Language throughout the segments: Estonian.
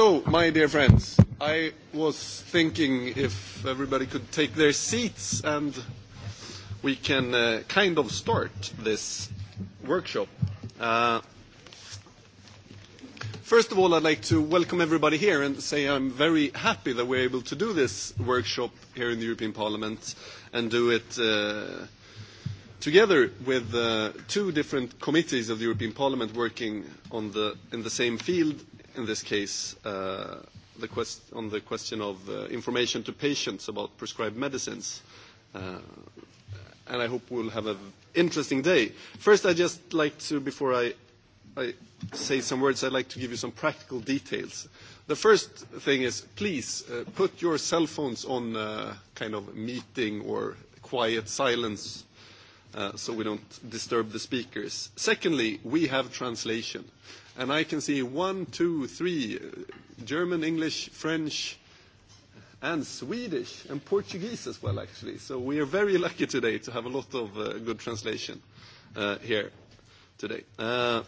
So, my dear friends, I was thinking if everybody could take their seats and we can uh, kind of start this workshop. Uh, first of all, I'd like to welcome everybody here and say I'm very happy that we're able to do this workshop here in the European Parliament and do it uh, together with uh, two different committees of the European Parliament working on the, in the same field in this case, uh, the quest on the question of uh, information to patients about prescribed medicines. Uh, and I hope we'll have an interesting day. First, I'd just like to, before I, I say some words, I'd like to give you some practical details. The first thing is, please uh, put your cell phones on uh, kind of meeting or quiet silence uh, so we don't disturb the speakers. Secondly, we have translation. Uh, and I can see one, two, three German, English, French, and Swedish, and Portuguese as well, actually. So we are very lucky today to have a lot of uh, good translation uh, here today. Uh,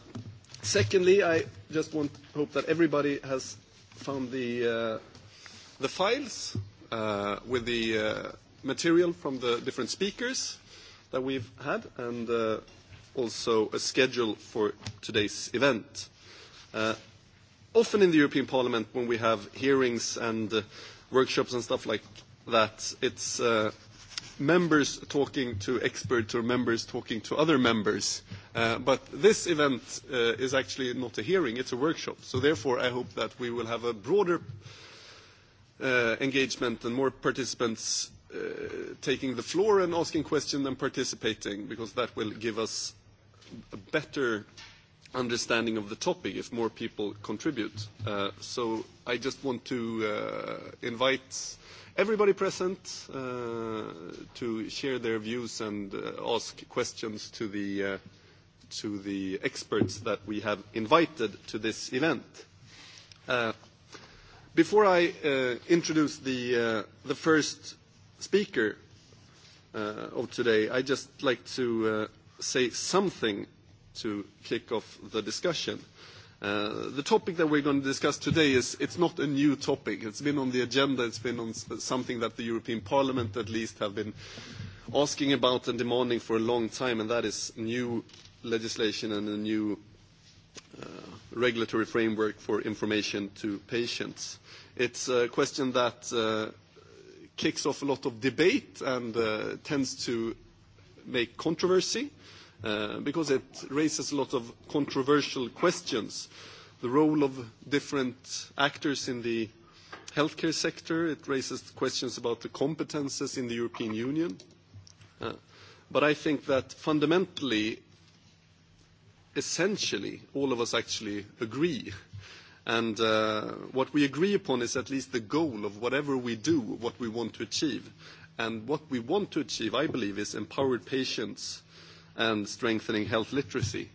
secondly, I just want hope that everybody has found the, uh, the files uh, with the uh, material from the different speakers that we've had, and uh, also a schedule for today's event. Uh, often in the European Parliament, when we have hearings and uh, workshops and stuff like that, it's uh, members talking to experts or members talking to other members. Uh, but this event uh, is actually not a hearing, it's a workshop. So therefore, I hope that we will have a broader uh, engagement and more participants uh, taking the floor and asking questions and participating, because that will give us a better understanding of the topic if more people contribute. Uh, so I just want to uh, invite everybody present uh, to share their views and uh, ask questions to the, uh, to the experts that we have invited to this event. Uh, before I uh, introduce the, uh, the first speaker uh, of today, I'd just like to uh, say something to kick off the discussion. Uh, the topic that we're going to discuss today is it's not a new topic. It's been on the agenda. It's been on something that the European Parliament at least have been asking about and demanding for a long time, and that is new legislation and a new uh, regulatory framework for information to patients. It's a question that uh, kicks off a lot of debate and uh, tends to make controversy. Uh, uh, because it raises a lot of controversial questions. The role of different actors in the healthcare sector, it raises questions about the competences in the European Union. Uh, but I think that fundamentally, essentially, all of us actually agree And uh, what we agree upon is at least the goal of whatever we do, what we want to achieve. And what we want to achieve, I believe, is empowered patients and strengthening health literacy.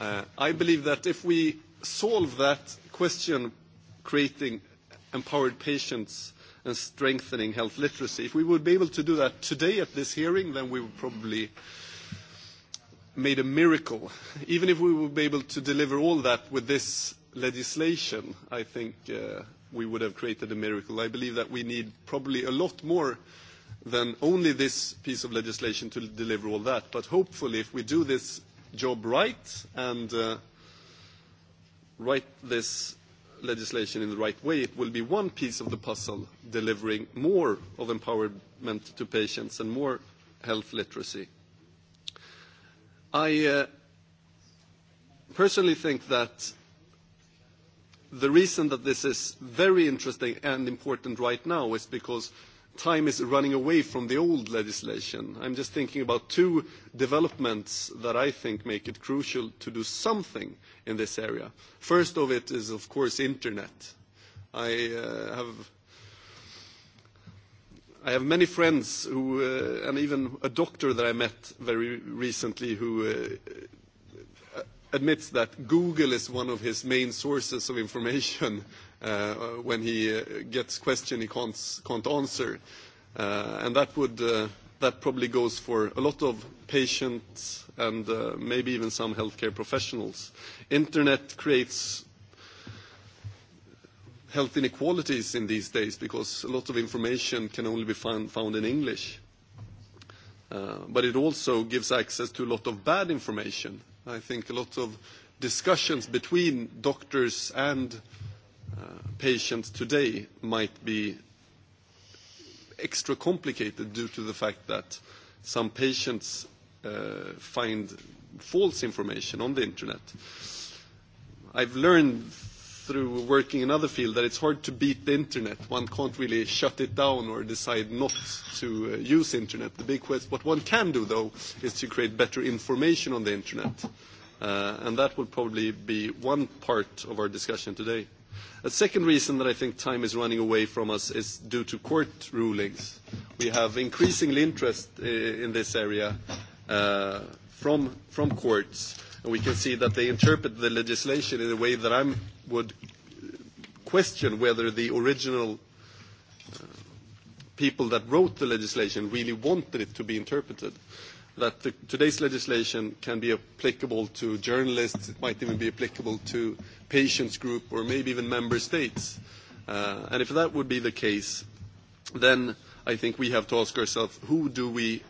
Uh, I believe that if we solve that question, creating empowered patients and strengthening health literacy, if we would be able to do that today at this hearing, then we would probably made a miracle. Even if we would be able to deliver all that with this legislation, I think uh, we would have created a miracle. I believe that we need probably a lot more uh, then only this piece of legislation to deliver all that. But hopefully, if we do this job right and uh, write this legislation in the right way, it will be one piece of the puzzle delivering more of empowerment to patients and more health literacy. I uh, personally think that the reason that this is very interesting and important right now is because uh, time is running away from the old legislation. I'm just thinking about two developments that I think make it crucial to do something in this area. First of it is, of course, internet. I uh, have I have many friends who, uh, and even a doctor that I met very recently who uh, admits that Google is one of his main sources of information uh, when he uh, gets question he can't, can't answer. Uh, and that would uh, that probably goes for a lot of patients and uh, maybe even some healthcare professionals. Internet creates health inequalities in these days because a lot of information can only be found, found in English. Uh, but it also gives access to a lot of bad information. I think a lot of discussions between doctors and uh, Uh, patients today might be extra complicated due to the fact that some patients uh, find false information on the internet. I've learned through working in other field that it's hard to beat the internet. One can't really shut it down or decide not to uh, use internet. The big quest, what one can do though, is to create better information on the internet. Uh, and that will probably be one part of our discussion today. A second reason that I think time is running away from us is due to court rulings. We have increasingly interest uh, in this area uh, from, from courts, and we can see that they interpret the legislation in a way that I would question whether the original uh, people that wrote the legislation really wanted it to be interpreted. Uh, that the, today's legislation can be applicable to journalists, it might even be applicable to patients group or maybe even member states. Uh, and if that would be the case, then I think we have to ask ourselves, who do we,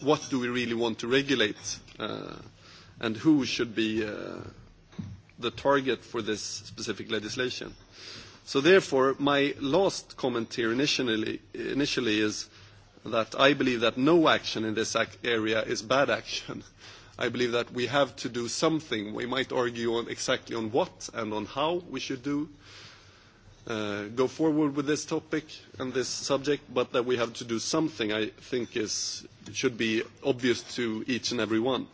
what do we really want to regulate? Uh, and who should be uh, the target for this specific legislation? So therefore, my last comment here initially, initially is that I believe that no action in this ac- area is bad action. I believe that we have to do something. We might argue on exactly on what and on how we should do, uh, go forward with this topic and this subject, but that we have to do something I think is, should be obvious to each and every one.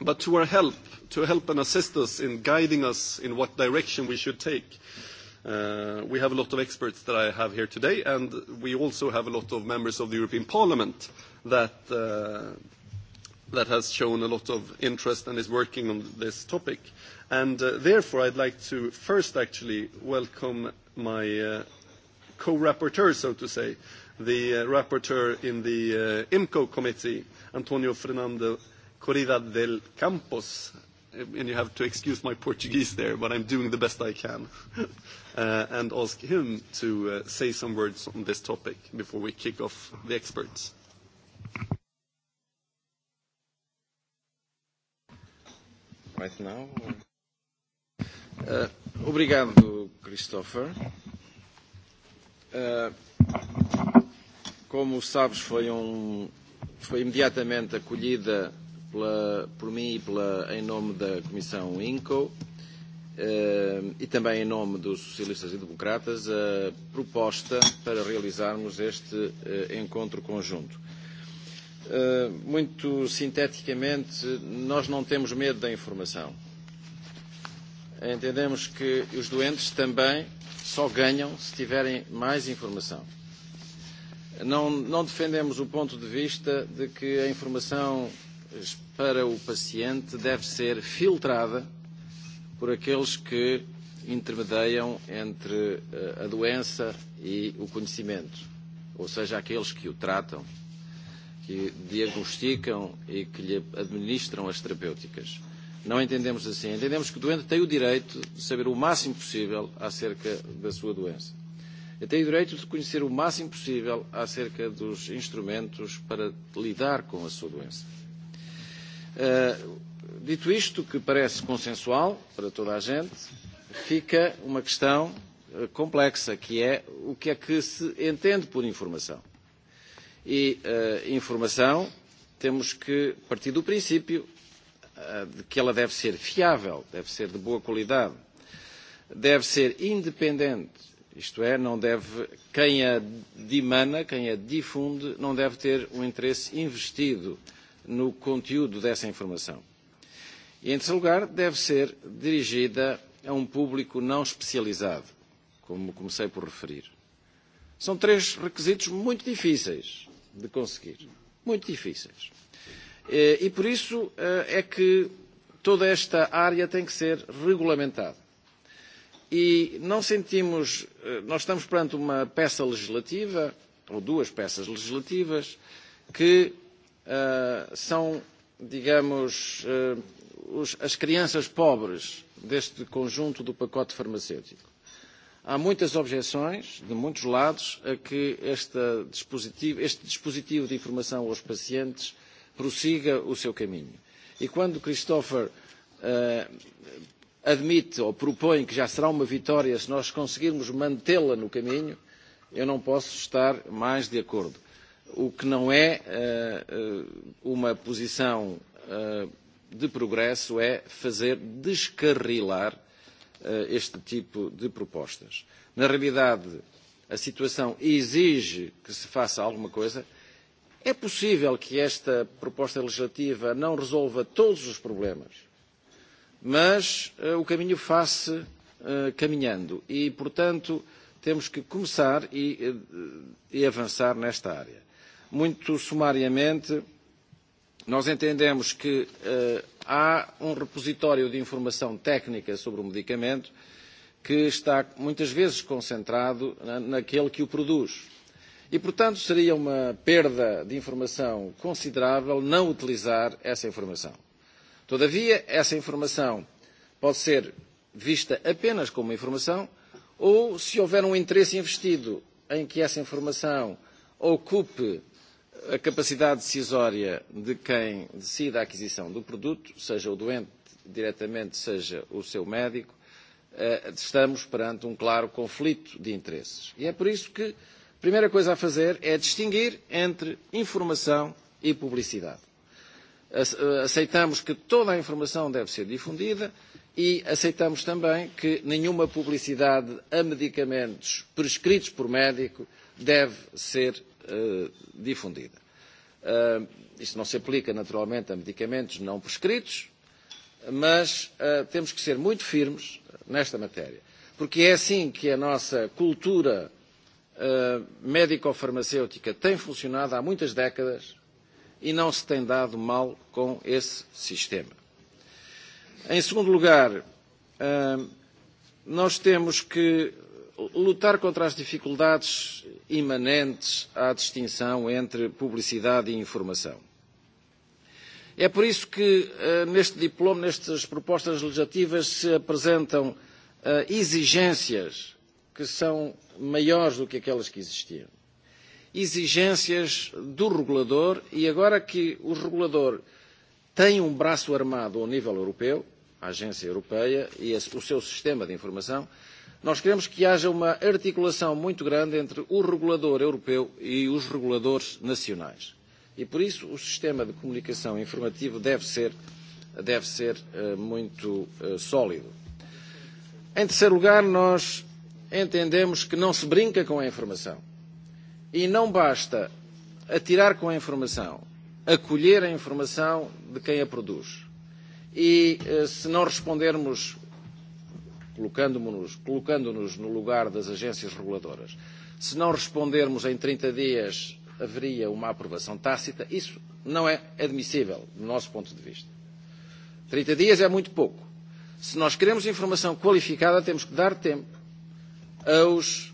But to our help, to help and assist us in guiding us in what direction we should take, uh, Uh, we have a lot of experts that I have here today, and we also have a lot of members of the European Parliament that, uh, that has shown a lot of interest and is working on this topic. And uh, therefore, I'd like to first actually welcome my uh, co-rapporteur, so to say, the uh, rapporteur in the uh, IMCO committee, Antonio Fernando Corrida del Campos, and you have to excuse my Portuguese there, but I'm doing the best I can. uh, and ask him to uh, say some words on this topic before we kick off the experts. Right now? Uh, uh obrigado, Christopher. Uh, como sabes, foi, um, foi imediatamente acolhida pela, por mim e pela, em nome da Comissão INCO. Uh, Ehm, e também em nome dos socialistas e democratas a proposta para realizarmos este eh, encontro conjunto. Ehm, muito sinteticamente, nós não temos medo da informação. Entendemos que os doentes também só ganham se tiverem mais informação. Não, não defendemos o ponto de vista de que a informação eh, para o paciente deve ser filtrada por aqueles que intermediam entre eh, a doença e o conhecimento, ou seja, aqueles que o tratam, que diagnosticam e que lhe administram as terapêuticas. Não entendemos assim. Entendemos que o doente tem o direito de saber o máximo possível acerca da sua doença. E tem o direito de conhecer o máximo possível acerca dos instrumentos para lidar com a sua doença. Uh, Dito isto, que parece consensual para toda a gente, fica uma questão eh, complexa, que é o que é que se entende por informação. E uh, informação, temos que partir do princípio uh, de que ela deve ser fiável, deve ser de boa qualidade, deve ser independente, isto é, não deve, quem a dimana, quem a difunde, não deve ter um interesse investido no conteúdo dessa informação. E, em terceiro lugar, deve ser dirigida a um público não especializado, como comecei por referir. São três requisitos muito difíceis de conseguir. Muito difíceis. E, e por isso eh, é que toda esta área tem que ser regulamentada. E não sentimos, eh, nós estamos perante uma peça legislativa, ou duas peças legislativas, que uh, são, digamos, uh, os, as crianças pobres deste conjunto do pacote farmacêutico. Há muitas objeções, de muitos lados, a que este dispositivo, este dispositivo de informação aos pacientes prossiga o seu caminho. E quando Christopher uh, eh, admite ou propõe que já será uma vitória se nós conseguirmos mantê-la no caminho, eu não posso estar mais de acordo. O que não é uh, eh, uma posição uh, eh, de progresso é fazer descarrilar uh, este tipo de propostas. Na realidade, a situação exige que se faça alguma coisa. É possível que esta proposta legislativa não resolva todos os problemas, mas uh, o caminho faz-se uh, eh, caminhando e, portanto, temos que começar e, e avançar nesta área. Muito sumariamente, uh, Nós entendemos que eh, há um repositório de informação técnica sobre o medicamento que está muitas vezes concentrado na, naquele que o produz. E, portanto, seria uma perda de informação considerável não utilizar essa informação. Todavia, essa informação pode ser vista apenas como informação ou, se houver um interesse investido em que essa informação ocupe a capacidade decisória de quem decide a aquisição do produto, seja o doente diretamente, seja o seu médico, eh, estamos perante um claro conflito de interesses. E é por isso que a primeira coisa a fazer é distinguir entre informação e publicidade. Aceitamos que toda a informação deve ser difundida e aceitamos também que nenhuma publicidade a medicamentos prescritos por médico deve ser uh, difundida. Uh, isto não se aplica naturalmente a medicamentos não prescritos, mas uh, temos que ser muito firmes nesta matéria, porque é assim que a nossa cultura uh, médico-farmacêutica tem funcionado há muitas décadas e não se tem dado mal com esse sistema. Em segundo lugar, uh, nós temos que lutar contra as dificuldades imanentes à distinção entre publicidade e informação. É por isso que eh, neste diploma, nestas propostas legislativas, se apresentam eh, exigências que são maiores do que aquelas que existiam. Exigências do regulador, e agora que o regulador tem um braço armado ao nível europeu, a Agência Europeia e o seu sistema de informação, Nós queremos que haja uma articulação muito grande entre o regulador europeu e os reguladores nacionais. E por isso o sistema de comunicação informativo deve ser, deve ser uh, muito uh, sólido. Em terceiro lugar, nós entendemos que não se brinca com a informação. E não basta atirar com a informação, acolher a informação de quem a produz. E eh, se não respondermos colocando-nos colocando -nos no lugar das agências reguladoras. Se não respondermos em 30 dias, haveria uma aprovação tácita. Isso não é admissível, do nosso ponto de vista. 30 dias é muito pouco. Se nós queremos informação qualificada, temos que dar tempo aos,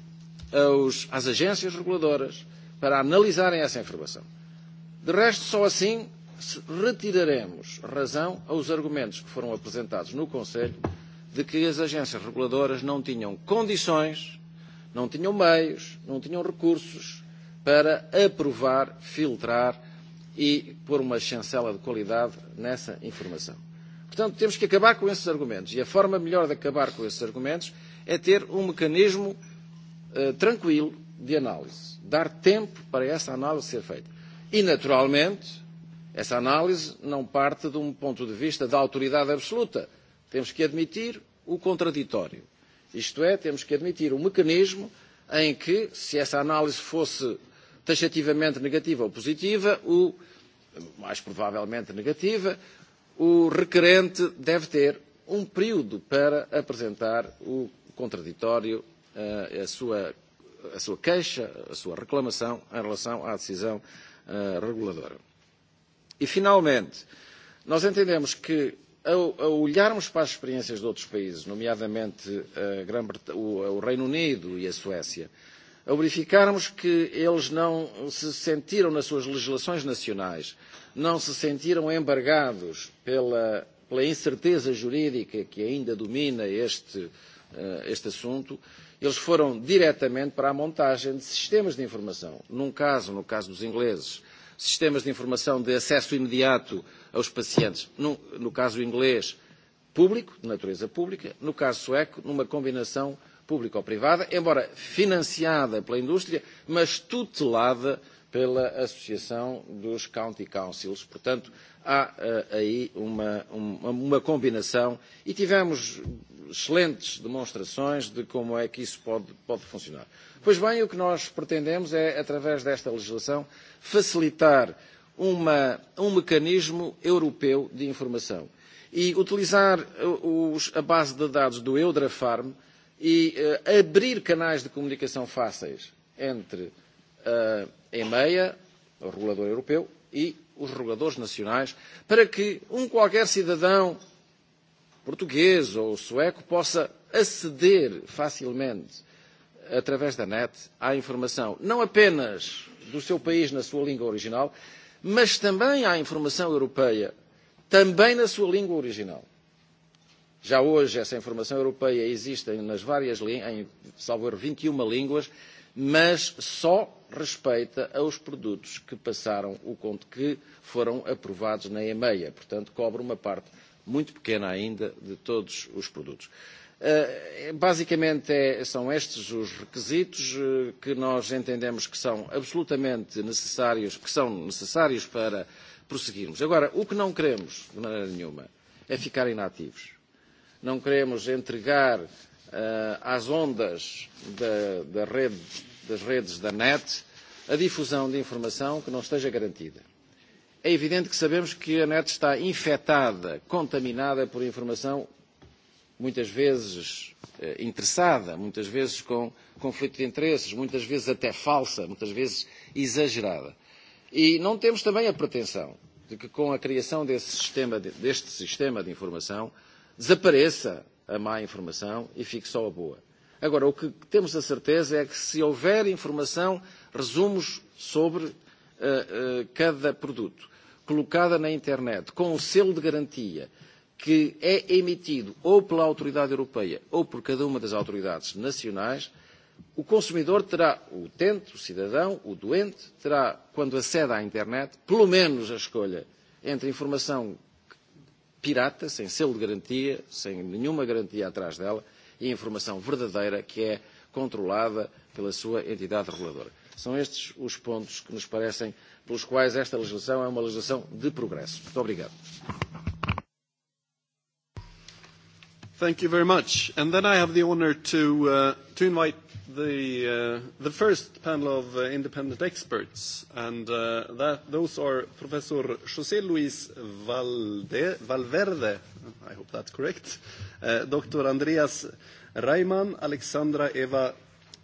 aos, às agências reguladoras para analisarem essa informação. De resto, só assim retiraremos razão aos argumentos que foram apresentados no Conselho de que as agências reguladoras não tinham condições, não tinham meios, não tinham recursos para aprovar, filtrar e pôr uma chancela de qualidade nessa informação. Portanto, temos que acabar com esses argumentos. E a forma melhor de acabar com esses argumentos é ter um mecanismo uh, tranquilo de análise. Dar tempo para essa análise ser feita. E, naturalmente, essa análise não parte de um ponto de vista da autoridade absoluta Temos que admitir o contraditório. Isto é, temos que admitir o um mecanismo em que, se essa análise fosse taxativamente negativa ou positiva, o, mais provavelmente negativa, o requerente deve ter um período para apresentar o contraditório, a, eh, a, sua, a sua queixa, a sua reclamação em relação à decisão a, eh, reguladora. E, finalmente, nós entendemos que Ao, ao olharmos para as experiências de outros países, nomeadamente a eh, Gran o, o Reino Unido e a Suécia, a verificarmos que eles não se sentiram nas suas legislações nacionais, não se sentiram embargados pela, pela incerteza jurídica que ainda domina este, uh, este assunto, eles foram diretamente para a montagem de sistemas de informação. Num caso, no caso dos ingleses, sistemas de informação de acesso imediato uh, aos pacientes, no, no caso inglês, público, de natureza pública, no caso sueco, numa combinação público-privada, embora financiada pela indústria, mas tutelada pela Associação dos County Councils. Portanto, há uh, aí uma, uma, uma combinação e tivemos excelentes demonstrações de como é que isso pode, pode funcionar. Pois bem, o que nós pretendemos é, através desta legislação, facilitar uh, uma, um mecanismo europeu de informação e utilizar eh, os, a base de dados do Eudrafarm e uh, abrir canais de comunicação fáceis entre uh, eh, a EMEA, o regulador europeu, e os reguladores nacionais, para que um qualquer cidadão português ou sueco possa aceder facilmente, através da net, à informação, não apenas do seu país na sua língua original, mas também à informação europeia, também na sua língua original. Já hoje essa informação europeia existe nas várias em salvo 21 e línguas, mas só respeita aos produtos que passaram o conto que foram aprovados na EMEA, portanto cobre uma parte muito pequena ainda de todos os produtos. Uh, Eh, basicamente é, são estes os requisitos eh, que nós entendemos que são absolutamente necessários, que são necessários para prosseguirmos. Agora, o que não queremos, de maneira nenhuma, é ficar inativos. Não queremos entregar uh, às ondas da, da rede, das redes da net a difusão de informação que não esteja garantida. É evidente que sabemos que a net está infectada, contaminada por informação muitas vezes eh, interessada, muitas vezes com conflito de interesses, muitas vezes até falsa, muitas vezes exagerada. E não temos também a pretensão de que com a criação desse sistema, deste sistema de informação desapareça a má informação e fique só a boa. Agora, o que temos a certeza é que se houver informação, resumos sobre uh, uh, cada produto colocada na internet com o selo de garantia, uh, que é emitido ou pela autoridade europeia ou por cada uma das autoridades nacionais, o consumidor terá, o utente, o cidadão, o doente, terá, quando acede à internet, pelo menos a escolha entre informação pirata, sem selo de garantia, sem nenhuma garantia atrás dela, e informação verdadeira que é controlada pela sua entidade reguladora. São estes os pontos que nos parecem pelos quais esta legislação é uma legislação de progresso. Muito obrigado. Thank you very much. And then I have the honor to, uh, to invite the, uh, the first panel of uh, independent experts, and uh, that, those are Professor José Luis Valde, Valverde, I hope that's correct, uh, Dr. Andreas Reimann, Alexandra Eva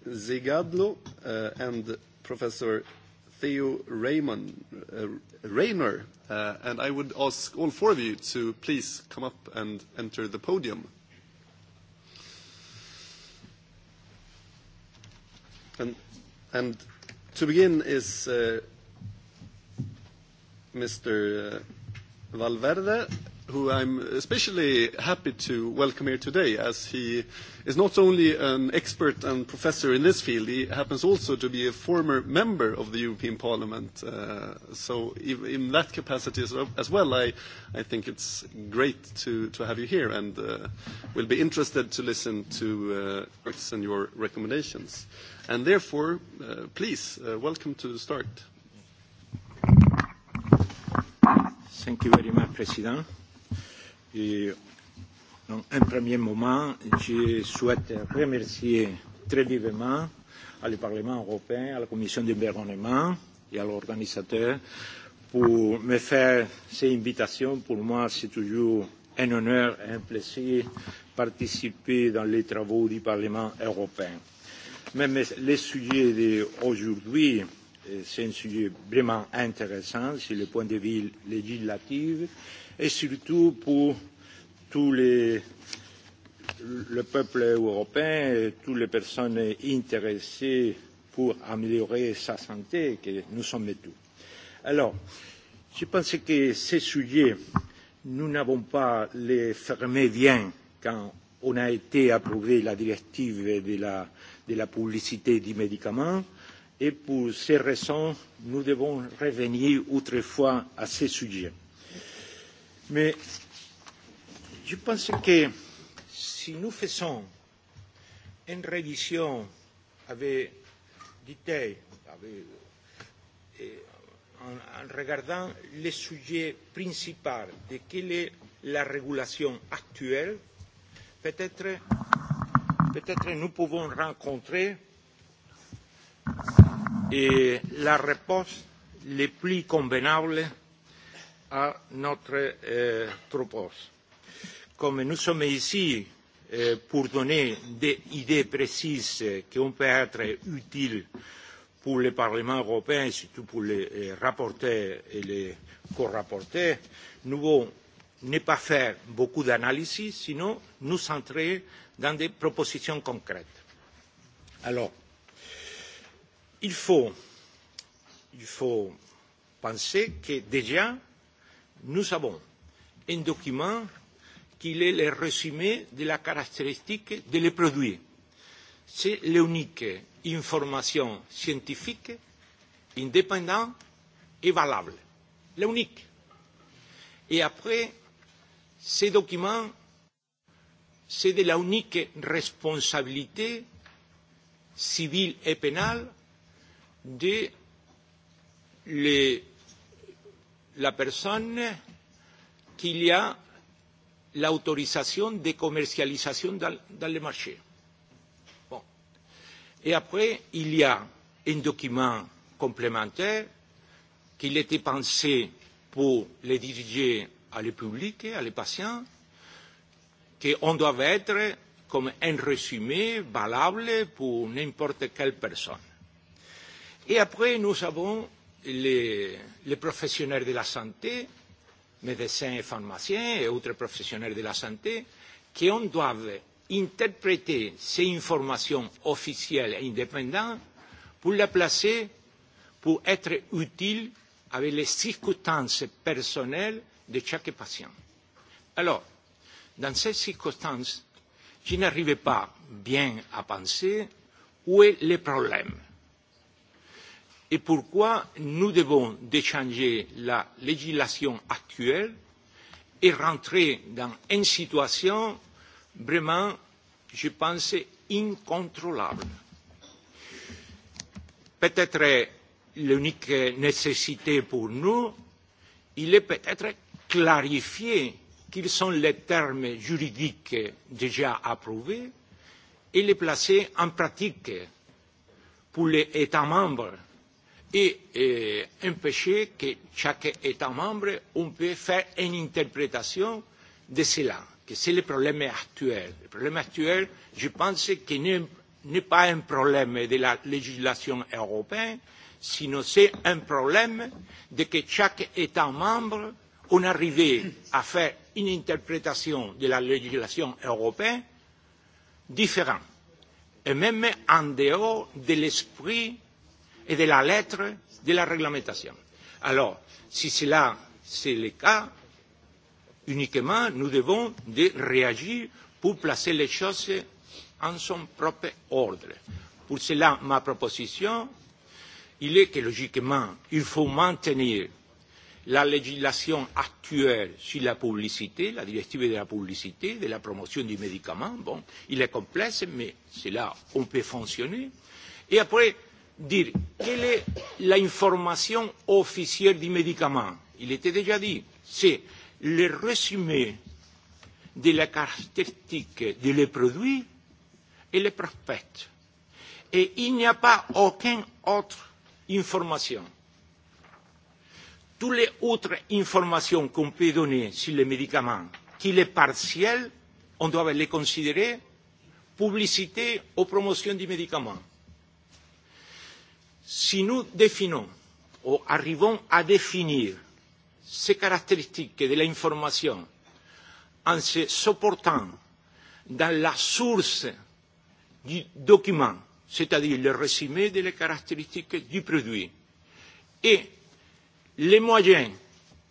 Zigadlo, uh, and Professor Theo Raymond, uh, Rayner. Uh, and I would ask all four of you to please come up and enter the podium. And, and to begin is uh, Mr. Uh, Valverde who I'm especially happy to welcome here today, as he is not only an expert and professor in this field, he happens also to be a former member of the European Parliament. Uh, so in that capacity as well, I, I think it's great to, to have you here, and uh, we'll be interested to listen to uh, and your recommendations. And therefore, uh, please, uh, welcome to the start. Thank you very much, President. Et dans un premier moment, je souhaite remercier très vivement à le Parlement européen, à la Commission d'environnement et à l'organisateur pour me faire ces invitations. Pour moi, c'est toujours un honneur et un plaisir participer dans les travaux du Parlement européen. Même le sujet d'aujourd'hui, euh, c'est un sujet vraiment intéressant sur le point de vue législatif et surtout pour tous les, le peuple européen et toutes les personnes intéressées pour améliorer sa santé, que nous sommes tous. Alors, je pense que ces sujets, nous n'avons pas les fermés bien quand on a été approuvé la directive de la, de la publicité des médicaments. Et pour ces raisons, nous devons revenir autrefois à ces sujets. Mais je pense que si nous faisons une révision avec détail, avec, et, euh, en, en regardant les sujets principaux de quelle est la régulation actuelle, peut-être peut, -être, peut -être nous pouvons rencontrer et la réponse les plus convenables à notre euh, propos. Comme nous sommes ici euh, pour donner des idées précises qui ont pu être utiles pour le Parlement européen et surtout pour les, les rapporteurs et les co-rapporteurs, nous vont ne pas faire beaucoup d'analyses, sinon nous centrer dans des propositions concrètes. Alors, il faut, il faut penser que déjà nous avons un document qui est le résumé de la caractéristique des de produits. C'est l'unique information scientifique indépendante et valable. L'unique. Et après, ce document, c'est de l'unique responsabilité civile et pénale de les la personne qu'il y a l'autorisation de commercialisation dans, dans le marché. Bon. Et après, il y a un document complémentaire qu'il était pensé pour les diriger à le public, à les patients, qu'on doit être comme un résumé valable pour n'importe quelle personne. Et après, nous avons les, les professionnels de la santé, médecins et pharmaciens et autres professionnels de la santé, qu'on doive interpréter ces informations officielles et indépendantes pour la placer, pour être utile avec les circonstances personnelles de chaque patient. Alors, dans ces circonstances, je n'arrivais pas bien à penser où est le problème et pourquoi nous devons changer la législation actuelle et rentrer dans une situation vraiment, je pense, incontrôlable. Peut-être l'unique nécessité pour nous, il est peut-être clarifier quels sont les termes juridiques déjà approuvés et les placer en pratique pour les États membres et euh, empêcher que chaque État membre on peut faire une interprétation de cela, que c'est le problème actuel. Le problème actuel, je pense qu'il n'est pas un problème de la législation européenne, sinon c'est un problème de que chaque État membre on arrivait à faire une interprétation de la législation européenne différente, et même en dehors de l'esprit et de la lettre de la réglementation. Alors, si cela c'est le cas, uniquement nous devons de réagir pour placer les choses en son propre ordre. Pour cela, ma proposition, il est que logiquement, il faut maintenir la législation actuelle sur la publicité, la directive de la publicité, de la promotion du médicament, bon, il est complexe, mais c'est là, on peut fonctionner. Et après, dire quelle est l'information officielle du médicament. Il était déjà dit, c'est le résumé de la caractéristique de les produits et les prospects. Et il n'y a pas aucune autre information. Toutes les autres informations qu'on peut donner sur les médicaments, qu'il est partiel, on doit les considérer publicité ou promotion du médicament Si nous définons ou arrivons à définir ces caractéristiques de l'information en se supportant dans la source du document, c'est-à-dire le résumé des caractéristiques du produit, et les moyens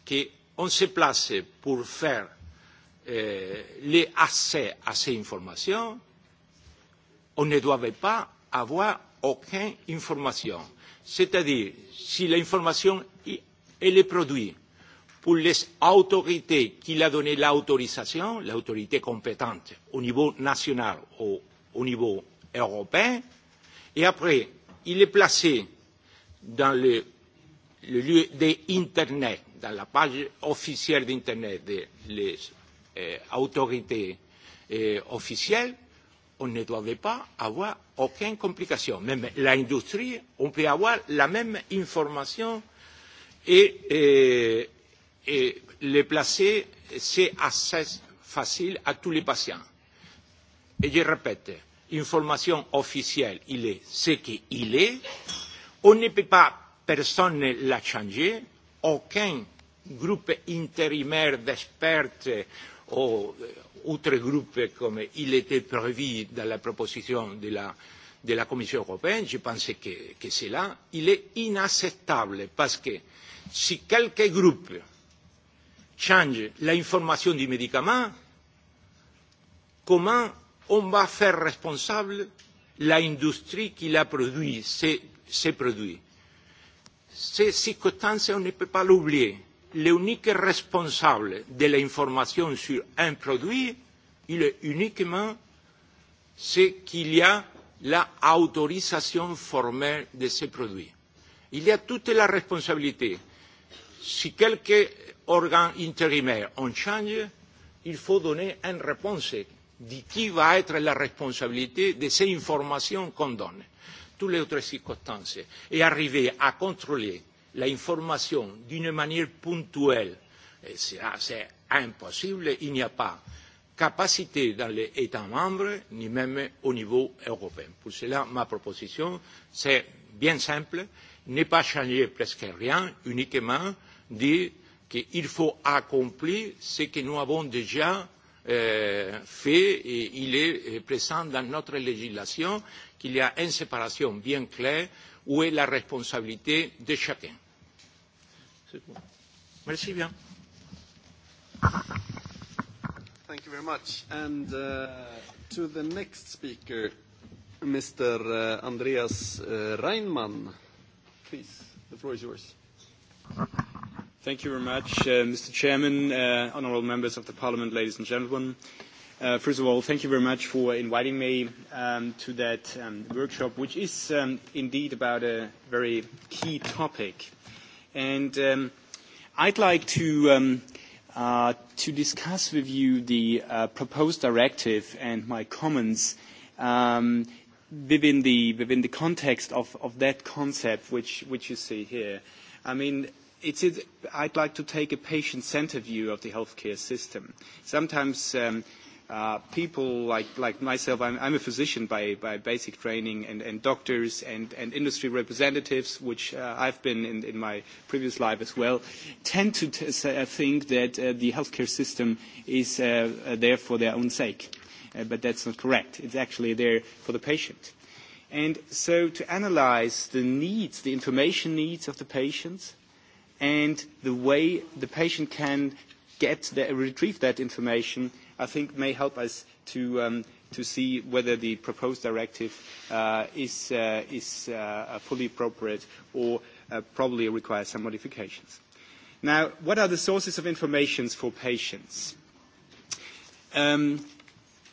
qu'on se place pour faire euh, les accès à ces informations, on ne doit pas avoir aucune information. C'est-à-dire, si l'information elle est produite pour les autorités qui a donné l'autorisation, l'autorité compétente au niveau national ou au niveau européen, et après, il est placé dans le, le lieu d'Internet, dans la page officielle d'Internet des les, euh, autorités euh, officielles, on ne devait pas avoir aucune complication. Même l'industrie, on peut avoir la même information et, et, et les placer, c'est assez facile à tous les patients. Et je répète, information officielle, il est ce qu'il est. On ne peut pas, personne ne l'a changé. Aucun groupe intérimaire d'experts ou euh, outre groupe comme il était prévu dans la proposition de la, de la Commission européenne, je pense que, que cela, il est inacceptable parce que si quelques groupes changent l'information du médicament, comment on va faire responsable l'industrie qui l'a produit, ces, ces produits Ces circonstances, on ne peut pas l'oublier l'unique responsable de l'information sur un produit, il est uniquement ce qu'il y a l'autorisation formelle de ce produit. Il y a toute la responsabilité. Si quelque organe intérimaire on change, il faut donner une réponse de qui va être la responsabilité de ces informations qu'on donne. Toutes les autres circonstances. Et arriver à contrôler la information d'une manière ponctuelle. Eh, c'est impossible, il n'y a pas capacité dans les États membres, ni même au niveau européen. Pour cela, ma proposition, c'est bien simple, ne pas changer presque rien, uniquement dire qu'il faut accomplir ce que nous avons déjà euh, fait et il est euh, présent dans notre législation, qu'il y a une séparation bien claire où est la responsabilité de chacun. C'est tout. Merci bien. Thank you very much. And uh, to the next speaker, Mr. Uh, Andreas uh, Reinmann. Please, the floor is yours. Thank you very much, uh, Mr. Chairman, uh, honorable members of the Parliament, ladies and gentlemen. Uh, first of all, thank you very much for inviting me um, to that um, workshop, which is um, indeed about a very key topic. Uh, And um, I'd like to, um, uh, to discuss with you the uh, proposed directive and my comments um, within, the, within the context of, of that concept which, which you see here. I mean, it's, it, I'd like to take a patient-centered view of the healthcare system. Sometimes um, uh, people like, like myself, I'm, I'm a physician by, by basic training, and, and doctors and, and industry representatives, which uh, I've been in, in my previous life as well, tend to t- uh, think that uh, the healthcare system is uh, uh, there for their own sake. Uh, but that's not correct. It's actually there for the patient. And so to analyze the needs, the information needs of the patients, and the way the patient can get the, retrieve that information I think may help us to, um, to see whether the proposed directive uh, is, uh, is uh, fully appropriate or uh, probably requires some modifications. Now, what are the sources of information for patients? Um,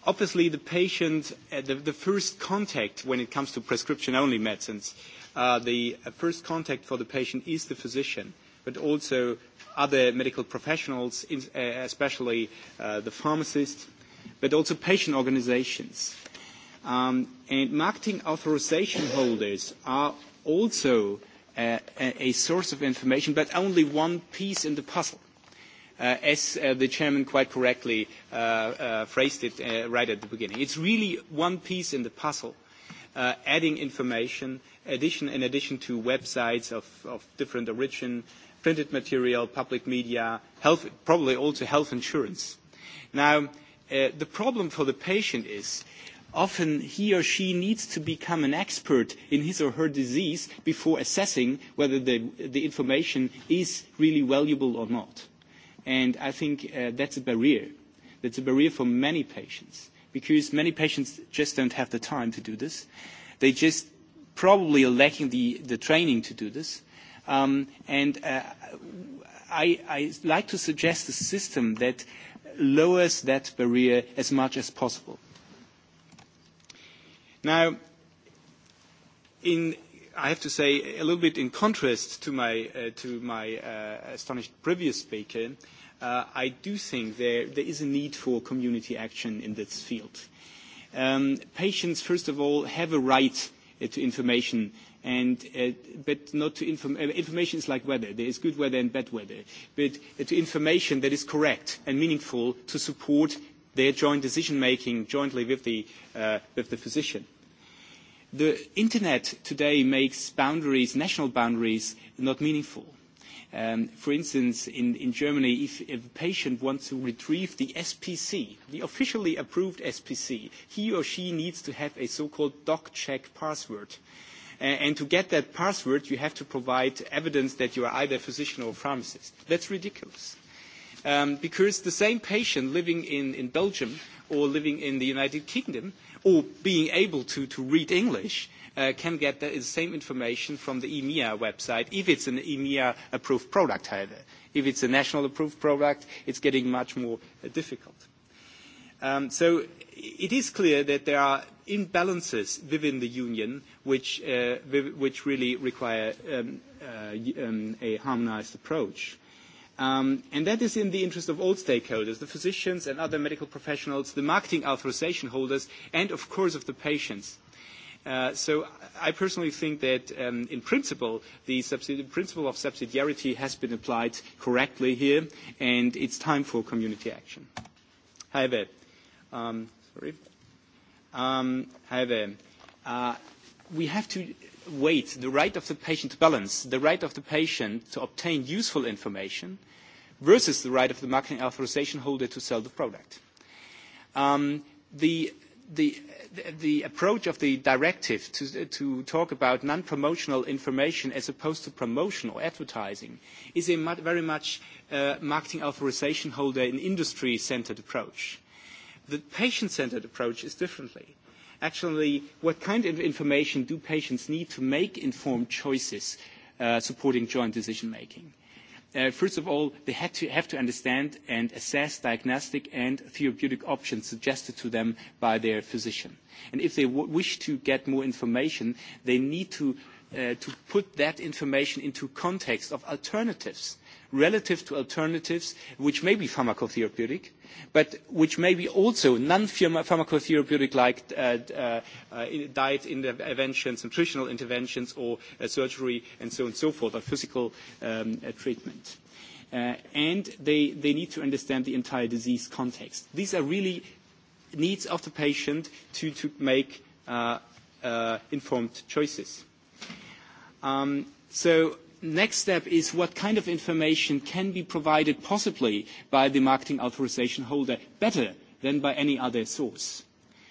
obviously, the patient, uh, the, the first contact when it comes to prescription-only medicines, uh, the uh, first contact for the patient is the physician, but also other medical professionals, in, uh, especially uh, the pharmacists, but also patient organizations. Um, and marketing authorization holders are also uh, a, a source of information, but only one piece in the puzzle. Uh, as uh, the chairman quite correctly uh, uh, phrased it uh, right at the beginning. It's really one piece in the puzzle, uh, adding information addition, in addition to websites of, of different origin, uh, printed material, public media, health, probably also health insurance. Now, uh, the problem for the patient is often he or she needs to become an expert in his or her disease before assessing whether the, the information is really valuable or not. And I think uh, that's a barrier. That's a barrier for many patients because many patients just don't have the time to do this. They just probably are lacking the, the training to do this. Um, and uh, I, I like to suggest a system that lowers that barrier as much as possible. Now, in, I have to say, a little bit in contrast to my, uh, to my uh, astonished previous speaker, uh, I do think there, there is a need for community action in this field. Um, patients, first of all, have a right to information and uh, but not to inform. Uh, information is like weather. There is good weather and bad weather. But uh, to information that is correct and meaningful to support their joint decision making jointly with the uh, with the physician. The internet today makes boundaries, national boundaries, not meaningful. Um, for instance, in, in Germany, if, if a patient wants to retrieve the SPC, the officially approved SPC, he or she needs to have a so-called doc check password. Uh, And to get that password, you have to provide evidence that you are either a physician or a pharmacist. That's ridiculous. Um, because the same patient living in, in Belgium or living in the United Kingdom or being able to, to read English uh, can get the same information from the EMEA website if it's an EMEA approved product, however. If it's a national approved product, it's getting much more uh, difficult. Um, so it is clear that there are imbalances within the union which, uh, which really require um, uh, um, a harmonized approach. Um, and that is in the interest of all stakeholders, the physicians and other medical professionals, the marketing authorization holders, and of course of the patients. Uh, so I personally think that um, in principle, the subsidi- principle of subsidiarity has been applied correctly here, and it's time for community action. However, um, sorry um, however, uh, we have to weight the right of the patient to balance the right of the patient to obtain useful information versus the right of the marketing authorization holder to sell the product. Um, the, the, the approach of the directive to, to talk about non-promotional information as opposed to promotion or advertising is a very much uh, marketing authorization holder and industry-centered approach. The patient-centered approach is differently. Actually, what kind of information do patients need to make informed choices uh, supporting joint decision-making? Uh, first of all, they had to, have to understand and assess diagnostic and therapeutic options suggested to them by their physician. And if they w- wish to get more information, they need to, uh, to put that information into context of alternatives, relative to alternatives which may be pharmacotherapeutic, but which may be also non-pharmacotherapeutic-like uh, uh, diet interventions, nutritional interventions, or uh, surgery, and so on and so forth, or physical um, uh, treatment. Uh, and they, they need to understand the entire disease context. These are really needs of the patient to, to make uh, uh, informed choices. Um, so next step is what kind of information can be provided possibly by the marketing authorization holder better than by any other source.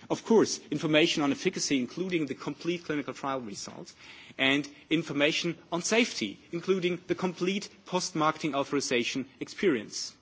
Of course, information on efficacy, including the complete clinical trial results, and information on safety, including the complete post-marketing authorization experience.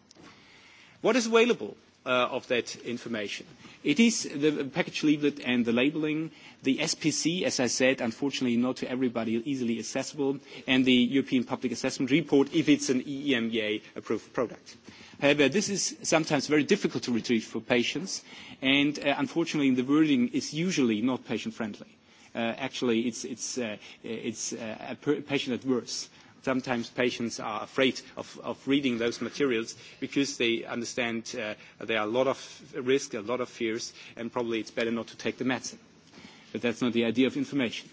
What is available? uh, of that information. It is the package leaflet and the labeling, the SPC, as I said, unfortunately not to everybody easily accessible, and the European Public Assessment Report if it's an EMEA-approved product. However, this is sometimes very difficult to retrieve for patients, and uh, unfortunately the wording is usually not patient-friendly. Uh, actually, it's, it's, uh, it's uh, patient adverse sometimes patients are afraid of, of reading those materials because they understand uh, there are a lot of risk, a lot of fears, and probably it's better not to take the medicine. But that's not the idea of information.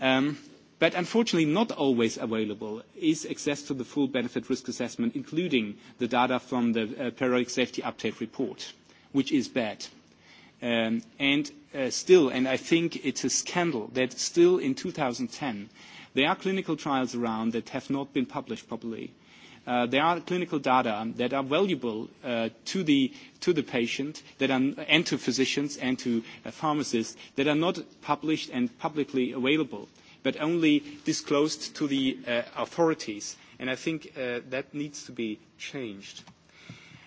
Um, but unfortunately not always available is access to the full benefit risk assessment, including the data from the uh, periodic safety update report, which is bad. Um, and uh, still, and I think it's a scandal that still in 2010, There are clinical trials around that have not been published properly. Uh, there are clinical data that are valuable uh, to, the, to the patient that are, and to physicians and to uh, pharmacists that are not published and publicly available, but only disclosed to the uh, authorities. And I think uh, that needs to be changed.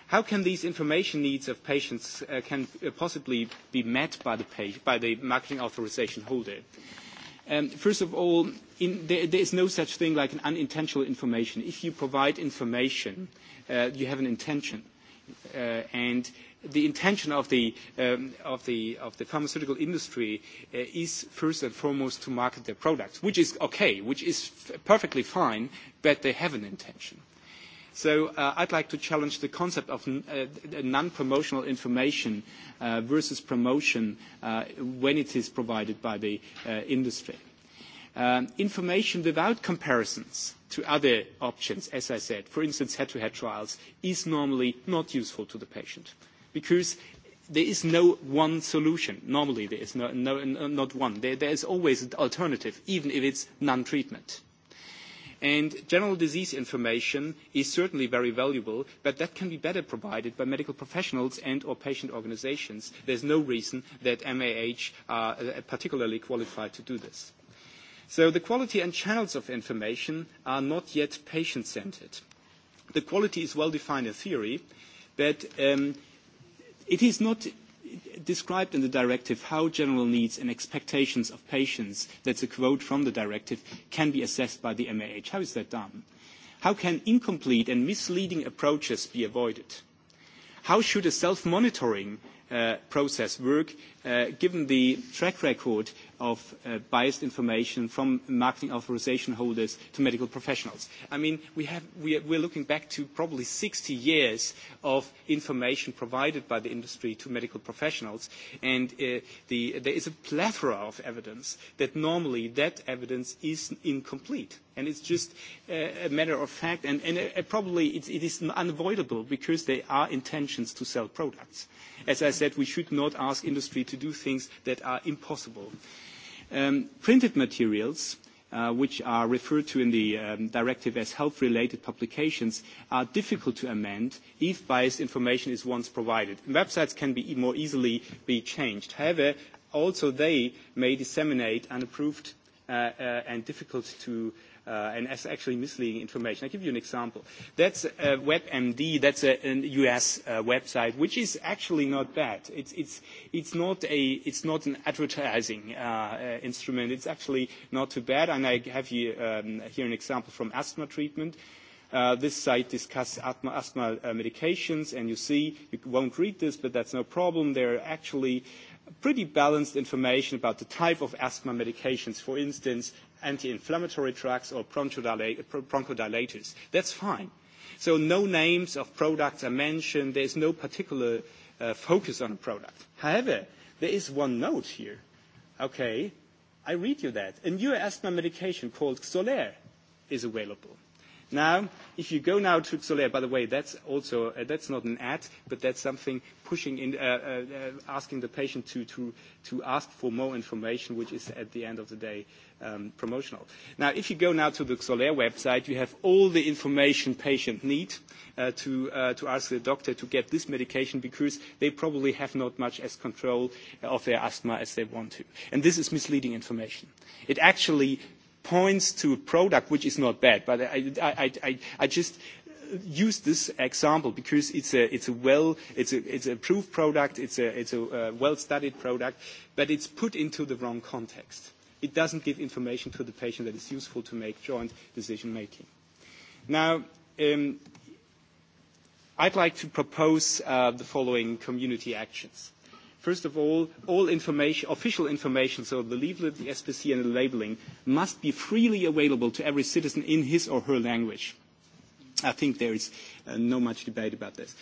How can these information needs of patients uh, can uh, possibly be met by the, page, by the marketing authorization holder? Um, first of all, in, there, there is no such thing like an unintentional information. If you provide information, uh, you have an intention. Uh, and the intention of the, um, of the, of the pharmaceutical industry uh, is first and foremost to market their products, which is okay, which is f- perfectly fine, but they have an intention. So uh, I'd like to challenge the concept of n- uh, non-promotional information uh, versus promotion uh, when it is provided by the uh, industry. Uh, um, information without comparisons to other options, as I said, for instance, head-to-head -head trials, is normally not useful to the patient because there is no one solution. Normally, there is no, no, no, not one. There, there is always an alternative, even if it's non-treatment. And general disease information is certainly very valuable, but that can be better provided by medical professionals and or patient organizations. There's no reason that MAH are uh, particularly qualified to do this. So the quality and channels of information are not yet patient-centered. The quality is well defined in theory, but um, it is not described in the directive how general needs and expectations of patients, that's a quote from the directive, can be assessed by the MAH. How is that done? How can incomplete and misleading approaches be avoided? How should a self-monitoring uh, process work, uh, given the track record of uh, biased information from marketing authorization holders to medical professionals. I mean, we have, we are, we're looking back to probably 60 years of information provided by the industry to medical professionals, and uh, the, there is a plethora of evidence that normally that evidence is incomplete. And it's just uh, a matter of fact, and, and uh, probably it, it is unavoidable because there are intentions to sell products. As I said, we should not ask industry to do things that are impossible. Uh, Um, printed materials, uh, which are referred to in the um, directive as health-related publications, are difficult to amend if biased information is once provided. And websites can be e- more easily be changed. However, also they may disseminate unapproved uh, uh, and difficult to uh, uh, and that's actually misleading information. I'll give you an example. That's uh, WebMD. That's a, a US uh, website, which is actually not bad. It's, it's, it's, not, a, it's not an advertising uh, uh, instrument. It's actually not too bad. And I have you, um, here an example from asthma treatment. Uh, this site discusses asthma, asthma uh, medications, and you see, you won't read this, but that's no problem. There are actually pretty balanced information about the type of asthma medications, for instance, anti-inflammatory drugs or bronchodilators. That's fine. So no names of products are mentioned. There's no particular uh, focus on a product. However, there is one note here. Okay, I read you that. A new asthma medication called Xolair is available. Now, if you go now to Xolair, by the way, that's also uh, that's not an ad, but that's something pushing in, uh, uh, asking the patient to, to, to ask for more information, which is at the end of the day um, promotional. Now, if you go now to the Xolair website, you have all the information patient need uh, to, uh, to ask the doctor to get this medication because they probably have not much as control of their asthma as they want to. And this is misleading information. It actually points to a product which is not bad, but I, I, I, I just use this example because it's a, it's a well, it's a, it's a proof product, it's a, it's a uh, well-studied product, but it's put into the wrong context. It doesn't give information to the patient that is useful to make joint decision-making. Now, um, I'd like to propose uh, the following community actions. First of all, all information, official information, so the leaflet, the SPC, and the labeling, must be freely available to every citizen in his or her language. I think there is uh, no much debate about this.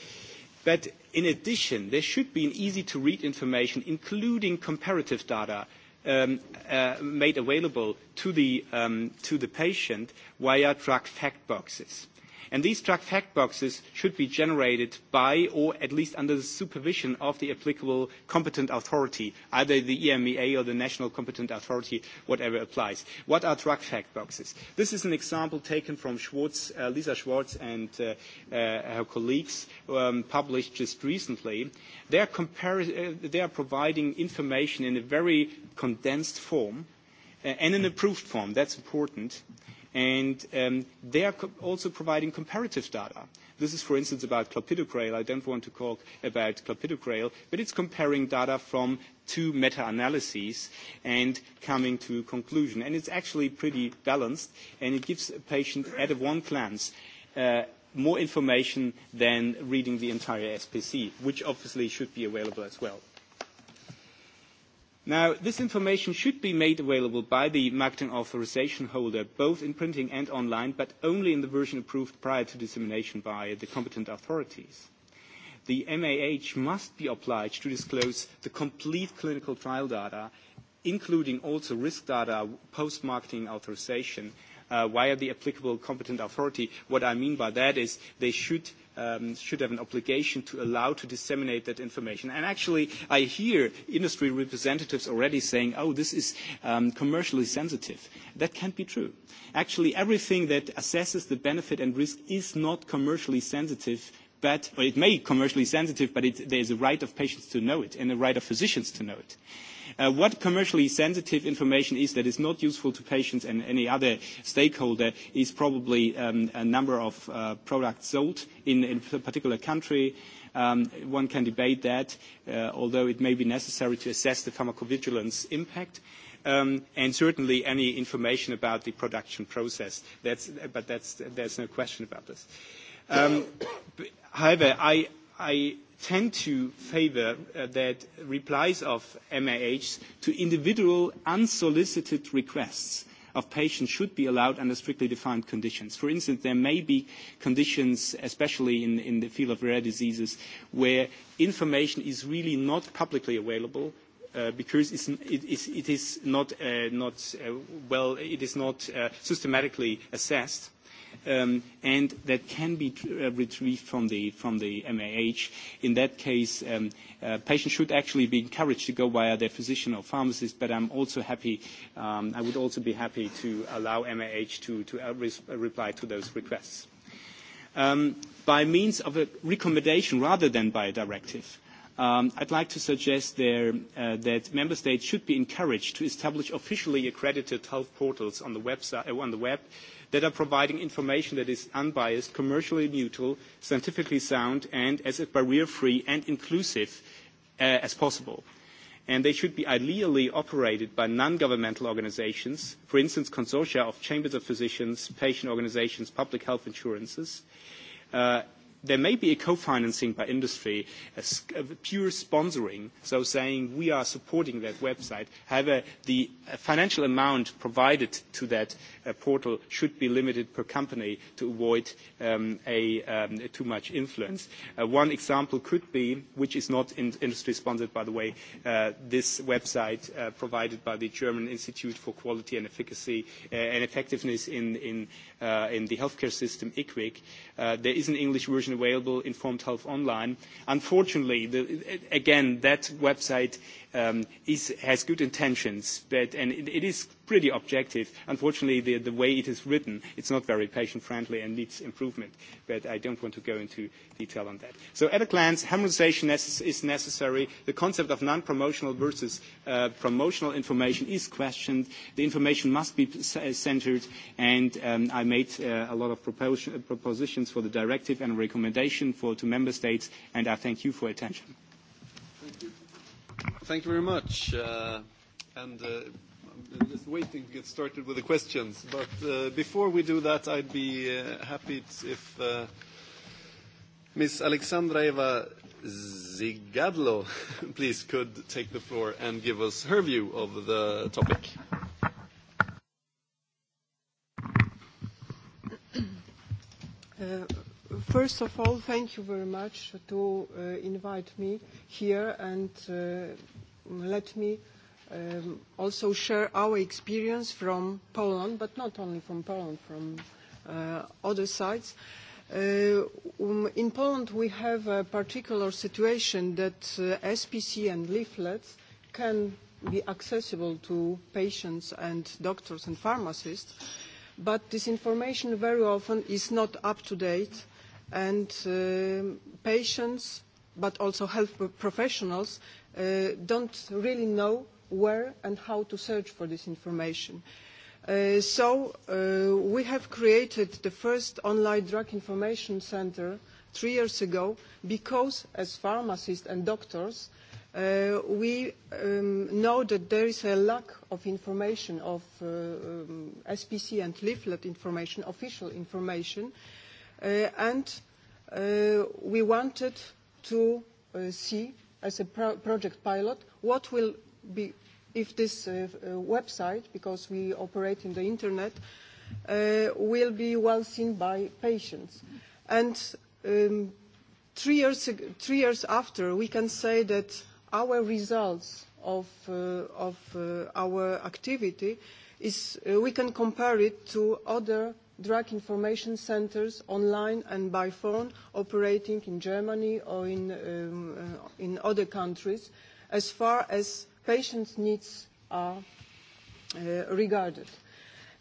But in addition, there should be an easy-to-read information, including comparative data, um, uh, made available to the, um, to the patient via drug fact boxes. And these drug fact boxes should be generated by or at least under the supervision of the applicable competent authority, either the EMEA or the national competent authority, whatever applies. What are drug fact boxes? This is an example taken from Schwartz, uh, Lisa Schwartz and uh, uh, her colleagues um, published just recently. They are, compar- uh, they are providing information in a very condensed form uh, and an approved form. That's important. Mm-hmm and um, they are co- also providing comparative data. This is, for instance, about clopidogrel. I don't want to talk about clopidogrel, but it's comparing data from two meta-analyses and coming to a conclusion. And it's actually pretty balanced, and it gives a patient, at one glance, uh, more information than reading the entire SPC, which obviously should be available as well. Now, this information should be made available by the marketing authorization holder, both in printing and online, but only in the version approved prior to dissemination by the competent authorities. The MAH must be obliged to disclose the complete clinical trial data, including also risk data post-marketing authorization, uh, via the applicable competent authority. What I mean by that is they should uh, um, should have an obligation to allow to disseminate that information. And actually, I hear industry representatives already saying, oh, this is um, commercially sensitive. That can't be true. Actually, everything that assesses the benefit and risk is not commercially sensitive but or it may be commercially sensitive, but it, there is a right of patients to know it and a right of physicians to know it. Uh, Uh, what commercially sensitive information is that is not useful to patients and any other stakeholder is probably um, a number of uh, products sold in, in a particular country. Um, one can debate that, uh, although it may be necessary to assess the pharmacovigilance impact. Um, and certainly any information about the production process. That's, but that's, there's no question about this. Um, however, I, I tend to favor uh, that replies of MAHs to individual unsolicited requests of patients should be allowed under strictly defined conditions. For instance, there may be conditions, especially in, in the field of rare diseases, where information is really not publicly available uh, because it's, it, it's, it is not, uh, not uh, well, it is not uh, systematically assessed um, and that can be uh, retrieved from the, from the MAH. In that case, um, uh, patients should actually be encouraged to go via their physician or pharmacist, but I'm also happy, um, I would also be happy to allow MAH to, to uh, re- uh, reply to those requests. Um, by means of a recommendation rather than by a directive, um, I'd like to suggest there uh, that member states should be encouraged to establish officially accredited health portals on the, website, uh, on the web uh, that are providing information that is unbiased, commercially neutral, scientifically sound, and as barrier-free and inclusive uh, as possible. And they should be ideally operated by non-governmental organizations, for instance, consortia of chambers of physicians, patient organizations, public health insurances, uh, there may be a co-financing by industry, a, a pure sponsoring, so saying we are supporting that website. However, the uh, financial amount provided to that uh, portal should be limited per company to avoid um, a, um, too much influence. Uh, one example could be, which is not in industry sponsored, by the way, uh, this website uh, provided by the German Institute for Quality and Efficacy uh, and Effectiveness in, in, uh, in the Healthcare System, IQWIC. Uh, there is an English version available informed health online. unfortunately, the, again, that website um, is, has good intentions, but, and it, it is pretty objective. Unfortunately, the, the way it is written, it's not very patient-friendly and needs improvement, but I don't want to go into detail on that. So at a glance, harmonization necess- is necessary. The concept of non-promotional versus uh, promotional information is questioned. The information must be uh, centered, and um, I made uh, a lot of propos- propositions for the directive and recommendation for, to member states, and I thank you for attention. Thank you very much. Uh, and uh, I'm just waiting to get started with the questions. But uh, before we do that, I'd be uh, happy if uh, Ms. Alexandra Eva Zigadlo, please, could take the floor and give us her view of the topic. Uh, First of all, thank you very much to uh, invite me here and uh, let me um, also share our experience from Poland, but not only from Poland, from uh, other sides. Uh, um, in Poland, we have a particular situation that uh, SPC and leaflets can be accessible to patients and doctors and pharmacists, but this information very often is not up to date and um, patients, but also health professionals, uh, don't really know where and how to search for this information. Uh, so uh, we have created the first online drug information center three years ago because as pharmacists and doctors, uh, we um, know that there is a lack of information of uh, um, SPC and leaflet information, official information, uh, uh, and uh, we wanted to uh, see as a pro project pilot what will be if this uh, uh, website, because we operate in the internet, uh, will be well seen by patients. And um, three, years, three years after, we can say that our results of, uh, of uh, our activity is uh, we can compare it to other drug information centers online and by phone operating in Germany or in, um, uh, in other countries as far as patients' needs are uh, regarded.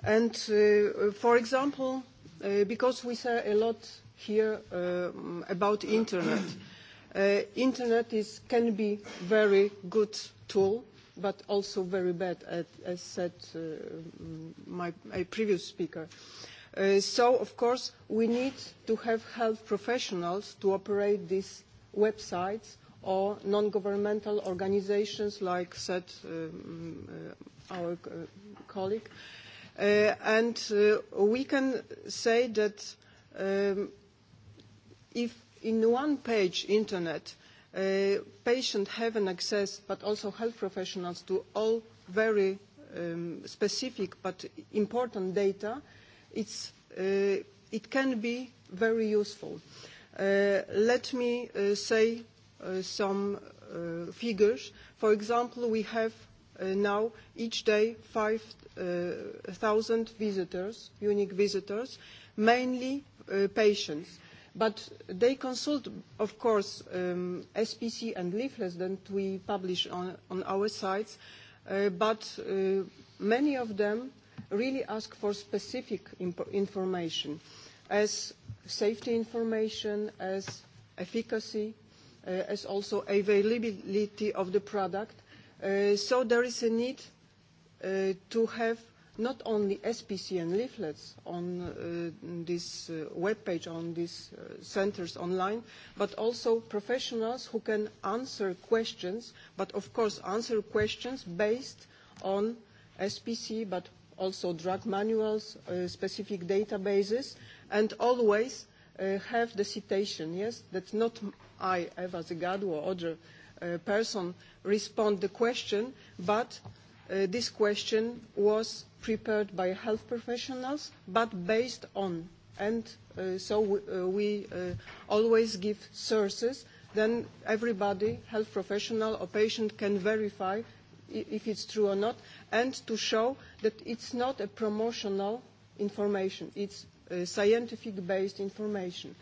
And, uh, for example, uh, because we say a lot here um, about internet, uh, internet is, can be very good tool but also very bad, as said uh, my, my previous speaker. Uh, Uh, so, of course, we need to have health professionals to operate these websites or non-governmental organizations, like said um, uh, our uh, colleague. Uh, and uh, we can say that um, if in one page internet uh, patients have an access, but also health professionals, to all very um, specific but important data, uh, it's, uh, it can be very useful. Uh, let me uh, say uh, some uh, figures. For example, we have uh, now each day 5,000 uh, visitors, unique visitors, mainly uh, patients. But they consult, of course, um, SPC and leaflets that we publish on, on our sites, uh, but uh, many of them really ask for specific imp- information as safety information, as efficacy, uh, as also availability of the product. Uh, so there is a need uh, to have not only SPC and leaflets on uh, this uh, webpage, on these uh, centers online, but also professionals who can answer questions, but of course answer questions based on SPC, but also drug manuals, uh, specific databases, and always uh, have the citation, yes, that not I, Eva Zegadu, or other uh, person respond the question, but uh, this question was prepared by health professionals, but based on. And uh, so w- uh, we uh, always give sources, then everybody, health professional or patient, can verify if it's true or not, and to show that it's not a promotional information, it's uh, scientific-based information.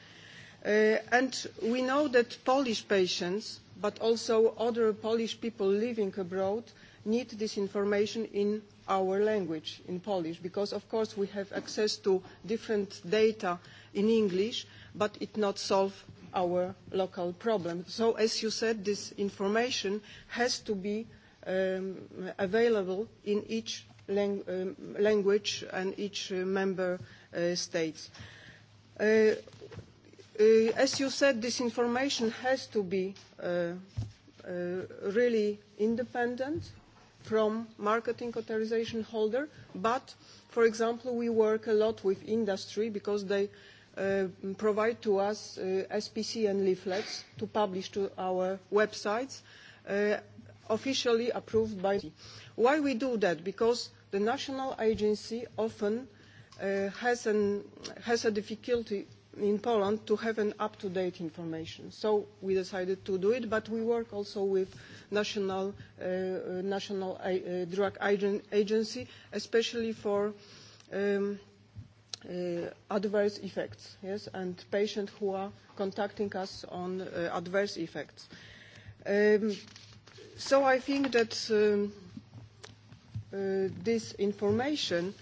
Uh, and we know that Polish patients, but also other Polish people living abroad, need this information in our language, in Polish, because of course we have access to different data in English, but it not solve our local problem. So as you said, this information has to be uh, um, available in each lang um, language and each uh, member uh, states. Uh, uh, as you said, this information has to be uh, uh, really independent from marketing authorization holder, but, for example, we work a lot with industry because they uh, provide to us uh, SPC and leaflets to publish to our websites. Uh, officially approved by. Why we do that? Because the national agency often uh, has, an, has a difficulty in Poland to have an up-to-date information. So we decided to do it, but we work also with national, uh, national uh, drug agency, especially for um, Uh, adverse effects, yes, and patients who are contacting us on uh, adverse effects. Um, So I think that um, uh, this information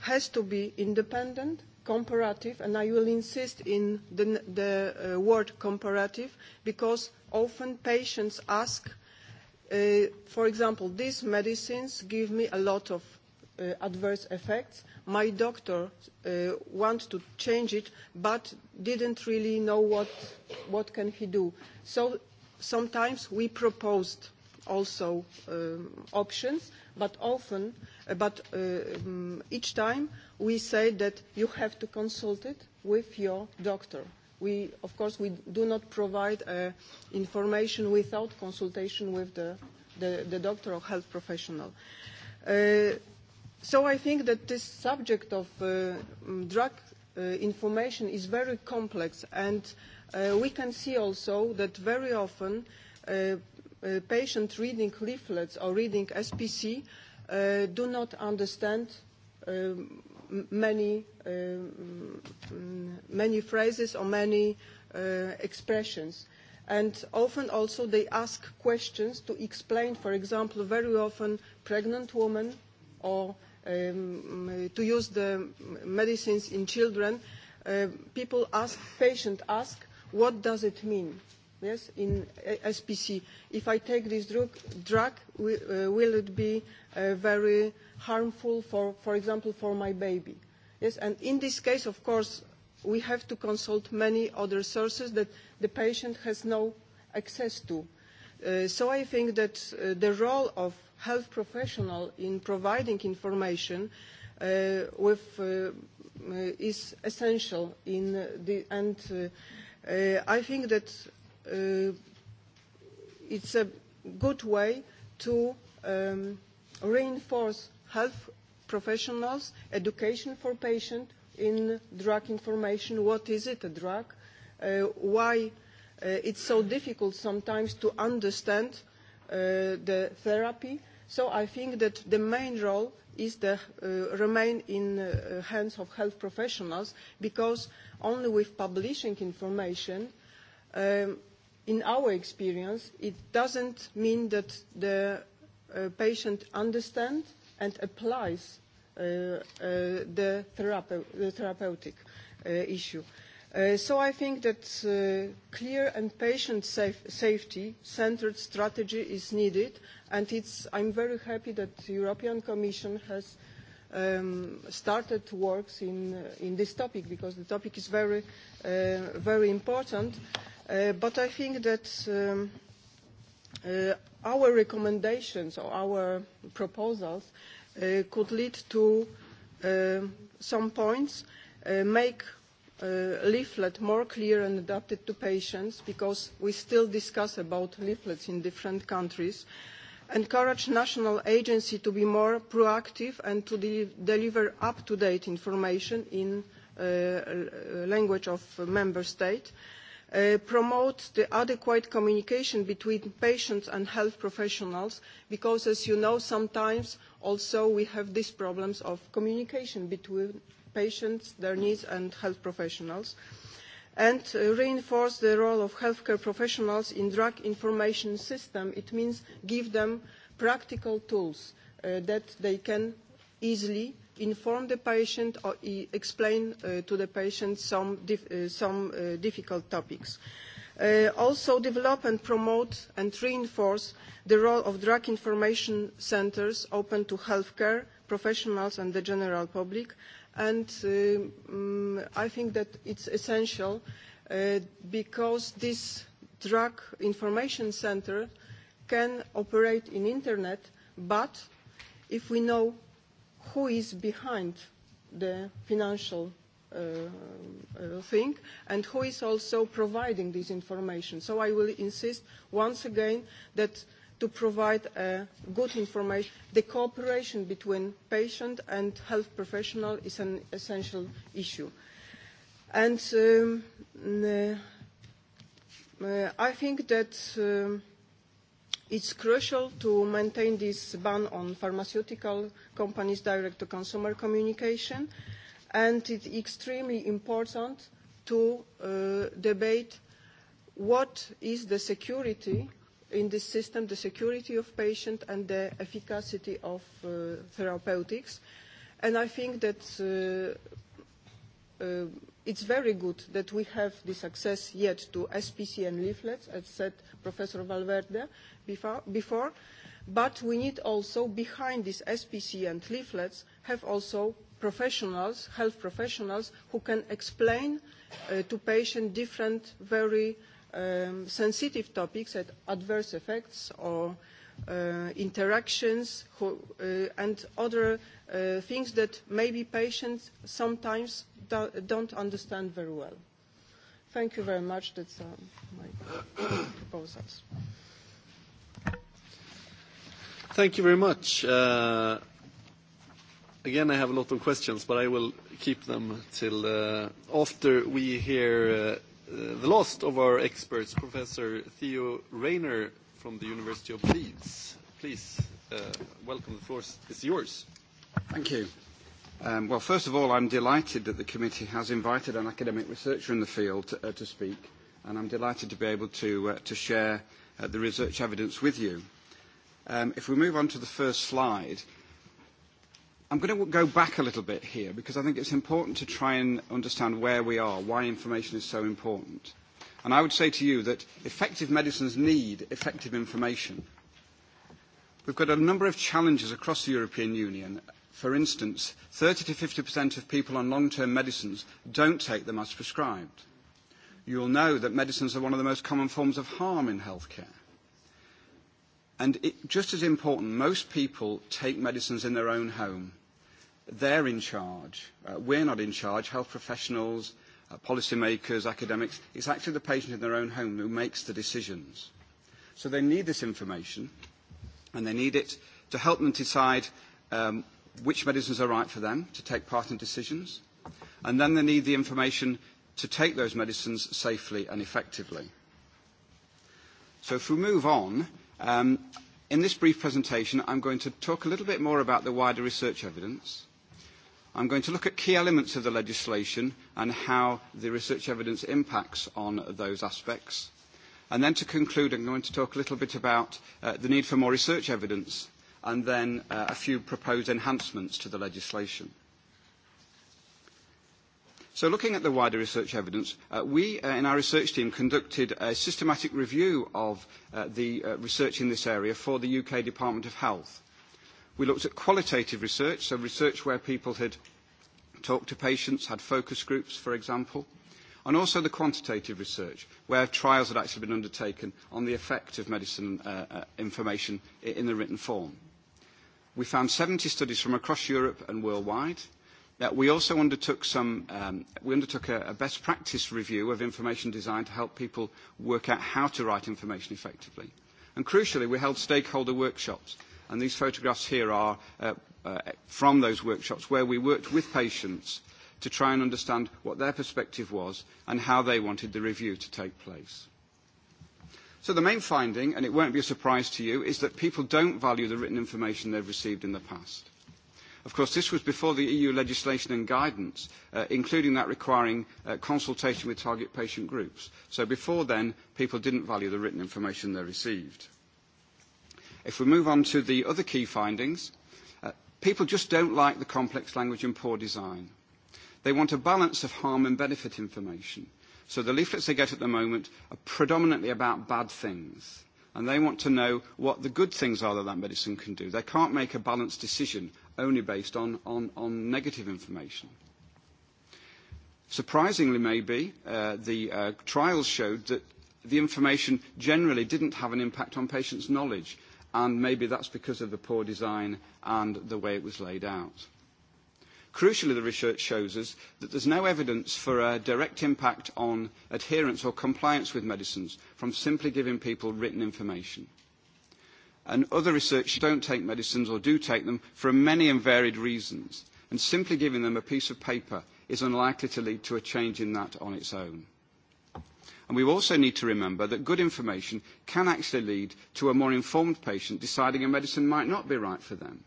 has to be independent, comparative, and I will insist in the, the uh, word comparative because often patients ask, uh, for example, these medicines give me a lot of uh, adverse effects. My doctor uh, wants to change it, but didn't really know what, what can he do. So sometimes we proposed also um, options, but often, uh, but uh, um, each time we say that you have to consult it with your doctor. We, of course, we do not provide uh, information without consultation with the, the, the doctor or health professional. Uh, so I think that this subject of uh, um, drug uh, information is very complex, and uh, we can see also that very often uh, uh, patients reading leaflets or reading SPC uh, do not understand um, many, uh, many phrases or many uh, expressions. And often also they ask questions to explain, for example, very often pregnant women or um, to use the medicines in children, uh, people ask, patient ask, what does it mean? Uh, yes, in uh, SPC. If I take this drug, drug will, uh, will it be uh, very harmful, for, for example, for my baby? Yes, and in this case, of course, we have to consult many other sources that the patient has no access to. Uh, so I think that uh, the role of health professional in providing information uh, with, uh, uh is essential in uh, the, and uh, uh, I think that uh, it's a good way to um, reinforce health professionals, education for patients in drug information, what is it, a drug, uh, why uh, it's so difficult sometimes to understand uh, the therapy. So I think that the main role is the, uh, remain in uh, hands of health professionals because only with publishing information um, in our experience, it doesn't mean that the uh, patient understands and applies uh, uh, the, therape- the therapeutic uh, issue. Uh, so I think that uh, clear and patient safe- safety-centered strategy is needed, and it's, I'm very happy that the European Commission has um, started works in, uh, in this topic because the topic is very, uh, very important. Uh, Uh, but I think that um, uh, our recommendations or our proposals uh, could lead to uh, some points, uh, make uh, leaflet more clear and adapted to patients because we still discuss about leaflets in different countries, encourage national agency to be more proactive and to de deliver up-to-date information in uh, language of member state, uh, Uh, promote the adequate communication between patients and health professionals because as you know sometimes also we have these problems of communication between patients, their needs and health professionals and uh, reinforce the role of healthcare professionals in drug information system. It means give them practical tools uh, that they can easily inform the patient or e, explain uh, to the patient some, dif uh, some uh, difficult topics. Uh, also develop and promote and reinforce the role of drug information centers open to healthcare professionals and the general public. And uh, um, I think that it's essential uh, because this drug information center can operate in internet, but if we know who is behind the financial uh, uh, thing and who is also providing this information. So I will insist once again that to provide uh, good information, the cooperation between patient and health professional is an essential issue. And um, uh, I think that um, uh, it's crucial to maintain this ban on pharmaceutical companies' direct-to-consumer communication, and it's extremely important to uh, debate what is the security in this system, the security of patient and the efficacy of uh, therapeutics. And I think that uh, uh, it's very good that we have this access yet to SPC and leaflets, as said Professor Valverde before, before. But we need also, behind this SPC and leaflets, have also professionals, health professionals, who can explain uh, to patients different very um, sensitive topics at adverse effects or uh, interactions who, uh, and other uh, things that maybe patients sometimes do, don't understand very well. Thank you very much. That's uh, my proposals. Thank you very much. Uh, again, I have a lot of questions, but I will keep them till uh, after we hear uh, uh, the last of our experts, Professor Theo Rayner from the University of Leeds. Please, uh, welcome. The floor is yours. Thank you. Um, well, first of all, I'm delighted that the committee has invited an academic researcher in the field to, uh, to speak, and I'm delighted to be able to, uh, to share uh, the research evidence with you. Um, if we move on to the first slide, I'm going to go back a little bit here because I think it's important to try and understand where we are, why information is so important. And I would say to you that effective medicines need effective information. We've got a number of challenges across the European Union For instance, 30 to 50% of people on long-term medicines don't take them as prescribed. You'll know that medicines are one of the most common forms of harm in healthcare. And it, just as important, most people take medicines in their own home. They're in charge. Uh, we're not in charge. Health professionals, uh, policymakers, academics. It's actually the patient in their own home who makes the decisions. So they need this information, and they need it to help them decide um, which medicines are right for them to take part in decisions, and then they need the information to take those medicines safely and effectively. So if we move on, um, in this brief presentation, I'm going to talk a little bit more about the wider research evidence. I'm going to look at key elements of the legislation and how the research evidence impacts on those aspects. And then to conclude, I'm going to talk a little bit about uh, the need for more research evidence and then uh, a few proposed enhancements to the legislation. So looking at the wider research evidence, uh, we uh, in our research team conducted a systematic review of uh, the uh, research in this area for the UK Department of Health. We looked at qualitative research, so research where people had talked to patients, had focus groups, for example, and also the quantitative research, where trials had actually been undertaken on the effect of medicine uh, uh, information in the written form. Uh, We found 70 studies from across Europe and worldwide. Uh, we also undertook, some, um, we undertook a, a best practice review of information design to help people work out how to write information effectively. And crucially, we held stakeholder workshops. And these photographs here are uh, uh, from those workshops where we worked with patients to try and understand what their perspective was and how they wanted the review to take place. So the main finding, and it won't be a surprise to you, is that people don't value the written information they've received in the past. Of course, this was before the EU legislation and guidance, uh, including that requiring uh, consultation with target patient groups. So before then, people didn't value the written information they received. If we move on to the other key findings, uh, people just don't like the complex language and poor design. They want a balance of harm and benefit information. Uh, So the leaflets they get at the moment are predominantly about bad things. And they want to know what the good things are that that medicine can do. They can't make a balanced decision only based on, on, on negative information. Surprisingly, maybe, uh, the uh, trials showed that the information generally didn't have an impact on patients' knowledge, and maybe that's because of the poor design and the way it was laid out. Crucially, the research shows us that there's no evidence for a direct impact on adherence or compliance with medicines from simply giving people written information. And other research don't take medicines or do take them for many and varied reasons, and simply giving them a piece of paper is unlikely to lead to a change in that on its own. And we also need to remember that good information can actually lead to a more informed patient deciding a medicine might not be right for them.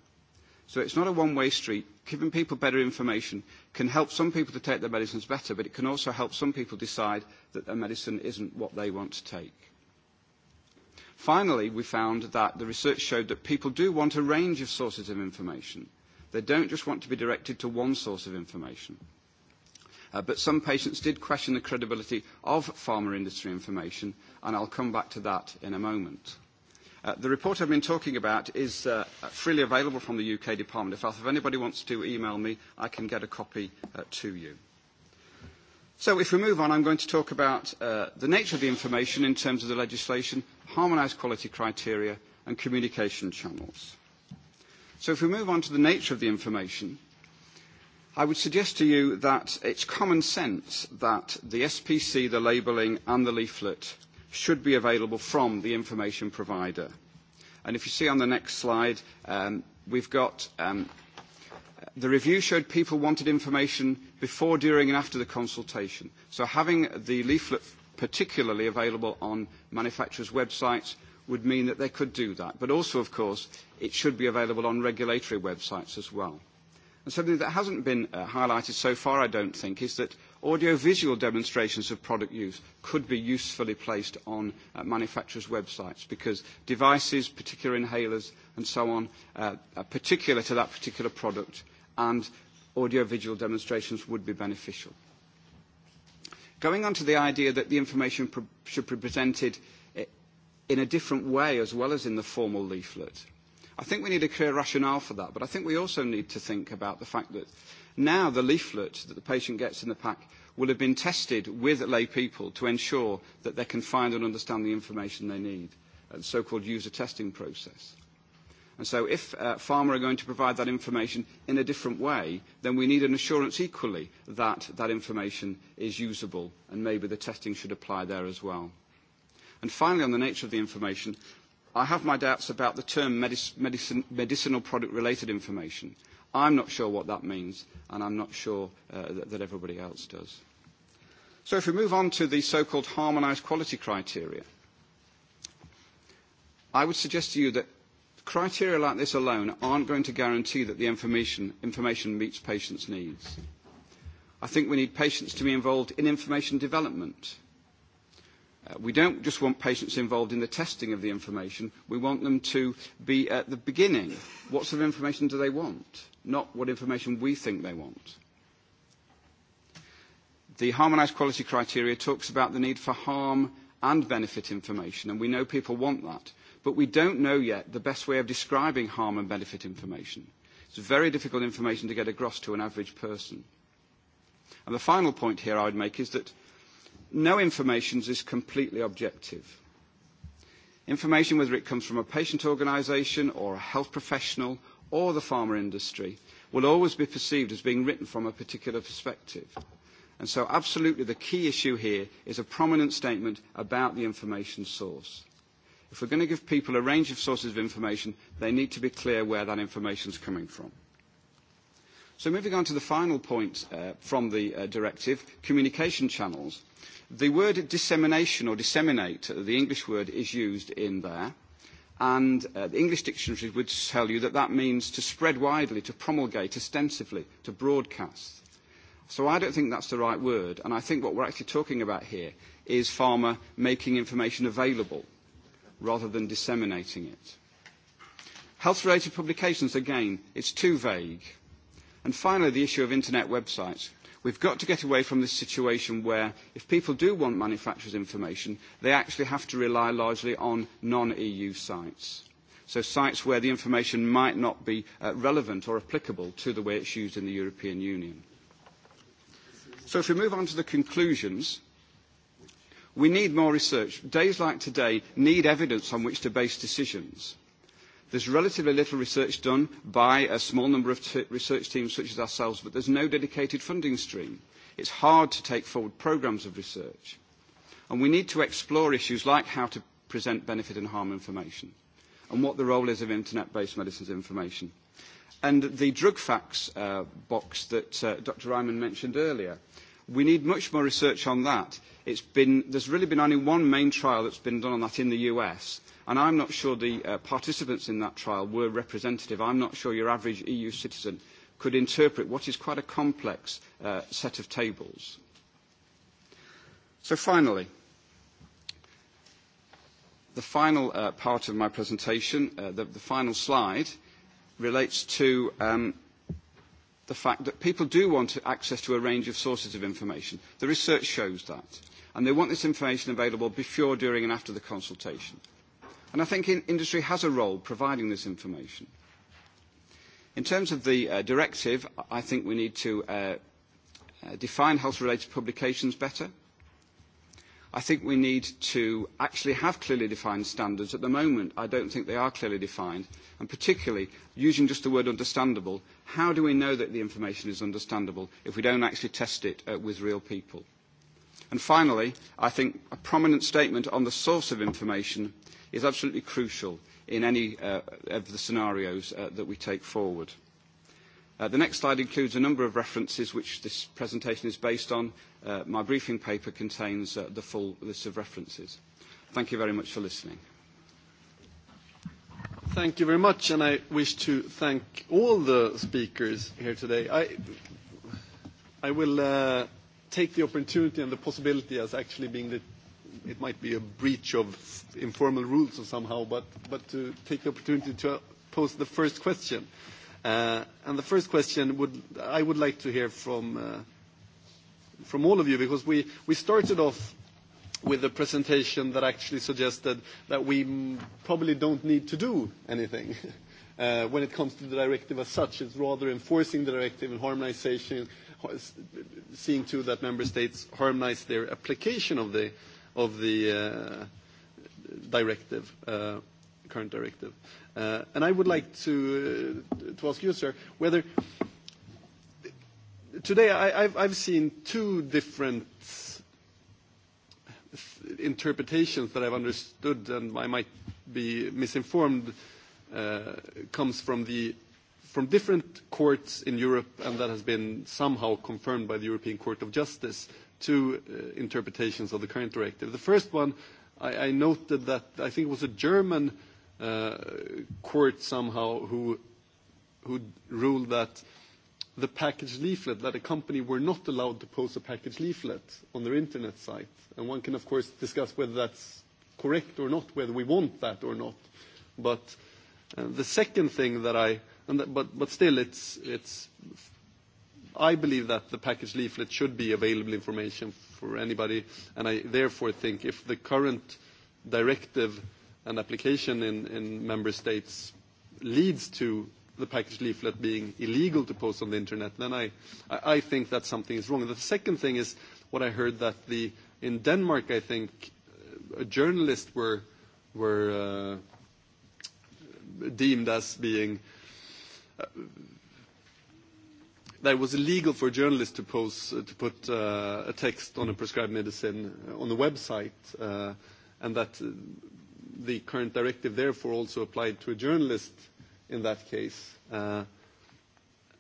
So it's not a one-way street. Giving people better information can help some people to take their medicines better, but it can also help some people decide that their medicine isn't what they want to take. Finally, we found that the research showed that people do want a range of sources of information. They don't just want to be directed to one source of information. Uh, but some patients did question the credibility of pharma industry information, and I'll come back to that in a moment. Uh, the report I've been talking about is uh, freely available from the UK Department of Health. If anybody wants to email me, I can get a copy uh, to you. So if we move on, I'm going to talk about uh, the nature of the information in terms of the legislation, harmonised quality criteria and communication channels. So if we move on to the nature of the information, I would suggest to you that it's common sense that the SPC, the labelling and the leaflet should be available from the information provider. And if you see on the next slide, um, we've got um, the review showed people wanted information before, during and after the consultation. So having the leaflet particularly available on manufacturers' websites would mean that they could do that. But also, of course, it should be available on regulatory websites as well. And something that hasn't been uh, highlighted so far, I don't think, is that Audiovisual demonstrations of product use could be usefully placed on uh, manufacturers' websites because devices, particular inhalers and so on, uh, are particular to that particular product and audiovisual demonstrations would be beneficial. Going on to the idea that the information pr should be presented eh, in a different way as well as in the formal leaflet, I think we need a clear rationale for that, but I think we also need to think about the fact that Now the leaflet that the patient gets in the pack will have been tested with lay people to ensure that they can find and understand the information they need, uh, the so-called user testing process. And so if uh, pharma are going to provide that information in a different way, then we need an assurance equally that that information is usable, and maybe the testing should apply there as well. And finally, on the nature of the information, I have my doubts about the term medic medicinal product-related information. I'm not sure what that means, and I'm not sure uh, that, that everybody else does. So if we move on to the so-called harmonised quality criteria, I would suggest to you that criteria like this alone aren't going to guarantee that the information, information meets patients' needs. I think we need patients to be involved in information development, Uh, we don't just want patients involved in the testing of the information. We want them to be at the beginning. What sort of information do they want? Not what information we think they want. The harmonised quality criteria talks about the need for harm and benefit information, and we know people want that. But we don't know yet the best way of describing harm and benefit information. It's very difficult information to get across to an average person. And the final point here I would make is that no information is completely objective. Information, whether it comes from a patient organisation or a health professional or the pharma industry, will always be perceived as being written from a particular perspective. And so absolutely the key issue here is a prominent statement about the information source. If we're going to give people a range of sources of information, they need to be clear where that information is coming from. So moving on to the final point uh, from the uh, directive, communication channels. The word dissemination or disseminate, the English word, is used in there. And uh, the English dictionary would tell you that that means to spread widely, to promulgate ostensively, to broadcast. So I don't think that's the right word. And I think what we're actually talking about here is pharma making information available rather than disseminating it. Health-related publications, again, it's too vague. And finally, the issue of internet websites. We've got to get away from this situation where if people do want manufacturers' information, they actually have to rely largely on non-EU sites. So sites where the information might not be uh, relevant or applicable to the way it's used in the European Union. So if we move on to the conclusions, we need more research. Days like today need evidence on which to base decisions There's relatively little research done by a small number of t- research teams such as ourselves, but there's no dedicated funding stream. It's hard to take forward programs of research. And we need to explore issues like how to present benefit and harm information and what the role is of internet-based medicines information. And the drug facts uh, box that uh, Dr. Ryman mentioned earlier, we need much more research on that. It's been, there's really been only one main trial that's been done on that in the US, And I'm not sure the uh, participants in that trial were representative. I'm not sure your average EU citizen could interpret what is quite a complex uh, set of tables. So finally, the final uh, part of my presentation, uh, the, the final slide, relates to um, the fact that people do want access to a range of sources of information. The research shows that. And they want this information available before, during and after the consultation. And I think in, industry has a role providing this information. In terms of the uh, directive, I think we need to uh, uh, define health-related publications better. I think we need to actually have clearly defined standards. At the moment, I don't think they are clearly defined, and particularly using just the word understandable, how do we know that the information is understandable if we don't actually test it uh, with real people? And finally, I think a prominent statement on the source of information is absolutely crucial in any uh, of the scenarios uh, that we take forward. Uh, the next slide includes a number of references which this presentation is based on. Uh, my briefing paper contains uh, the full list of references. Thank you very much for listening. Thank you very much, and I wish to thank all the speakers here today. I, I will uh, take the opportunity and the possibility as actually being the it might be a breach of informal rules or somehow, but, but to take the opportunity to pose the first question. Uh, and the first question would, I would like to hear from, uh, from all of you, because we, we started off with a presentation that actually suggested that we probably don't need to do anything. Uh, when it comes to the directive as such. It's rather enforcing the directive and harmonization, seeing to that member states harmonize their application of the of the uh, directive, uh, current directive. Uh, and I would like to, to ask you, sir, whether today I, I've, I've seen two different interpretations that I've understood, and I might be misinformed, uh, comes from the from different courts in Europe, and that has been somehow confirmed by the European Court of Justice two uh, interpretations of the current directive. The first one, I, I noted that I think it was a German uh, court somehow who, who ruled that the package leaflet, that a company were not allowed to post a package leaflet on their internet site. And one can, of course, discuss whether that's correct or not, whether we want that or not. But uh, the second thing that I, and that, but, but still, it's, it's I believe that the package leaflet should be available information for anybody, and I therefore think if the current directive and application in, in member states leads to the package leaflet being illegal to post on the internet, then I, I think that something is wrong. The second thing is what I heard that the, in Denmark, I think, uh, journalists were, were uh, deemed as being uh, that it was illegal for a journalist to post uh, to put uh, a text on a prescribed medicine uh, on the website, uh, and that uh, the current directive therefore also applied to a journalist in that case. Uh,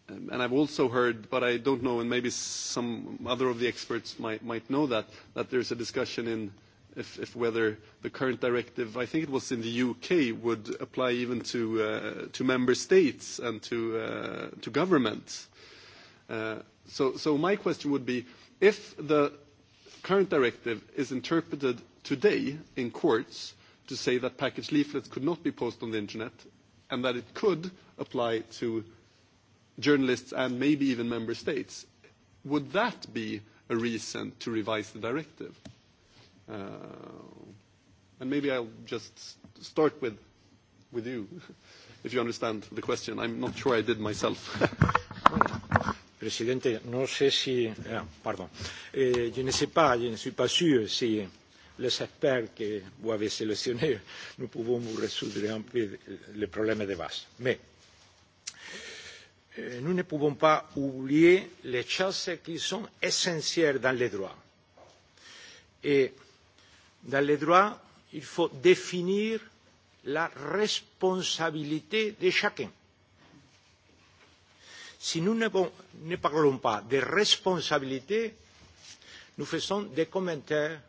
um, and I've also heard, but I don't know, and maybe some other of the experts might, might know that, that there's a discussion in if, if whether the current directive, I think it was in the UK, would apply even to, uh, to member states and to, uh, to governments. Uh, Uh, so, so my question would be, if the current directive is interpreted today in courts to say that packaged leaflets could not be posted on the internet, and that it could apply to journalists and maybe even member states, would that be a reason to revise the directive? Uh, and maybe I'll just start with, with you, if you understand the question. I'm not sure I did myself. Presidente, no sé si, ah, pardon, euh, je ne sais pas, je ne suis pas sûr si les experts que vous avez sélectionnés, nous pouvons vous résoudre un peu le problème de base. Mais euh, nous ne pouvons pas oublier les choses qui sont essentielles dans les droits. Et dans les droits, il faut définir la responsabilité de chacun Si nous ne, bon, ne parlons pas de responsabilité, nous faisons des commentaires,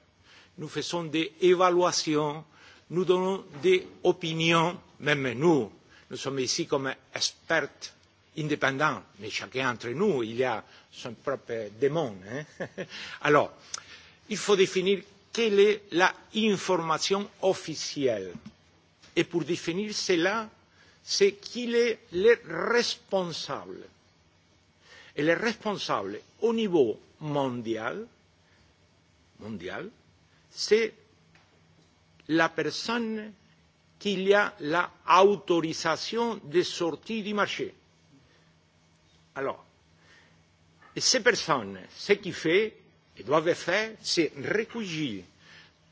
nous faisons des évaluations, nous donnons des opinions, même nous. Nous sommes ici comme experts indépendants, mais chacun d'entre nous, il a son propre démon. Hein Alors, il faut définir quelle est l'information officielle. Et pour définir cela, c'est qui est le responsable Elle est responsable au niveau mondial, mondial, c'est la personne qu'il y a l'autorisation la de sortie du marché. Alors, ces personnes, ce qu'ils font, ils doivent faire, c'est recueillir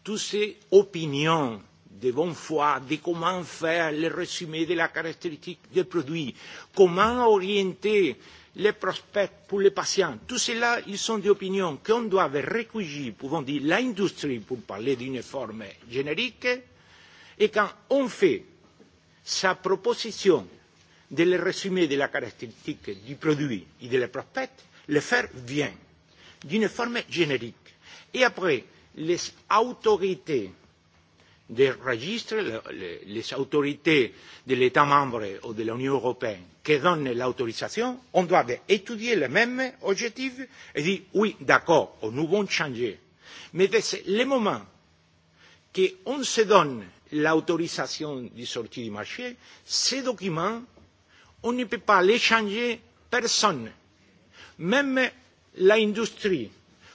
toutes ces opinions de bonne foi, de comment faire le résumé de la caractéristique des produits, comment orienter euh, les prospects pour les patients. Tout cela, ils sont des opinions qu'on doit recueillir, pouvons dire l'industrie pour parler d'une forme générique. Et quand on fait sa proposition de le résumé de la caractéristique du produit et de la prospect, le faire vient d'une forme générique. Et après, les autorités des registres, le, le, les autorités de l'État membre ou de l'Union européenne qui donnent l'autorisation, on doit étudier le même objectif et dire oui, d'accord, nous allons changer. Mais c'est le moment qu'on se donne l'autorisation de sortie du marché, ces documents, on ne peut pas les changer personne. Même l'industrie,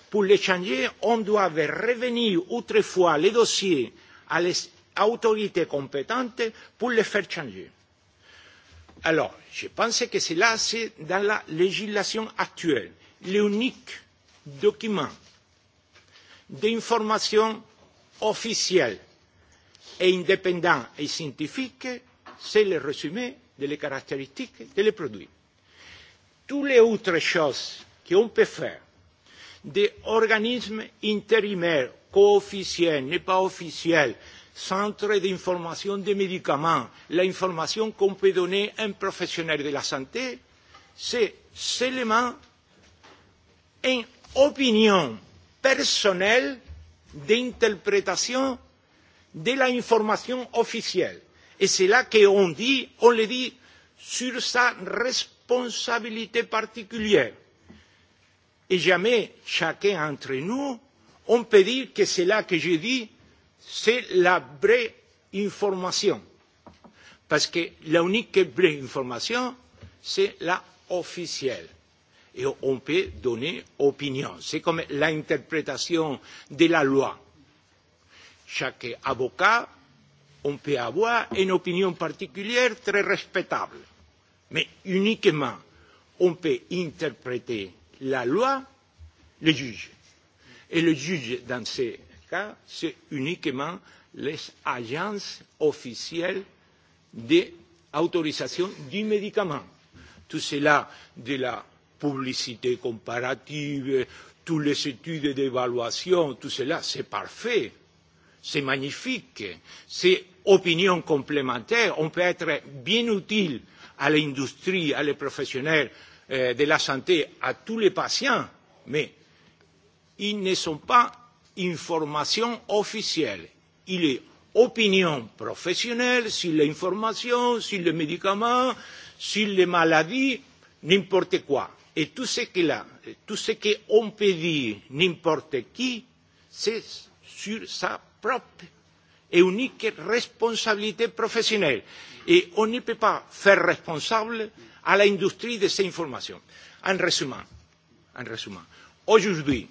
pour les changer, on doit revenir autrefois les dossiers à l'autorité compétente pour les faire changer. Alors, je pense que cela, c'est dans la législation actuelle, l'unique document d'information officielle et indépendant et scientifique, c'est le résumé des caractéristiques des produits. Toutes les autres choses qu'on peut faire des organismes intérimaires, co-officiels, n'est pas officiels, centres d'information des médicaments, l'information qu'on peut donner à un professionnel de la santé, c'est seulement une opinion personnelle d'interprétation de l'information officielle. Et c'est là qu'on dit, on le dit sur sa responsabilité particulière et jamais chacun d'entre nous, on peut dire que c'est là que je dis, c'est la vraie information. Parce que l'unique vraie information, c'est la officielle. Et on peut donner opinion. C'est comme l'interprétation de la loi. Chaque avocat, on peut avoir une opinion particulière très respectable. Mais uniquement, on peut interpréter la loi le juge. Et le juge, dans ces cas, c'est uniquement les agences officielles d'autorisation du médicament. Tout cela de la publicité comparative, toutes les études d'évaluation, tout cela, c'est parfait, c'est magnifique, c'est opinion complémentaire, on peut être bien utile à l'industrie, à les professionnels euh, de la santé à tous les patients, mais ils ne sont pas information officielle. Il est opinion professionnelle sur l'information, sur les médicaments, sur les maladies, n'importe quoi. Et tout ce que là, tout ce qu'on peut dire n'importe qui, c'est sur sa propre et unique responsabilité professionnelle. Et on ne peut pas faire responsable à l'industrie de ces informations. En résumant, en résumant aujourd'hui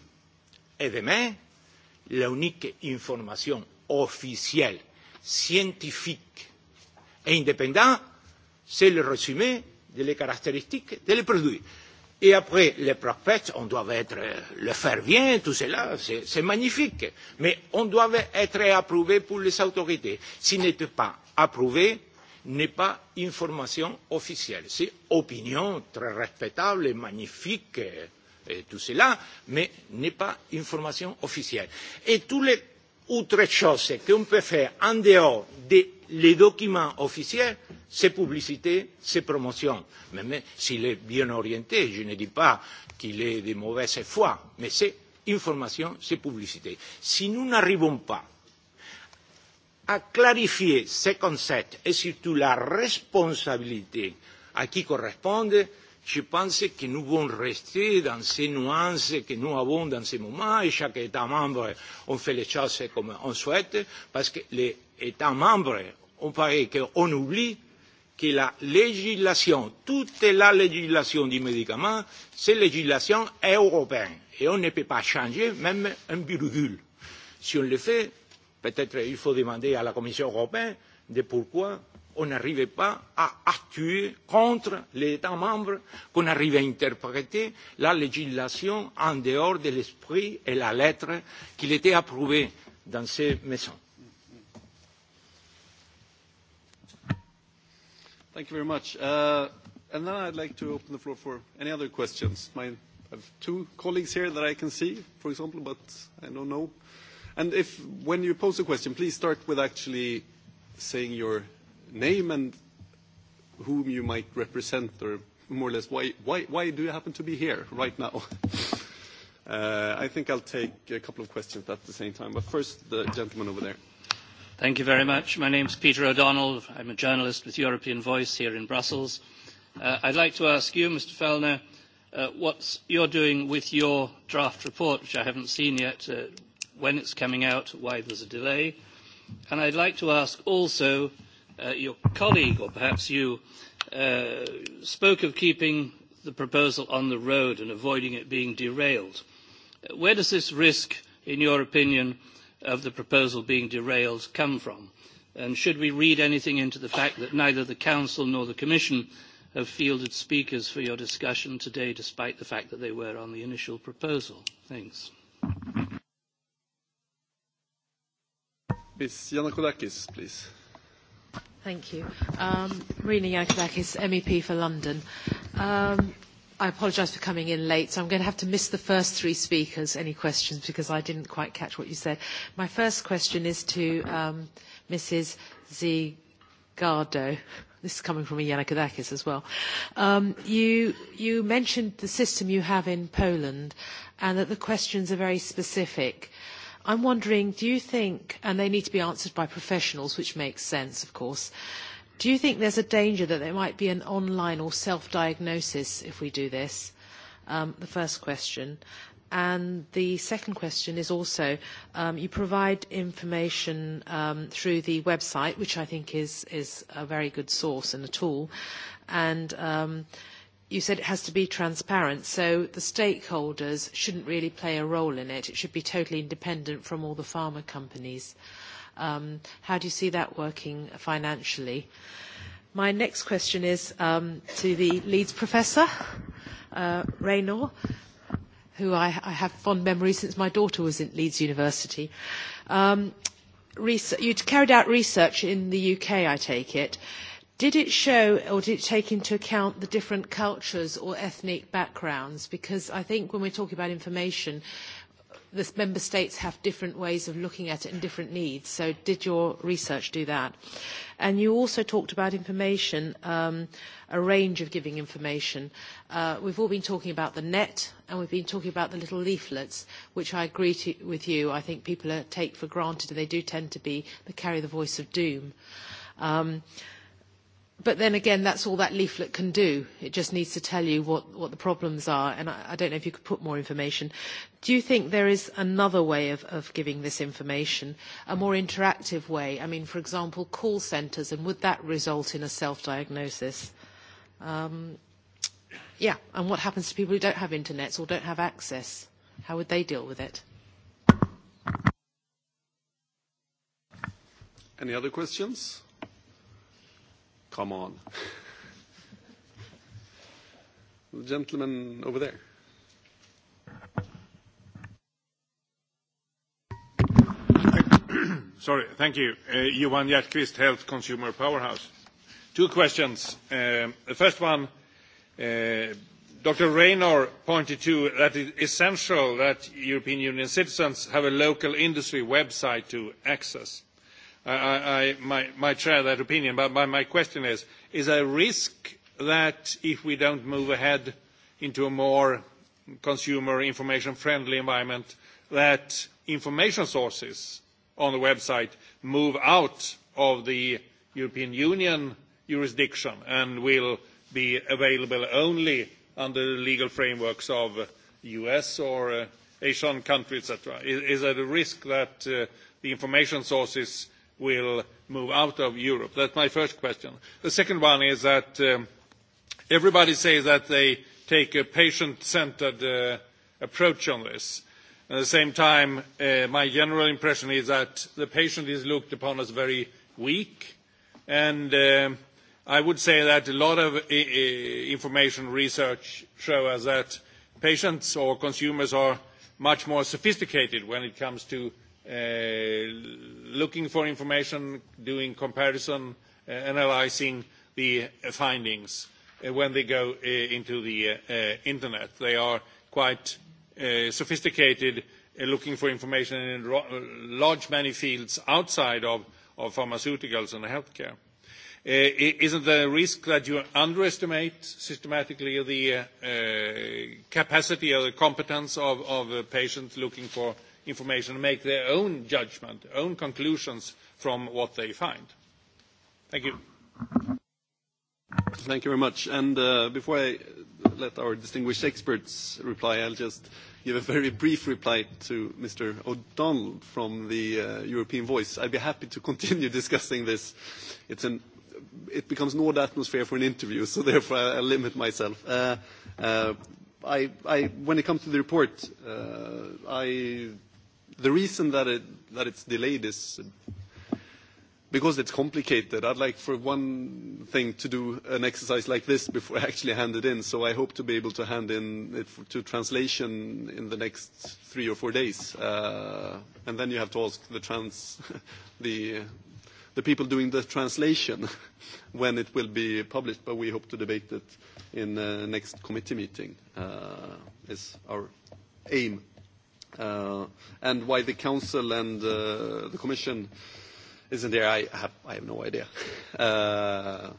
et demain, l'unique information officielle, scientifique et indépendante, c'est le résumé des caractéristiques des produits. Et après, les prophètes, on doit être euh, le faire vient, tout cela, c'est magnifique. Mais on doit être approuvé pour les autorités. S'il n'était pas approuvé, n'est pas information officielle. C'est opinion très respectable et magnifique, euh, et tout cela, mais n'est pas information officielle. Et toutes les autres choses qu'on peut faire en dehors des les documents officiels, c'est publicité, c'est promotion. Même s'il est bien orienté, je ne dis pas qu'il est de mauvaise foi, mais c'est information, c'est publicité. Si nous n'arrivons pas à clarifier ces concepts et surtout la responsabilité à qui correspondent, je pense que nous devons rester dans ces nuances que nous avons dans ces moments et chaque État membre on fait les choses comme on souhaite parce que les États membres on paraît qu'on oublie que la législation, toute la législation du médicament, c'est législation européenne. Et on ne peut pas changer même un virgule. Si on le fait, peut-être il faut demander à la Commission européenne de pourquoi on n'arrivait pas à actuer contre les États membres, qu'on arrive à interpréter la législation en dehors de l'esprit et la lettre qu'il était approuvé dans ces maisons. Thank you very much. Uh, and then I'd like to open the floor for any other questions. My, I have two colleagues here that I can see, for example, but I don't know. And if when you pose a question, please start with actually saying your name and whom you might represent, or more or less, why, why, why do you happen to be here right now? Uh, I think I'll take a couple of questions at the same time, but first, the gentleman over there. Thank you very much. My name is Peter O'Donnell. I'm a journalist with European Voice here in Brussels. Uh, I'd like to ask you, Mr. Fellner, uh, what you're doing with your draft report, which I haven't seen yet, uh, when it's coming out, why there's a delay. And I'd like to ask also, uh, your colleague, or perhaps you, uh, spoke of keeping the proposal on the road and avoiding it being derailed. Uh, where does this risk, in your opinion, uh, of the proposal being derailed come from? And should we read anything into the fact that neither the Council nor the Commission have fielded speakers for your discussion today, despite the fact that they were on the initial proposal? Thanks. Ms. Yanakoudakis, please. Thank you. Um, Rina Yanakoudakis, MEP for London. Um, I apologize for coming in late, so I'm going to have to miss the first three speakers. Any questions? Because I didn't quite catch what you said. My first question is to um, Mrs. Zigardo. This is coming from Yanakadakis as well. Um, you, you mentioned the system you have in Poland and that the questions are very specific. I'm wondering, do you think, and they need to be answered by professionals, which makes sense, of course, uh, Do you think there's a danger that there might be an online or self-diagnosis if we do this? Um, the first question. And the second question is also, um, you provide information um, through the website, which I think is, is a very good source and a tool. And um, you said it has to be transparent, so the stakeholders shouldn't really play a role in it. It should be totally independent from all the pharma companies. Uh, Um, how do you see that working financially? My next question is um, to the Leeds professor, uh, Raynor, who I, I have fond memories since my daughter was at Leeds University. Um, research, you'd carried out research in the UK, I take it. Did it show or did it take into account the different cultures or ethnic backgrounds? Because I think when we're talking about information, the member states have different ways of looking at it and different needs. So did your research do that? And you also talked about information, um, a range of giving information. Uh, we've all been talking about the net and we've been talking about the little leaflets, which I agree to, with you. I think people are, take for granted and they do tend to be, they carry the voice of doom. Um, uh, but then again, that's all that leaflet can do. It just needs to tell you what, what the problems are. And I, I don't know if you could put more information. Do you think there is another way of, of giving this information, a more interactive way? I mean, for example, call centres, and would that result in a self-diagnosis? Um, yeah, and what happens to people who don't have internets or don't have access? How would they deal with it? Any other questions? Come on. the gentleman over there. Sorry. Thank you. Uh, Johan Hjertqvist, Health Consumer Powerhouse. Two questions. Um, the first one, uh, Dr. Raynor pointed to that it is essential that European Union citizens have a local industry website to access. I, I, I might share that opinion, but my, my question is, is there a risk that if we don't move ahead into a more consumer information-friendly environment, that information sources on the website move out of the European Union jurisdiction and will be available only under the legal frameworks of U.S. or uh, Asian countries, et cetera? Is, is there a risk that uh, the information sources will move out of Europe? That's my first question. The second one is that um, everybody says that they take a patient-centered uh, approach on this. At the same time, uh, my general impression is that the patient is looked upon as very weak, and um, I would say that a lot of information research show us that patients or consumers are much more sophisticated when it comes to Uh, looking for information, doing comparison, uh, analyzing the findings uh, when they go into the internet. They are quite sophisticated, looking for information in large many fields outside of, of pharmaceuticals and healthcare. Isn't there a risk that you underestimate systematically the capacity or the competence of, of patients looking for information information and make their own judgment, own conclusions from what they find. Thank you. Thank you very much. And, uh, before I let our distinguished experts reply, I'll just give a very brief reply to Mr. O'Donnell from the uh, European Voice. I'd be happy to continue discussing this. An, it becomes an odd atmosphere for an interview, so therefore I'll limit myself. Uh, uh, I, I, when it comes to the report, uh, I The reason that, it, that it's delayed is because it's complicated. I'd like, for one thing, to do an exercise like this before I actually hand it in. So I hope to be able to hand in it for, to translation in the next three or four days. Uh, and then you have to ask the, trans, the, the people doing the translation when it will be published. But we hope to debate it in the uh, next committee meeting, uh, is our aim uh, and why the council and uh, the commission isn't there, I have, I have no idea. Uh,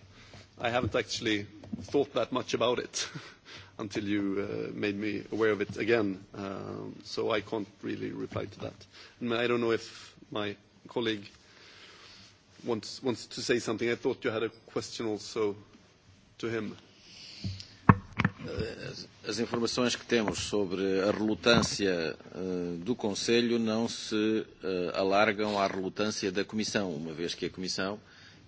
I haven't actually thought that much about it until you uh, made me aware of it again, um, so I can't really reply to that. And I don't know if my colleague wants, wants to say something. I thought you had a question also to him. Uh, as informações que temos sobre a relutância uh, do Conselho não se uh, alargam à relutância da Comissão, uma vez que a Comissão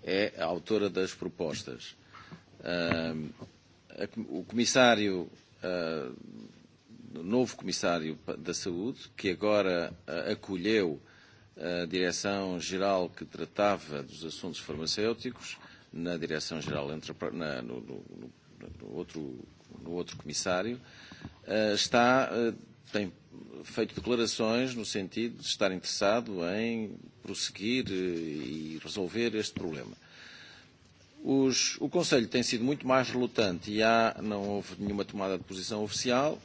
é a autora das propostas. Uh, a, o Comissário, novo Comissário da Saúde, que agora acolheu a Direção-Geral que tratava dos assuntos farmacêuticos, na Direção-Geral, no, no, no, no outro no outro comissário, eh, está, eh, tem feito declarações no sentido de estar interessado em prosseguir eh, e resolver este problema. Os, o Conselho tem sido muito mais relutante e há, não houve nenhuma tomada de posição oficial,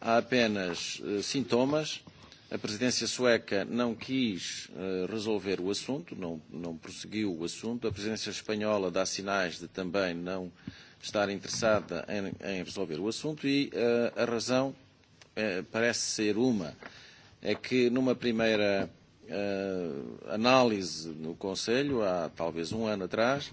há apenas eh, sintomas. A presidência sueca não quis eh, resolver o assunto, não, não prosseguiu o assunto. A presidência espanhola dá sinais de também não eh, estar interessada em, em resolver o assunto e uh, a razão uh, parece ser uma. É que numa primeira uh, análise no Conselho, há talvez um ano atrás,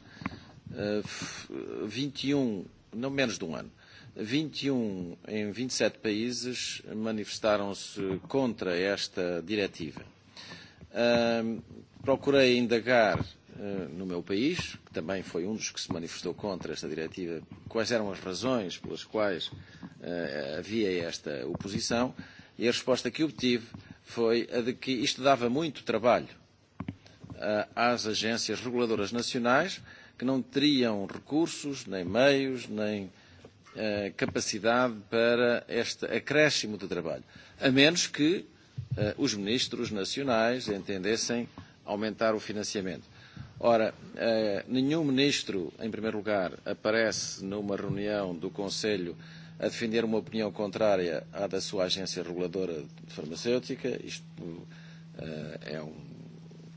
uh, 21, e um, não menos de um ano, 21 e um em 27 e países manifestaram-se contra esta diretiva. Uh, procurei indagar Eh, no meu país, que também foi um dos que se manifestou contra esta diretiva, quais eram as razões pelas quais uh, havia esta oposição, e a resposta que obtive foi a de que isto dava muito trabalho uh, às agências reguladoras nacionais, que não teriam recursos, nem meios, nem uh, capacidade para este acréscimo de trabalho, a menos que uh, os ministros nacionais entendessem aumentar o financiamento. Ora, eh, nenhum ministro, em primeiro lugar, aparece numa reunião do Conselho a defender uma opinião contrária à da sua agência reguladora de farmacêutica. Isto eh, é um,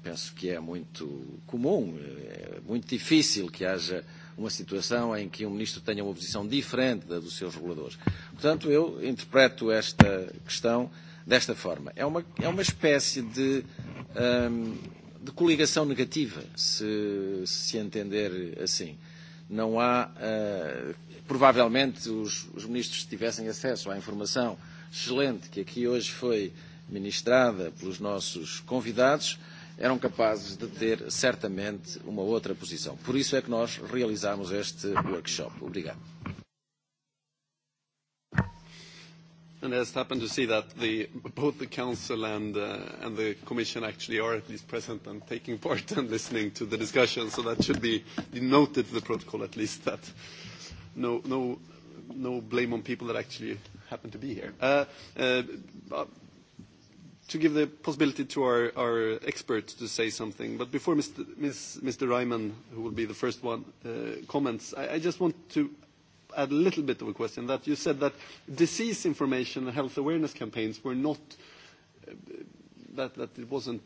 penso que é muito comum, eh, é muito difícil que haja uma situação em que um ministro tenha uma posição diferente da dos seus reguladores. Portanto, eu interpreto esta questão desta forma. É uma, é uma espécie de. Um, de coligação negativa, se se entender assim. Não há, uh, provavelmente os, os ministros tivessem acesso à informação excelente que aqui hoje foi ministrada pelos nossos convidados, eram capazes de ter certamente uma outra posição. Por isso é que nós realizámos este workshop. Obrigado. And I just happened to see that the, both the council and, uh, and the commission actually are at least present and taking part and listening to the discussion. So that should be noted to the protocol at least that no, no, no blame on people that actually happen to be here. Uh, uh, uh to give the possibility to our, our experts to say something, but before Mr. Ms, Mr. Ryman, who will be the first one, uh, comments, I, I just want to add a little bit of a question, that you said that disease information and health awareness campaigns were not, uh, that, that it wasn't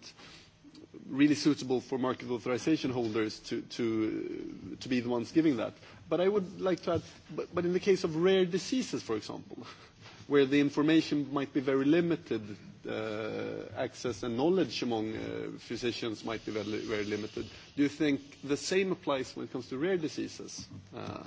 really suitable for market authorization holders to, to, uh, to be the ones giving that. But I would like to add, but, but in the case of rare diseases, for example, where the information might be very limited, uh, access and knowledge among uh, physicians might be very, very limited, do you think the same applies when it comes to rare diseases? Uh,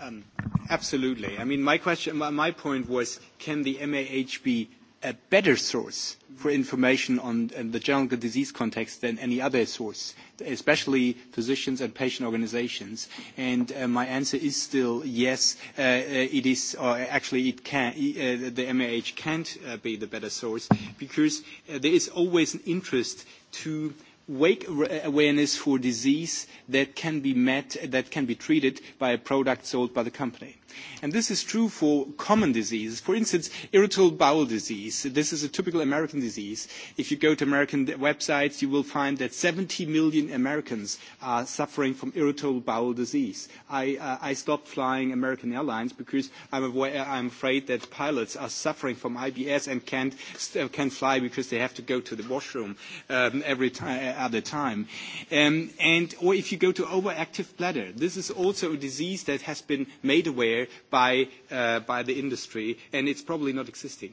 Um, absolutely. I mean, my question, my point was, can the MAH be a better source for information on, on the general disease context than any other source, especially physicians and patient organizations. And uh, my answer is still yes, uh, uh it is, or uh, actually it can, e, uh, the MAH can't uh, be the better source because uh, there is always an interest to uh, wake uh, awareness for disease that can be met, that can be treated by a product sold by the company. And this is true for common diseases. For instance, irritable bowel disease. This is a typical American disease. If you go to American websites, you will find that 70 million Americans are suffering from irritable bowel disease. I, uh, I stopped flying American Airlines because I'm, aware, uh, I'm afraid that pilots are suffering from IBS and can't, uh, can't fly because they have to go to the washroom um, every t- uh, other time. Um, and, or if you go to overactive bladder, this is also a disease that has been made aware there by, uh, by the industry, and it's probably not existing.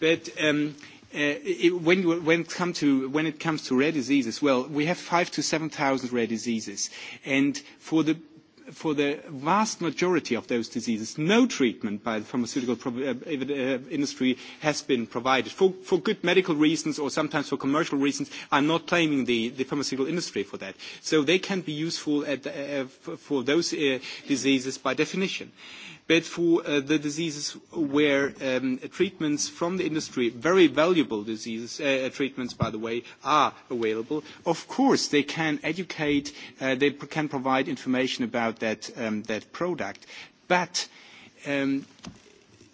But um, uh, it, when, when, it come to, when it comes to rare diseases, well, we have five to 7,000 rare diseases. And for the for the vast majority of those diseases, no treatment by the pharmaceutical uh, uh, industry has been provided for, for good medical reasons or sometimes for commercial reasons. I'm not blaming the, the pharmaceutical industry for that. So they can be useful at, uh, for those uh, diseases by definition. Uh, but for uh, the diseases where um, treatments from the industry, very valuable diseases, uh, uh treatments, by the way, are available, of course they can educate, uh, they can provide information about that, um, that product. But um,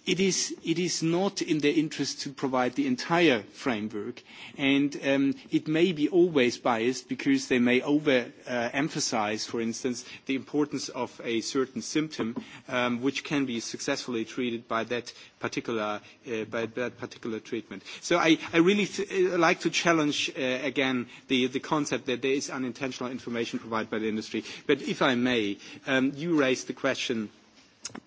It is, it is not in their interest to provide the entire framework, and um, it may be always biased because they may overemphasize, uh, for instance, the importance of a certain symptom, um, which can be successfully treated by that particular, uh, by that particular treatment. So I, I really th- uh, like to challenge uh, again the, the concept that there is unintentional information provided by the industry. But if I may, um, you raised the question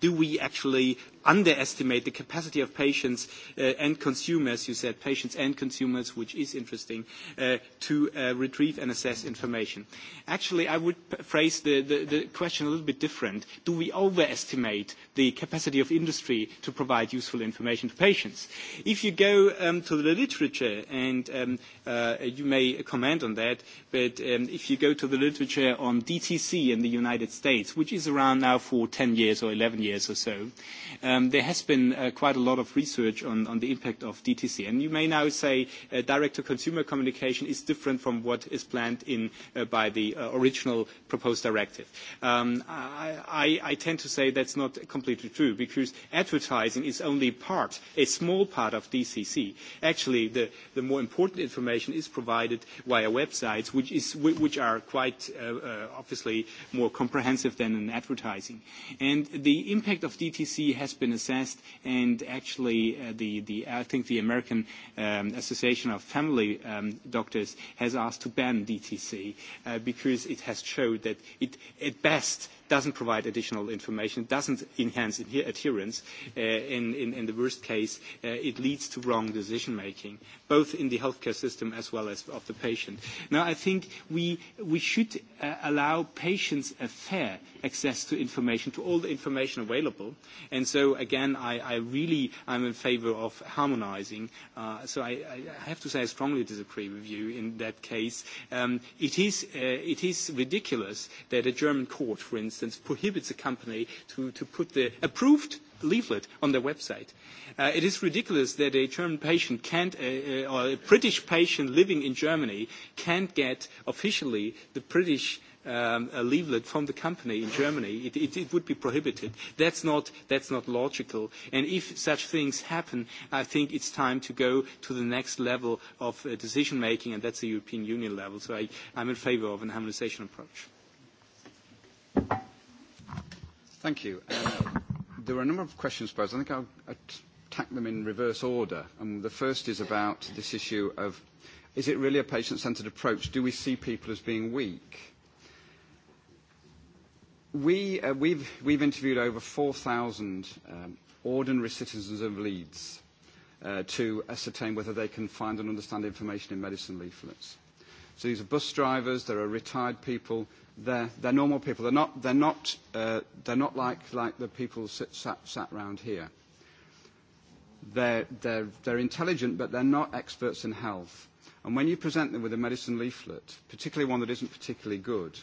do we actually underestimate the capacity of patients uh, and consumers, you said patients and consumers, which is interesting, uh, to uh, retrieve and assess information. Actually, I would phrase the, the, the question a little bit different. Do we overestimate the capacity of industry to provide useful information to patients? If you go um, to the literature, and um, uh, you may comment on that, but um, if you go to the literature on DTC in the United States, which is around now for 10 years or 11 years or so, um, um, there has been uh, quite a lot of research on, on the impact of DTC. And you may now say uh, direct-to-consumer communication is different from what is planned in, uh, by the uh, original proposed directive. Um, I, I, I tend to say that's not completely true because advertising is only part, a small part of DCC. Actually, the, the more important information is provided via websites, which, is, which are quite uh, uh, obviously more comprehensive than in advertising. And the impact of DTC has been been assessed, and actually uh, the, the, I think the American um, Association of Family um, Doctors has asked to ban DTC uh, because it has showed that it, at best, doesn't provide additional information, doesn't enhance adherence. Uh, in, in, in the worst case, uh, it leads to wrong decision-making, both in the healthcare system as well as of the patient. Now, I think we, we should uh, allow patients a fair access to information, to all the information available. And so, again, I, I really am in favor of harmonizing. Uh, so I, I have to say I strongly disagree with you in that case. Um, it, is, uh, it is ridiculous that a German court, for instance, instance, prohibits a company to, to put the approved leaflet on their website. Uh, it is ridiculous that a German patient can't, uh, uh, or a British patient living in Germany can't get officially the British um, a uh, leaflet from the company in Germany. It, it, it would be prohibited. That's not, that's not logical. And if such things happen, I think it's time to go to the next level of uh, decision making, and that's the European Union level. So I, I'm in favor of an harmonization approach. Thank you. Thank you. Uh, there were a number of questions posed. I think I'll attack uh, them in reverse order. And um, the first is about this issue of, is it really a patient-centered approach? Do we see people as being weak? We, uh, we've, we've interviewed over 4,000 um, ordinary citizens of Leeds uh, to ascertain whether they can find and understand information in medicine leaflets. So these are bus drivers, there are retired people, they're, they're normal people. They're not, they're not, uh, they're not like, like the people sit, sat, sat around here. They're, they're, they're intelligent, but they're not experts in health. And when you present them with a medicine leaflet, particularly one that isn't particularly good,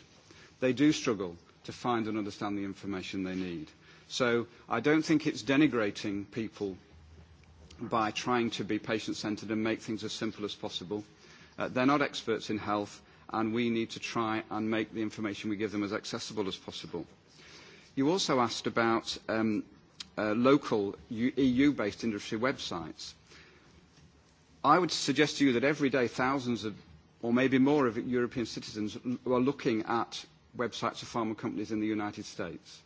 they do struggle to find and understand the information they need. So I don't think it's denigrating people by trying to be patient-centered and make things as simple as possible. Uh, they're not experts in health and we need to try and make the information we give them as accessible as possible. You also asked about um, uh, local EU-based industry websites. I would suggest to you that every day thousands of, or maybe more of European citizens are looking at websites of pharma companies in the United States.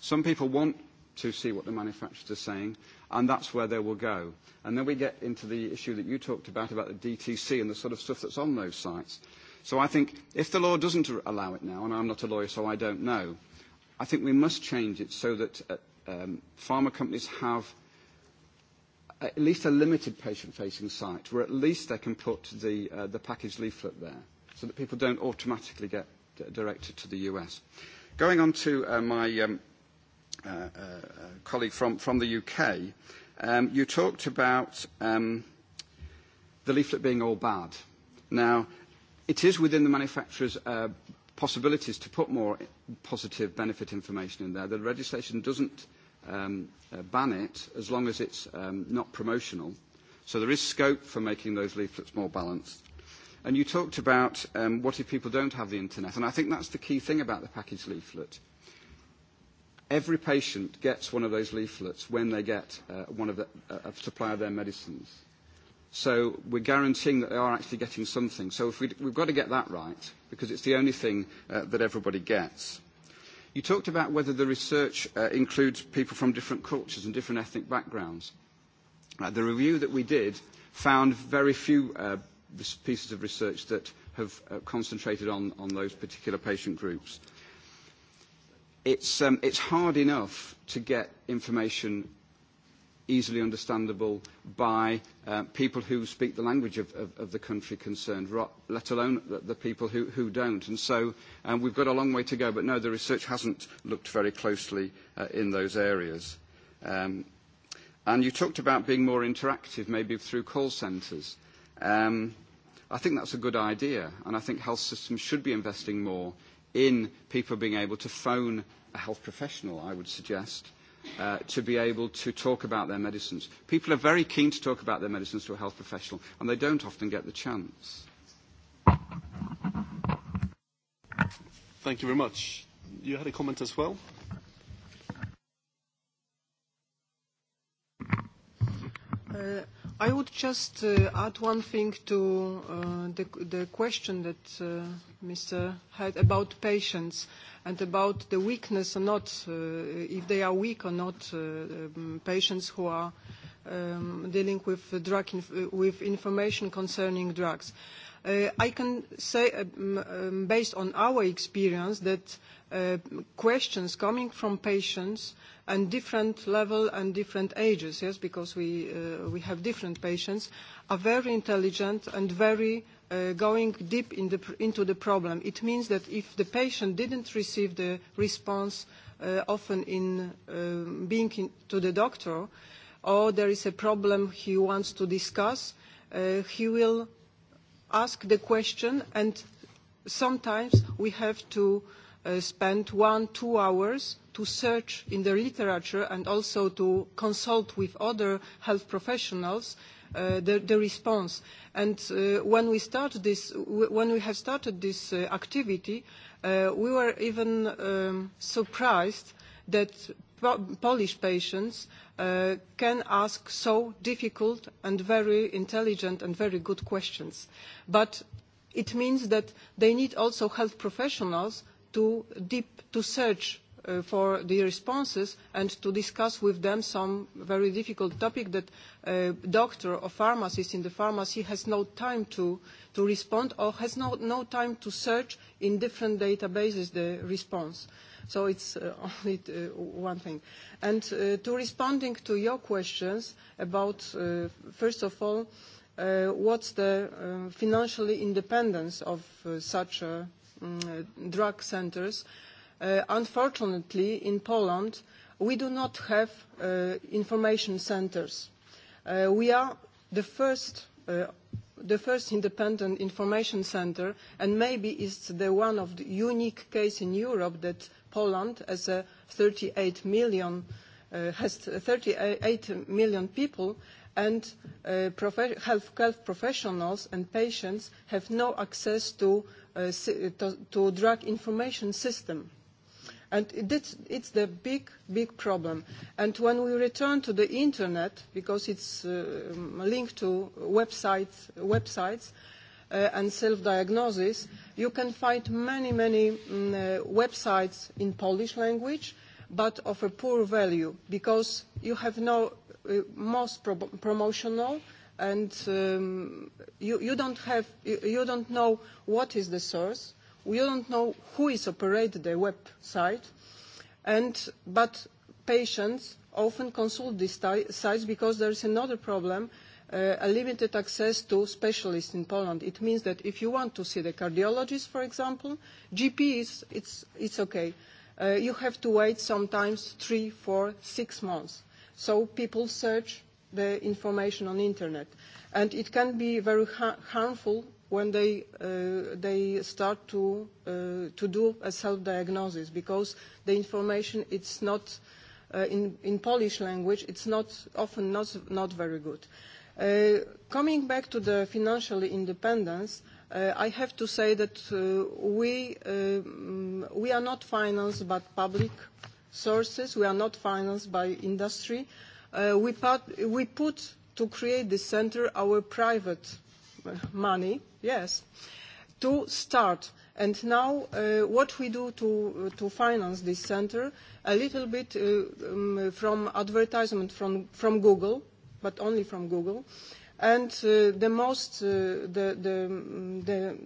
Some people want to see what the manufacturers are saying, and that's where they will go. And then we get into the issue that you talked about, about the DTC and the sort of stuff that's on those sites. So I think if the law doesn't allow it now, and I'm not a lawyer, so I don't know, I think we must change it so that uh, um, pharma companies have at least a limited patient-facing site where at least they can put the, uh, the package leaflet there so that people don't automatically get directed to the US. Going on to uh, my um, uh, uh, colleague from, from the UK, um, you talked about um, the leaflet being all bad. Now, It is within the manufacturer's uh, possibilities to put more positive benefit information in there. The legislation doesn't um, uh, ban it as long as it's um, not promotional. So there is scope for making those leaflets more balanced. And you talked about um, what if people don't have the internet? And I think that's the key thing about the package leaflet. Every patient gets one of those leaflets when they get uh, one of the, uh, a supply of their medicines. So we're guaranteeing that they are actually getting something. So if we, we've got to get that right, because it's the only thing uh, that everybody gets. You talked about whether the research uh, includes people from different cultures and different ethnic backgrounds. Uh, the review that we did found very few uh, pieces of research that have uh, concentrated on, on those particular patient groups. It's, um, it's hard enough to get information easily understandable by uh, people who speak the language of, of, of the country concerned, let alone the, the people who, who don't. And so um, we've got a long way to go, but no, the research hasn't looked very closely uh, in those areas. Um, and you talked about being more interactive, maybe through call centres. Um, I think that's a good idea, and I think health systems should be investing more in people being able to phone a health professional, I would suggest, uh, to be able to talk about their medicines. People are very keen to talk about their medicines to a health professional, and they don't often get the chance. Thank you very much. You had a comment as well? Uh, I would just uh, add one thing to uh, the, the question that uh, Mr. had about patients and about the weakness or not, uh, if they are weak or not, uh, um, patients who are um, dealing with, drug inf- with information concerning drugs. Uh, Uh, I can say, um, um, based on our experience, that uh, questions coming from patients and different level and different ages, yes, because we, uh, we have different patients, are very intelligent and very Uh, going deep in the, into the problem. It means that if the patient didn't receive the response uh, often in um, being in, to the doctor, or there is a problem he wants to discuss, uh, he will ask the question, and sometimes we have to uh, spend one, two hours to search in the literature and also to consult with other health professionals uh, the, the response. And uh, when we start this, when we have started this uh, activity, uh, we were even um, surprised that po Polish patients uh, can ask so difficult and very intelligent and very good questions. But it means that they need also health professionals to, deep, to search uh, for the responses and to discuss with them some very difficult topic that a uh, doctor or pharmacist in the pharmacy has no time to, to respond or has no, no time to search in different databases the response. Uh, So it's uh, only uh, one thing. And uh, to responding to your questions about, uh, first of all, uh, what's the uh, financial independence of uh, such uh, um, drug centers? Uh, unfortunately, in Poland, we do not have uh, information centers. Uh, we are the first uh, the first independent information center, and maybe it's the one of the unique case in Europe that Poland as a 38 million uh, has 38 million people and uh, prof- health, health professionals and patients have no access to, uh, si- to, to drug information system. And it's, it's the big, big problem. And when we return to the internet, because it's uh, linked to websites, websites uh, uh, and self-diagnosis, you can find many, many um, uh, websites in Polish language, but of a poor value because you have no uh, most pro promotional and um, you, you don't have, you, you don't know what is the source, you don't know who is operating the website, and, but patients often consult these sites because there is another problem uh, uh, a limited access to specialists in Poland. It means that if you want to see the cardiologist, for example, GP is it's, it's okay. Uh, you have to wait sometimes three, four, six months. So people search the information on internet, and it can be very ha- harmful when they uh, they start to uh, to do a self-diagnosis because the information it's not uh, in in Polish language it's not often not not very good. Uh, Uh, coming back to the financial independence, uh, I have to say that uh, we, uh, we are not financed by public sources. We are not financed by industry. Uh, we, part, we put to create this center our private uh, money, yes, to start. And now, uh, what we do to, uh, to finance this center, a little bit uh, um, from advertisement from, from Google, but only from Google. And uh, the most, uh, the, the, mm, the,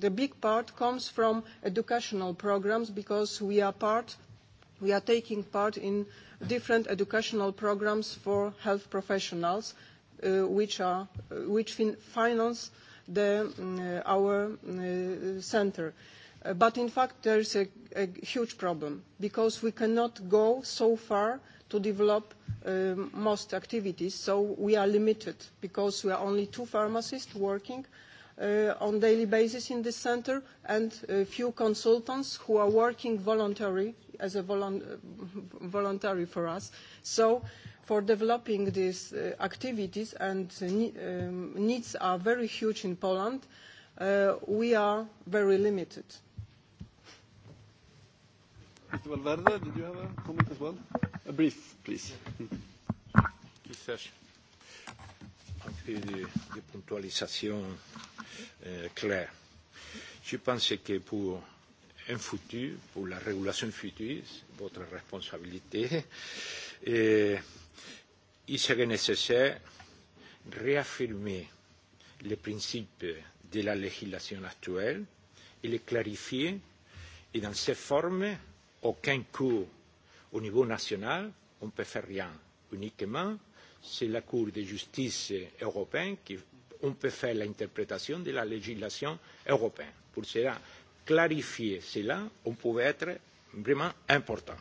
the big part comes from educational programs because we are part, we are taking part in different educational programs for health professionals, uh, which are, uh, which fin- finance the, mm, uh, our mm, uh, center. Uh, but in fact, there is a, a huge problem because we cannot go so far uh, to develop uh, most activities. So we are limited because we are only two pharmacists working uh, on daily basis in this center and a few consultants who are working voluntary as a volu voluntary for us. So for developing these uh, activities and uh, um, needs are very huge in Poland, uh, we are very limited. Uh, Mr. Valverde, did you have a comment as well? A brief, please. Quizás un peu de, de puntualisation euh, claire. Je pense que pour un futur, pour la régulation future, c'est votre responsabilité, et eh, il serait nécessaire réaffirmer les principes de la législation actuelle et les clarifier et dans ces formes aucun cours au niveau national, on ne peut faire rien. Uniquement, c'est la Cour de justice européenne qui on peut faire l'interprétation de la législation européenne. Pour cela, clarifier cela, on pouvait être vraiment important.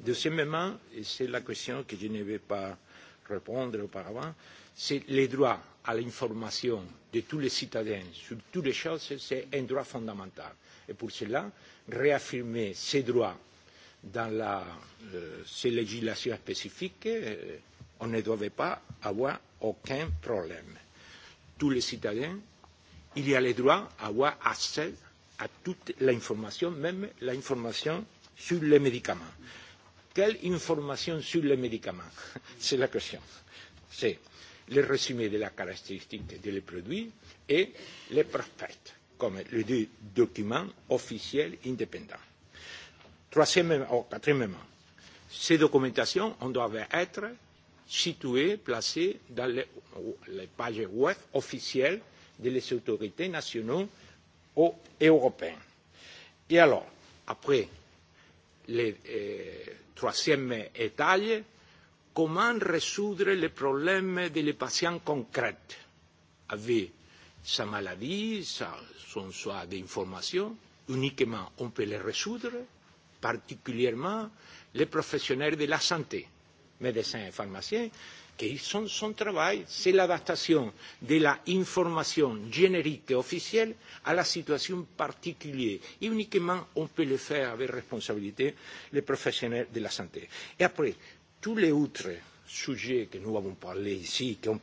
Deuxièmement, et c'est la question que je ne vais pas répondre auparavant, c'est les droits à l'information de tous les citadins sur toutes les choses, c'est un droit fondamental. Et pour cela, réaffirmer ces droits dans la, euh, ces législations spécifiques, euh, on ne devait pas avoir aucun problème. Tous les citoyens, il y a le droit d'avoir accès à toute l'information, même l'information sur les médicaments. Quelle information sur les médicaments C'est la question. C'est le résumé de la caractéristique des produits et les prospects, comme les deux documents officiels indépendants Troisièmement, oh, quatrièmement, ces documentations on doit être situées, placées dans les, les pages web officielles des autorités nationales et européennes. Et alors, après le euh, troisième étage, comment résoudre le problème des de patients concrets avec sa maladie, sa, son soin d'information, uniquement on peut les résoudre particulièrement les professionnels de la santé, médecins et pharmaciens, qui sont son travail, c'est l'adaptation de l'information générique et officielle à la situation particulière. Et uniquement, on peut le faire avec responsabilité, les professionnels de la santé. Et après, tous les autres sujets que nous avons parlé ici, qui ont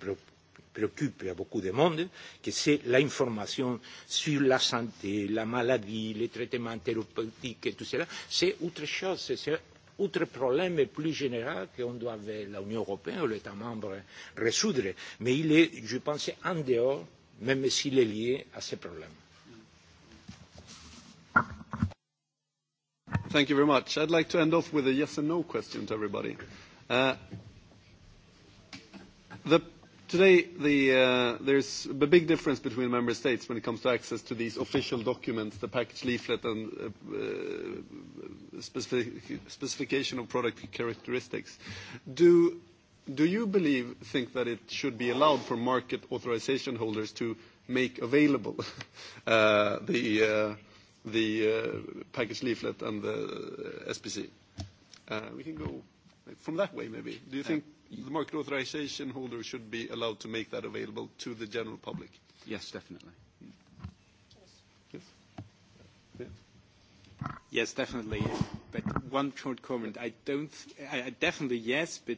préoccupe à beaucoup de monde, que c'est l'information sur la santé, la maladie, les traitements thérapeutiques et tout cela. C'est autre chose, c'est autre problème plus général qu'on doit, l'Union européenne ou l'État membre, résoudre. Mais il est, je pense, en dehors, même s'il est lié à ces problèmes. Thank you very much. I'd like to end off with a yes and no question to everybody. Uh, the Today, the, uh, there's a big difference between member states when it comes to access to these official documents, the package leaflet and uh, uh specific, specification of product characteristics. Do, do you believe, think that it should be allowed for market authorization holders to make available uh, the, uh, the uh, package leaflet and the SPC? We can go from that way, maybe. Do you think the market authorization holder should be allowed to make that available to the general public. Yes, definitely. Yes. Yes. Yes, definitely. But one short comment. I don't. I, definitely yes, but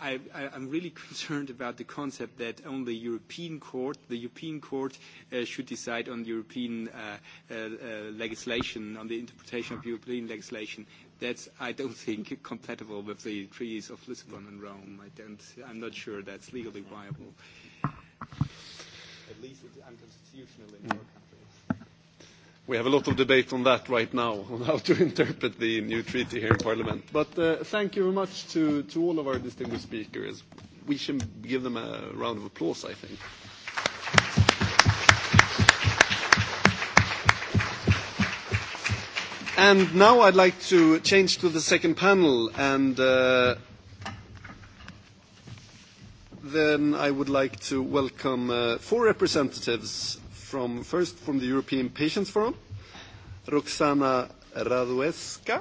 I, I, I'm really concerned about the concept that only European court, the European court, uh, should decide on European uh, uh, uh legislation, on the interpretation of European legislation that's, I don't think, compatible with the treaties of Lisbon and Rome. I don't, I'm not sure that's legally viable. At least it's unconstitutional in your country. We have a lot of debate on that right now, on how to interpret the new treaty here in Parliament. But uh, thank you very much to, to all of our distinguished speakers. We should give them a round of applause, I think. And now I'd like to change to the second panel, and uh, then I would like to welcome uh, four representatives from, first from the European Patients Forum, Roxana Radueska,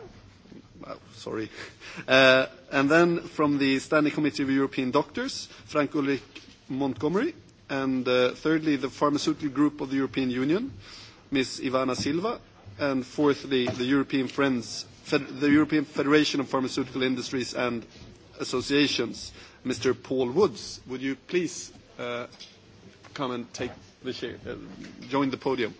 oh, sorry, uh, and then from the Standing Committee of European Doctors, Frank-Ulrich Montgomery, and uh, thirdly, the Pharmaceutical Group of the European Union, Ms. Ivana Silva, and fourthly, the European Friends, Fed, the European Federation of Pharmaceutical Industries and Associations, Mr. Paul Woods. Would you please uh, come and take the chair, uh, join the podium?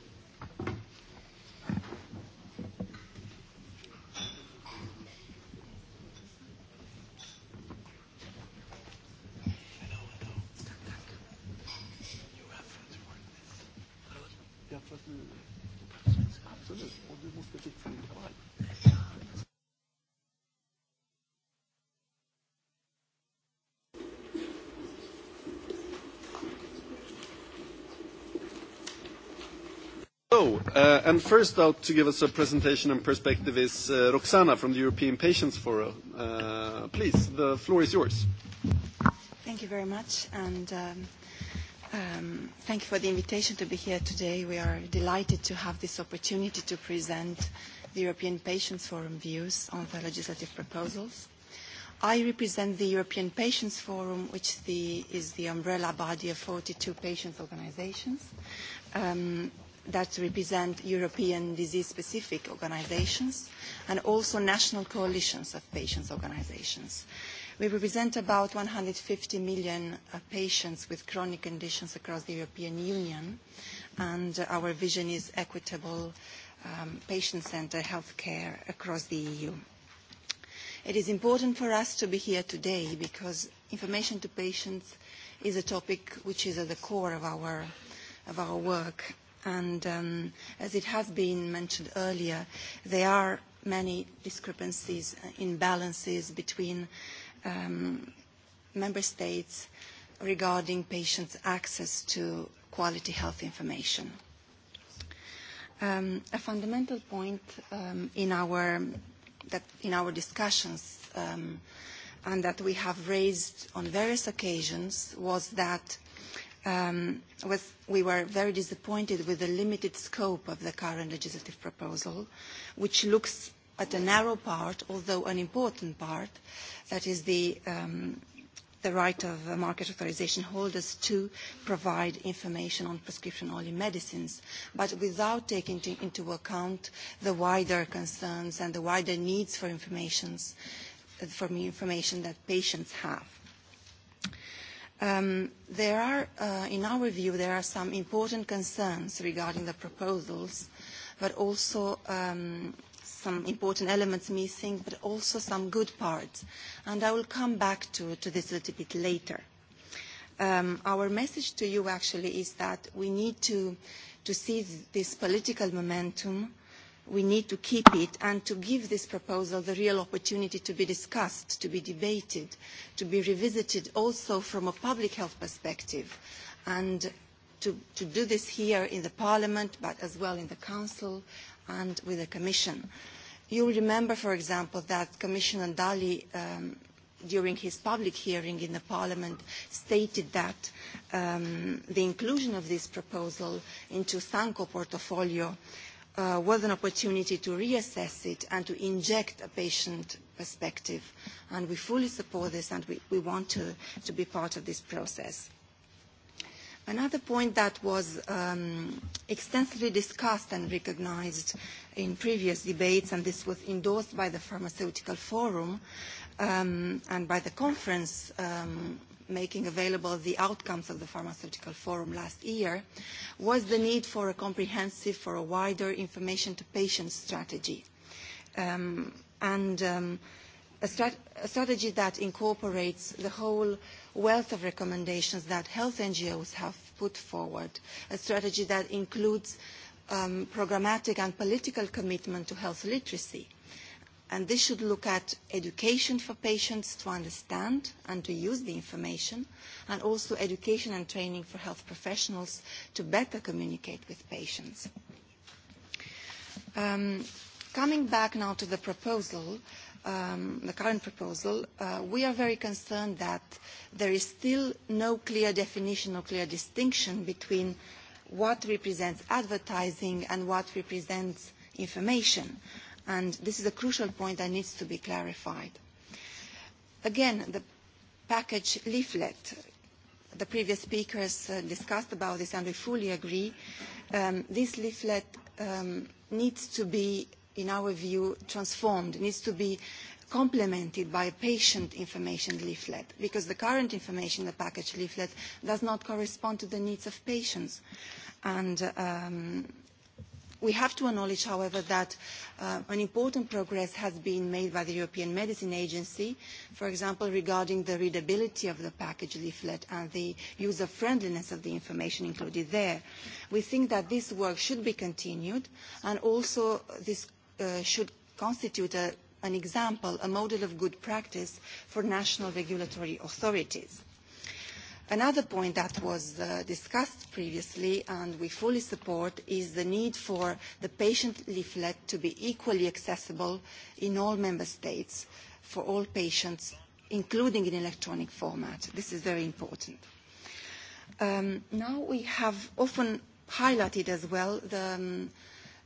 Uh, and first out to give us a presentation and perspective is uh, Roxana from the European Patients Forum. Uh, please, the floor is yours. Thank you very much, and um, um, thank you for the invitation to be here today. We are delighted to have this opportunity to present the European Patients Forum views on the legislative proposals. I represent the European Patients Forum, which the, is the umbrella body of 42 patients organizations. Um, that represent European disease-specific organizations and also national coalitions of patients organizations. We represent about 150 million uh, patients with chronic conditions across the European Union, and uh, our vision is equitable um, patient-centered healthcare across the EU. It is important for us to be here today because information to patients is a topic which is at the core of our, of our work And um, as it has been mentioned earlier, there are many discrepancies, uh, imbalances between um, member states regarding patients' access to quality health information. Um, a fundamental point um, in, our, that in our discussions um, and that we have raised on various occasions was that uh, um, was, we were very disappointed with the limited scope of the current legislative proposal, which looks at a narrow part, although an important part, that is the, um, the right of market authorization holders to provide information on prescription-only medicines, but without taking to, into account the wider concerns and the wider needs for, informations, for information that patients have. Um, there are, uh, in our view, there are some important concerns regarding the proposals, but also um, some important elements missing, but also some good parts. And I will come back to, to this a little bit later. Um, our message to you actually is that we need to, to seize this political momentum we need to keep it and to give this proposal the real opportunity to be discussed, to be debated, to be revisited also from a public health perspective and to, to do this here in the Parliament but as well in the Council and with the Commission. You'll remember, for example, that Commissioner Dali um, during his public hearing in the Parliament stated that um, the inclusion of this proposal into Sanko portfolio uh, uh, was an opportunity to reassess it and to inject a patient perspective. And we fully support this and we, we want to, to be part of this process. Another point that was um, extensively discussed and recognized in previous debates, and this was endorsed by the Pharmaceutical Forum um, and by the conference um, making available the outcomes of the Pharmaceutical Forum last year was the need for a comprehensive, for a wider information to patients strategy. Um, and um, a, strat a strategy that incorporates the whole wealth of recommendations that health NGOs have put forward, a strategy that includes um, programmatic and political commitment to health literacy, uh, And this should look at education for patients to understand and to use the information, and also education and training for health professionals to better communicate with patients. Um, coming back now to the proposal, um, the current proposal, uh, we are very concerned that there is still no clear definition or clear distinction between what represents advertising and what represents information. Uh, and this is a crucial point that needs to be clarified. Again, the package leaflet, the previous speakers uh, discussed about this and we fully agree, um, this leaflet um, needs to be, in our view, transformed, needs to be complemented by a patient information leaflet because the current information in the package leaflet does not correspond to the needs of patients. And um, We have to acknowledge, however, that uh, an important progress has been made by the European Medicine Agency, for example, regarding the readability of the package leaflet and the user-friendliness of the information included there. We think that this work should be continued, and also this uh, should constitute a, an example, a model of good practice for national regulatory authorities. Another point that was uh, discussed previously and we fully support is the need for the patient leaflet to be equally accessible in all member states for all patients, including in electronic format. This is very important. Um, now we have often highlighted as well the, um,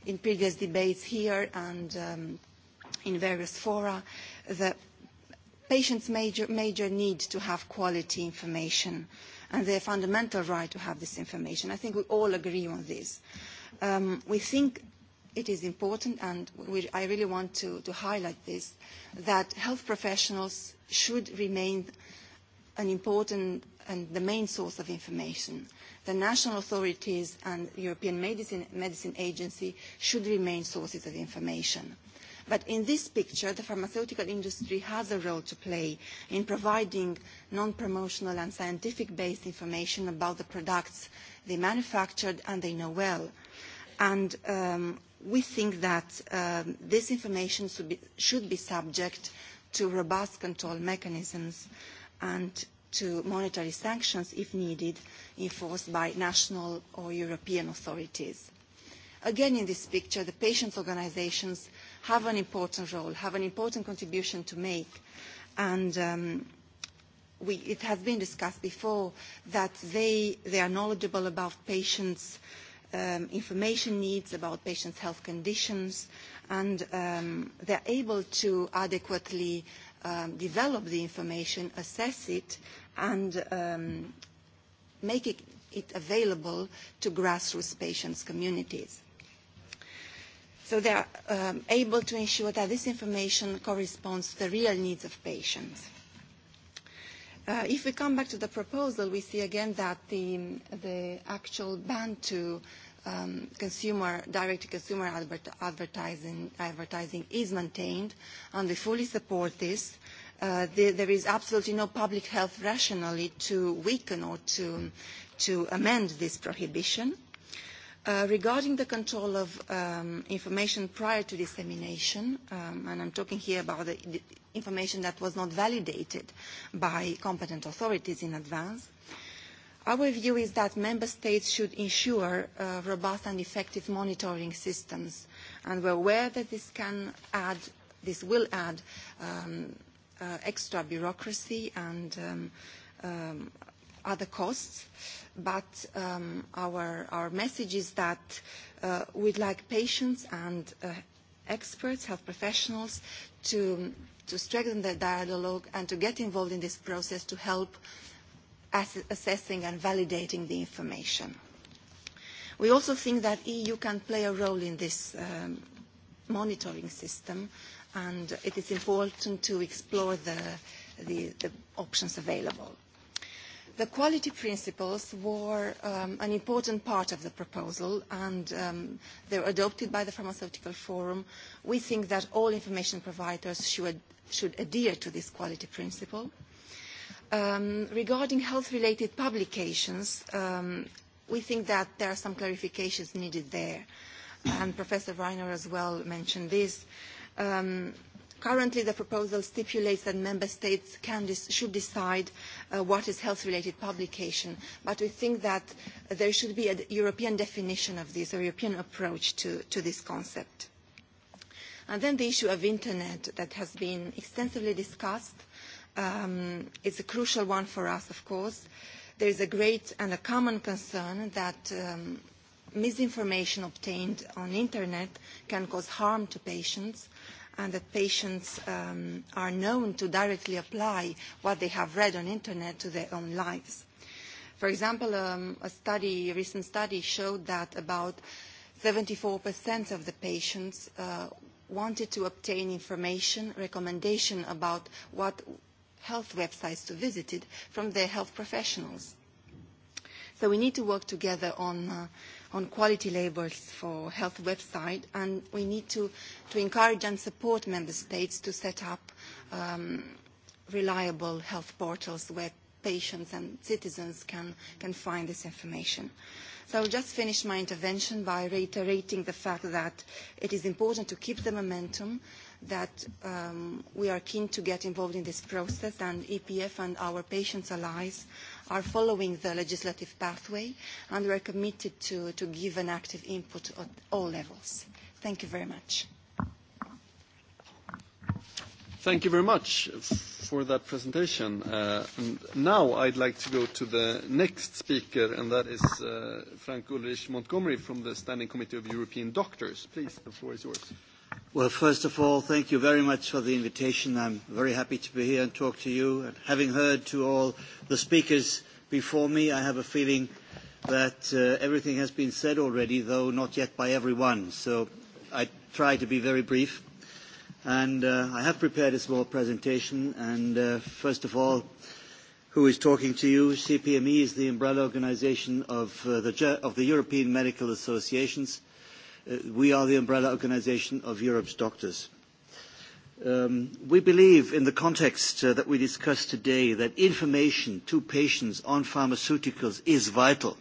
in previous debates here and um, in various fora the patients' major, major need to have quality information and their fundamental right to have this information. I think we all agree on this. Um, we think it is important, and we, I really want to, to highlight this, that health professionals should remain an important and the main source of information. The national authorities and European Medicine, Medicine Agency should remain sources of information. But in this picture, the pharmaceutical industry has a role to play in providing non-promotional and scientific-based information about the products they manufactured and they know well. And um, we think that um, this information should be, should be subject to robust control mechanisms and to monetary sanctions, if needed, enforced by national or European authorities. Again, in this picture, the patients' organizations have an important role, have an important contribution to make. And um, we, it has been discussed before that they, they are knowledgeable about patients' um, information needs, about patients' health conditions, and um, they're able to adequately um, develop the information, assess it, and um, make it, it available to grassroots patients' communities so they are um, able to ensure that this information corresponds to the real needs of patients. Uh, if we come back to the proposal, we see again that the, the actual ban to um, consumer, direct-to-consumer adver- advertising, advertising is maintained, and we fully support this. Uh, the, there is absolutely no public health rationale to weaken or to, to amend this prohibition. Uh, regarding the control of um, information prior to dissemination, um, and I'm talking here about the, the information that was not validated by competent authorities in advance, our view is that member states should ensure uh, robust and effective monitoring systems, and we're aware that this can add, this will add um, uh, extra bureaucracy and um, um, other costs, but um, our, our message is that uh, we'd like patients and uh, experts, health professionals, to, to strengthen their dialogue and to get involved in this process to help ass assessing and validating the information. We also think that EU can play a role in this um, monitoring system, and it is important to explore the, the, the options available. The quality principles were um, an important part of the proposal and um, they were adopted by the Pharmaceutical Forum. We think that all information providers should, should adhere to this quality principle. Um, regarding health-related publications, um, we think that there are some clarifications needed there, and Professor Reiner as well mentioned this. Um, Currently, the proposal stipulates that member states can dis should decide uh, what is health-related publication, but we think that there should be a European definition of this, a European approach to, to this concept. And then the issue of internet that has been extensively discussed. Um, it's a crucial one for us, of course. There is a great and a common concern that um, misinformation obtained on internet can cause harm to patients and that patients um, are known to directly apply what they have read on internet to their own lives. For example, um, a study, a recent study showed that about 74% of the patients uh, wanted to obtain information, recommendation about what health websites to visit from their health professionals. So we need to work together on uh, on quality labels for health website, and we need to, to encourage and support member states to set up um, reliable health portals where patients and citizens can, can find this information. So I'll just finish my intervention by reiterating the fact that it is important to keep the momentum, that um, we are keen to get involved in this process, and EPF and our patients allies uh, are following the legislative pathway, and we are committed to, to give an active input at all levels. Thank you very much. Thank you very much for that presentation. Uh, now I'd like to go to the next speaker, and that is uh, Frank Ulrich Montgomery from the Standing Committee of European Doctors. Please, the floor is yours. Uh, Well, first of all, thank you very much for the invitation. I'm very happy to be here and talk to you. And having heard to all the speakers before me, I have a feeling that uh, everything has been said already, though not yet by everyone. So I try to be very brief. And uh, I have prepared a small presentation. And uh, first of all, who is talking to you? CPME is the umbrella organization of, uh, the, of the European Medical Associations. Uh, Uh, we are the umbrella organization of Europe's doctors. Um, we believe in the context uh, that we discussed today that information to patients on pharmaceuticals is vital.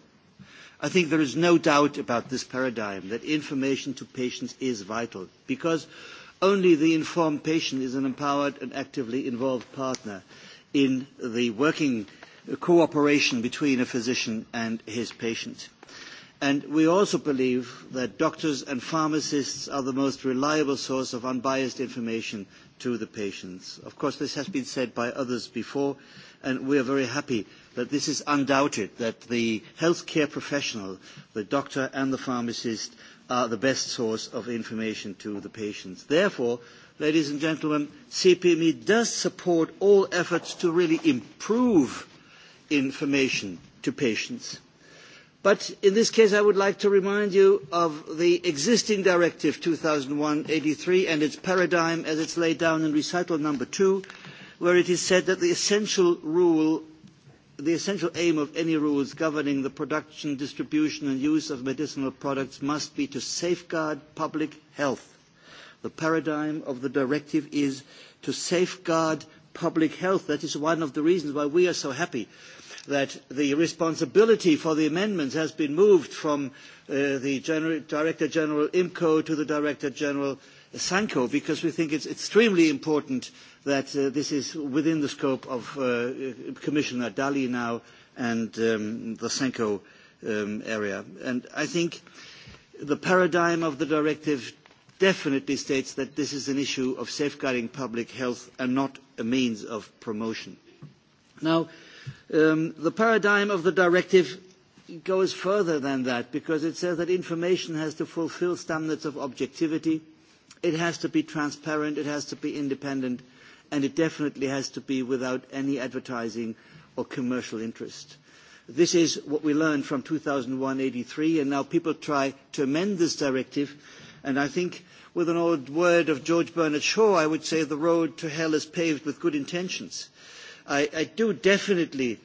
I think there is no doubt about this paradigm that information to patients is vital because only the informed patient is an empowered and actively involved partner in the working uh, cooperation between a physician and his patient. Uh, And we also believe that doctors and pharmacists are the most reliable source of unbiased information to the patients. Of course, this has been said by others before, and we are very happy that this is undoubted, that the healthcare professional, the doctor and the pharmacist, are the best source of information to the patients. Therefore, ladies and gentlemen, CPME does support all efforts to really improve information to patients But in this case, I would like to remind you of the existing Directive 2001/83 and its paradigm as it's laid down in recital number two, where it is said that the essential rule the essential aim of any rules governing the production, distribution and use of medicinal products must be to safeguard public health. The paradigm of the directive is to safeguard public health. That is one of the reasons why we are so happy that the responsibility for the amendments has been moved from uh, the General, Director General IMCO to the Director General Sanko, because we think it's extremely important that uh, this is within the scope of uh, Commissioner Dali now and um, the Sanko um, area. And I think the paradigm of the directive definitely states that this is an issue of safeguarding public health and not a means of promotion. Now, Um, the paradigm of the directive goes further than that because it says that information has to fulfill standards of objectivity, it has to be transparent, it has to be independent, and it definitely has to be without any advertising or commercial interest. This is what we learned from 2001-83, and now people try to amend this directive, and I think with an old word of George Bernard Shaw, I would say the road to hell is paved with good intentions. I, I do definitely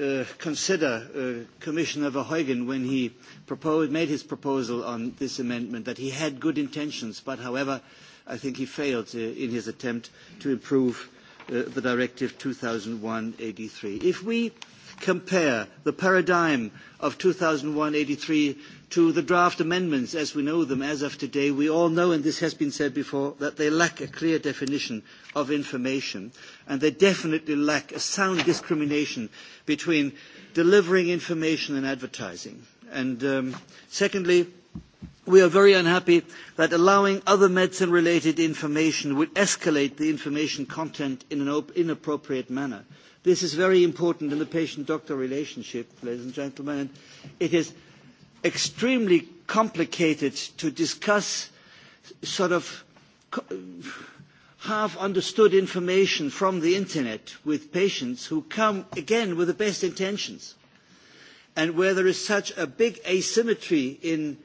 uh, consider uh, Commissioner Verheugen when he proposed, made his proposal on this amendment that he had good intentions, but however, I think he failed uh, in his attempt to improve uh, the Directive 2001-83. If we compare the paradigm of 2001-83 to the draft amendments as we know them as of today, we all know, and this has been said before, that they lack a clear definition of information, and they definitely lack a sound discrimination between delivering information and advertising. And um, secondly, we are very unhappy that allowing other medicine related information would escalate the information content in an inappropriate manner. This is very important in the patient-doctor relationship, ladies and gentlemen. And it is extremely complicated to discuss sort of half understood information from the internet with patients who come again with the best intentions and where there is such a big asymmetry in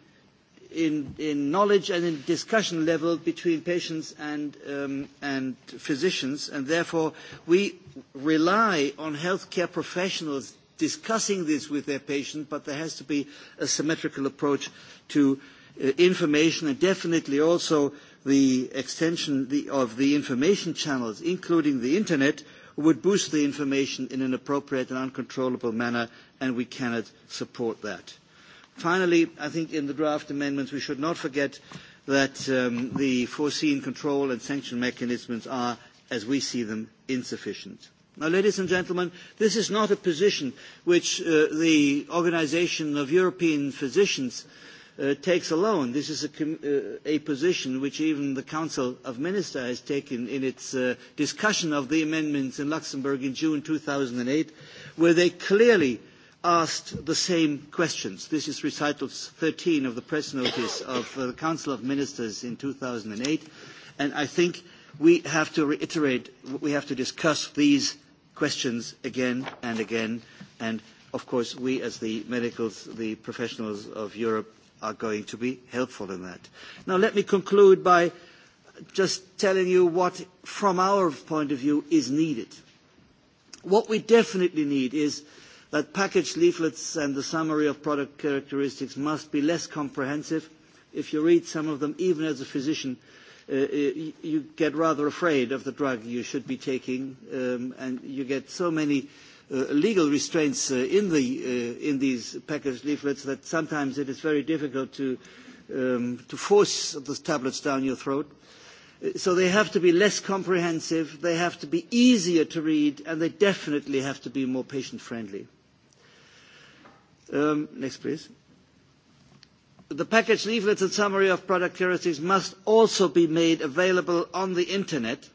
in, in knowledge and in discussion level between patients and, um, and physicians, and therefore we rely on healthcare professionals discussing this with their patient, but there has to be a symmetrical approach to uh, information and definitely also the extension the, of the information channels, including the internet, would boost the information in an appropriate and uncontrollable manner, and we cannot support that. Finally, I think in the draft amendments we should not forget that um, the foreseen control and sanction mechanisms are, as we see them, insufficient. Now, ladies and gentlemen, this is not a position which uh, the Organization of European Physicians uh, takes alone. This is a, com- uh, a position which even the Council of Ministers has taken in its uh, discussion of the amendments in Luxembourg in June 2008, where they clearly asked the same questions. This is recital 13 of the press notice of uh, the Council of Ministers in 2008, and I think we have to reiterate, we have to discuss these questions again and again. And of course, we as the medicals, the professionals of Europe are going to be helpful in that. Now, let me conclude by just telling you what, from our point of view, is needed. What we definitely need is that package leaflets and the summary of product characteristics must be less comprehensive. If you read some of them, even as a physician, uh, uh, uh you get rather afraid of the drug you should be taking, um, and you get so many uh, legal restraints uh, in, the, uh, in these package leaflets that sometimes it is very difficult to, um, to force the tablets down your throat. Uh, so they have to be less comprehensive, they have to be easier to read, and they definitely have to be more patient-friendly. Um, next, please the package leaflets and summary of product curiosities must also be made available on the internet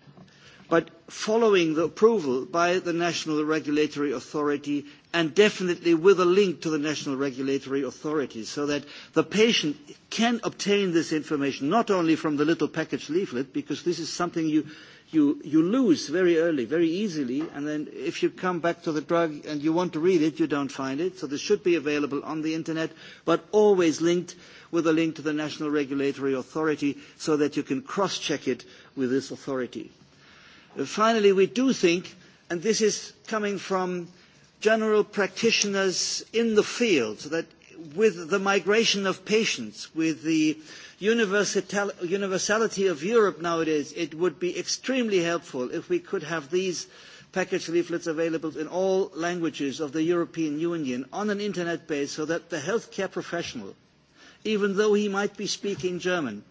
but following the approval by the national regulatory authority and definitely with a link to the national regulatory authority so that the patient can obtain this information not only from the little package leaflet because this is something you you, you lose very early, very easily, and then if you come back to the drug and you want to read it, you don't find it. So this should be available on the internet, but always linked with a link to the National Regulatory Authority so that you can cross-check it with this authority. Uh, finally, we do think, and this is coming from general practitioners in the field, that with the migration of patients, with the universality of Europe nowadays, it would be extremely helpful if we could have these package leaflets available in all languages of the European Union on an internet base so that the healthcare professional, even though he might be speaking German,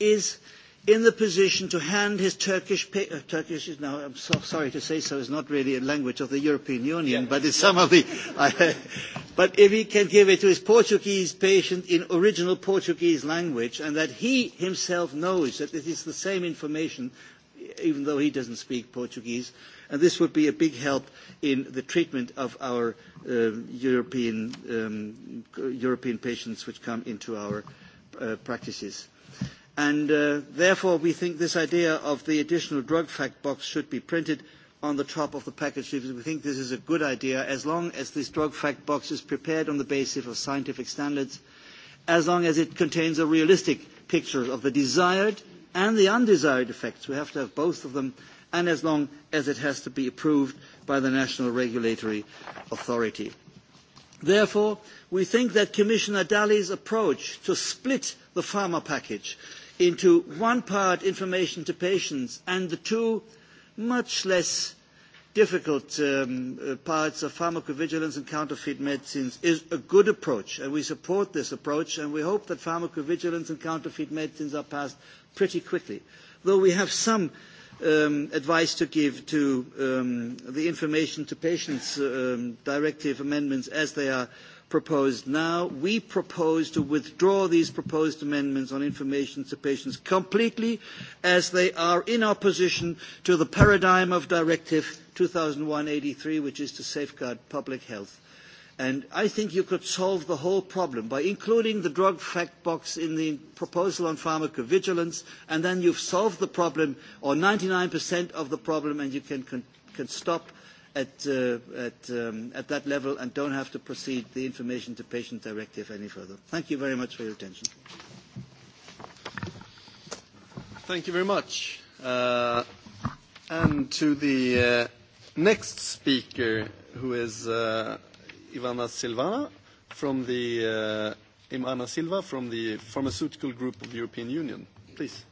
is in the position to hand his Turkish uh, Turkish is now I'm so sorry to say so is not really a language of the European Union, yeah. but it's some of the. I, but if he can give it to his Portuguese patient in original Portuguese language, and that he himself knows that it is the same information, even though he doesn't speak Portuguese, and this would be a big help in the treatment of our um, European um, European patients which come into our uh, practices. And uh, therefore, we think this idea of the additional drug fact box should be printed on the top of the package. We think this is a good idea as long as this drug fact box is prepared on the basis of scientific standards, as long as it contains a realistic picture of the desired and the undesired effects. We have to have both of them, and as long as it has to be approved by the national regulatory authority. Therefore, we think that Commissioner Dalli's approach to split the pharma package uh, into one part information to patients and the two much less difficult um, uh, parts of pharmacovigilance and counterfeit medicines is a good approach, and we support this approach, and we hope that pharmacovigilance and counterfeit medicines are passed pretty quickly. Though we have some um, advice to give to um, the information to patients uh, um, directive amendments as they are uh, proposed now. We propose to withdraw these proposed amendments on information to patients completely as they are in opposition to the paradigm of Directive 2001-83, which is to safeguard public health. And I think you could solve the whole problem by including the drug fact box in the proposal on pharmacovigilance, and then you've solved the problem, or 99% of the problem, and you can, can, can stop at, uh, at, um, at that level and don't have to proceed the information to patient directive any further. Thank you very much for your attention. Thank you very much. Uh, and to the uh, next speaker, who is uh, Ivana Silvana from the uh, Ivana Silva from the Pharmaceutical Group of the European Union. Please.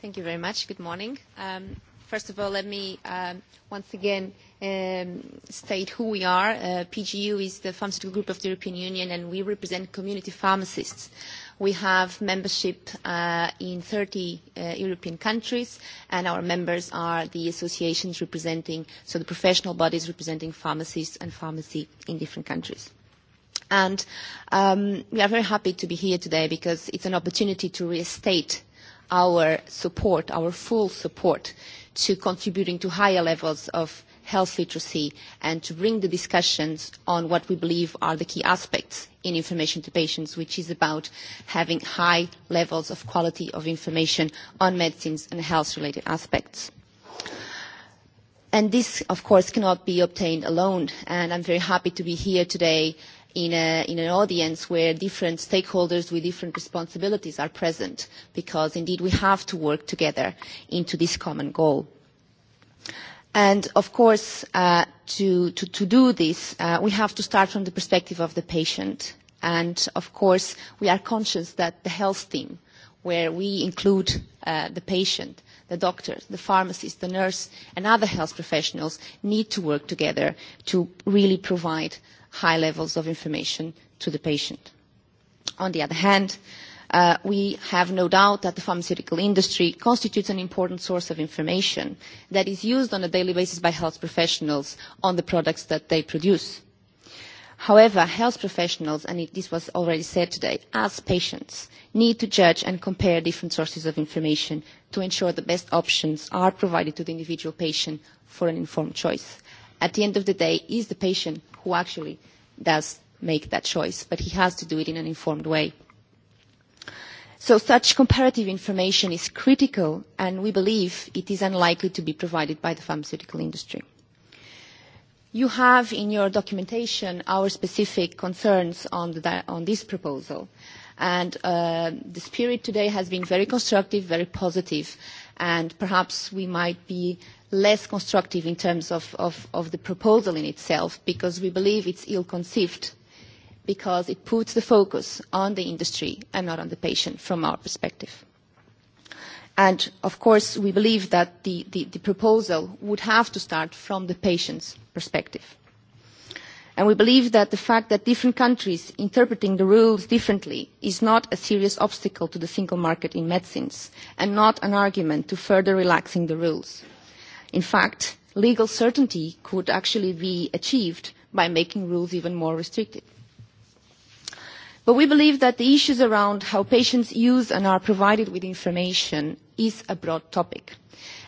Thank you very much. Good morning. Um, First of all, let me um, once again um, state who we are. Uh, PGU is the pharmaceutical group of the European Union, and we represent community pharmacists. We have membership uh, in 30 uh, European countries, and our members are the associations representing, so the professional bodies representing pharmacists and pharmacy in different countries. And um, we are very happy to be here today because it's an opportunity to restate our support, our full support to contributing to higher levels of health literacy and to bring the discussions on what we believe are the key aspects in information to patients, which is about having high levels of quality of information on medicines and health-related aspects. And this, of course, cannot be obtained alone, and I'm very happy to be here today in, a, in an audience where different stakeholders with different responsibilities are present, because indeed we have to work together into this common goal. And of course, uh, to, to, to do this, uh, we have to start from the perspective of the patient. And of course, we are conscious that the health team, where we include uh, the patient, the doctor, the pharmacist, the nurse, and other health professionals need to work together to really provide high levels of information to the patient. On the other hand, uh, we have no doubt that the pharmaceutical industry constitutes an important source of information that is used on a daily basis by health professionals on the products that they produce. However, health professionals, and it, this was already said today, as patients, need to judge and compare different sources of information to ensure the best options are provided to the individual patient for an informed choice. At the end of the day, it is the patient who actually does make that choice, but he has to do it in an informed way. So such comparative information is critical, and we believe it is unlikely to be provided by the pharmaceutical industry. You have in your documentation our specific concerns on, the, on this proposal, and uh, the spirit today has been very constructive, very positive, and perhaps we might be less constructive in terms of, of, of the proposal in itself because we believe it's ill-conceived because it puts the focus on the industry and not on the patient from our perspective. And of course, we believe that the, the, the proposal would have to start from the patient's perspective and we believe that the fact that different countries interpreting the rules differently is not a serious obstacle to the single market in medicines and not an argument to further relaxing the rules. In fact, legal certainty could actually be achieved by making rules even more restrictive. But we believe that the issues around how patients use and are provided with information is a broad topic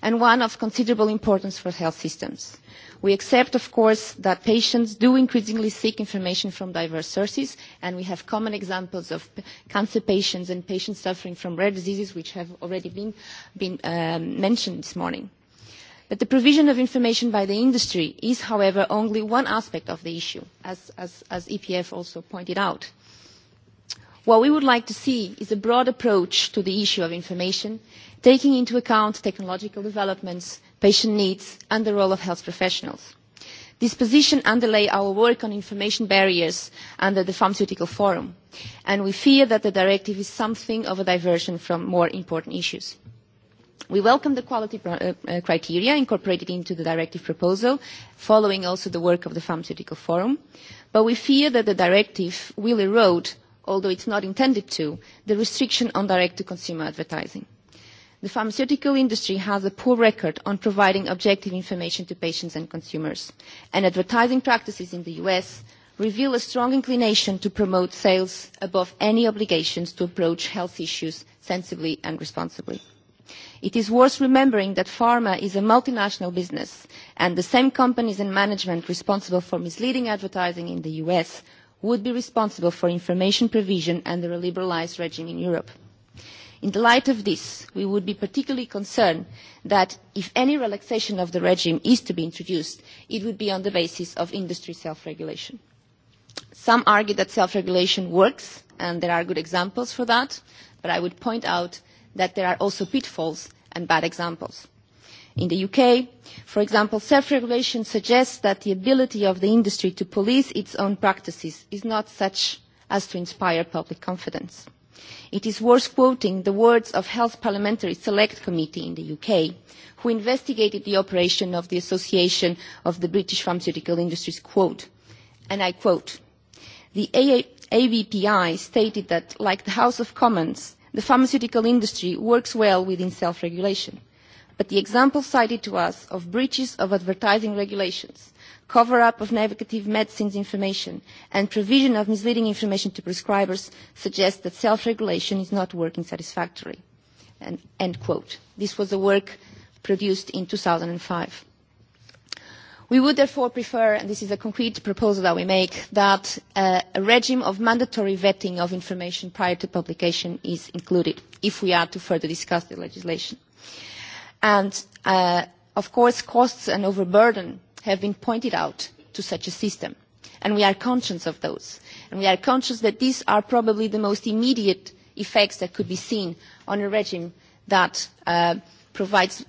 and one of considerable importance for health systems. We accept, of course, that patients do increasingly seek information from diverse sources, and we have common examples of cancer patients and patients suffering from rare diseases, which have already been, been um, mentioned this morning. But the provision of information by the industry is, however, only one aspect of the issue, as, as, as EPF also pointed out What we would like to see is a broad approach to the issue of information, taking into account technological developments, patient needs, and the role of health professionals. This position underlay our work on information barriers under the Pharmaceutical Forum, and we fear that the directive is something of a diversion from more important issues. We welcome the quality uh, uh, criteria incorporated into the directive proposal, following also the work of the Pharmaceutical Forum, but we fear that the directive will erode although it's not intended to, the restriction on direct-to-consumer advertising. The pharmaceutical industry has a poor record on providing objective information to patients and consumers, and advertising practices in the U.S. reveal a strong inclination to promote sales above any obligations to approach health issues sensibly and responsibly. It is worth remembering that pharma is a multinational business, and the same companies and management responsible for misleading advertising in the U.S would be responsible for information provision under a liberalized regime in Europe. In the light of this, we would be particularly concerned that if any relaxation of the regime is to be introduced, it would be on the basis of industry self-regulation. Some argue that self-regulation works, and there are good examples for that, but I would point out that there are also pitfalls and bad examples in the UK. For example, self-regulation suggests that the ability of the industry to police its own practices is not such as to inspire public confidence. It is worth quoting the words of Health Parliamentary Select Committee in the UK, who investigated the operation of the Association of the British Pharmaceutical Industries, quote, and I quote, the AA ABPI stated that, like the House of Commons, the pharmaceutical industry works well within self-regulation but the example cited to us of breaches of advertising regulations, cover-up of negative medicines information, and provision of misleading information to prescribers suggests that self-regulation is not working satisfactorily. And, end quote. This was the work produced in 2005. We would therefore prefer, and this is a concrete proposal that we make, that uh, a regime of mandatory vetting of information prior to publication is included, if we are to further discuss the legislation. Uh, And uh, of course, costs and overburden have been pointed out to such a system. And we are conscious of those. And we are conscious that these are probably the most immediate effects that could be seen on a regime that uh, provides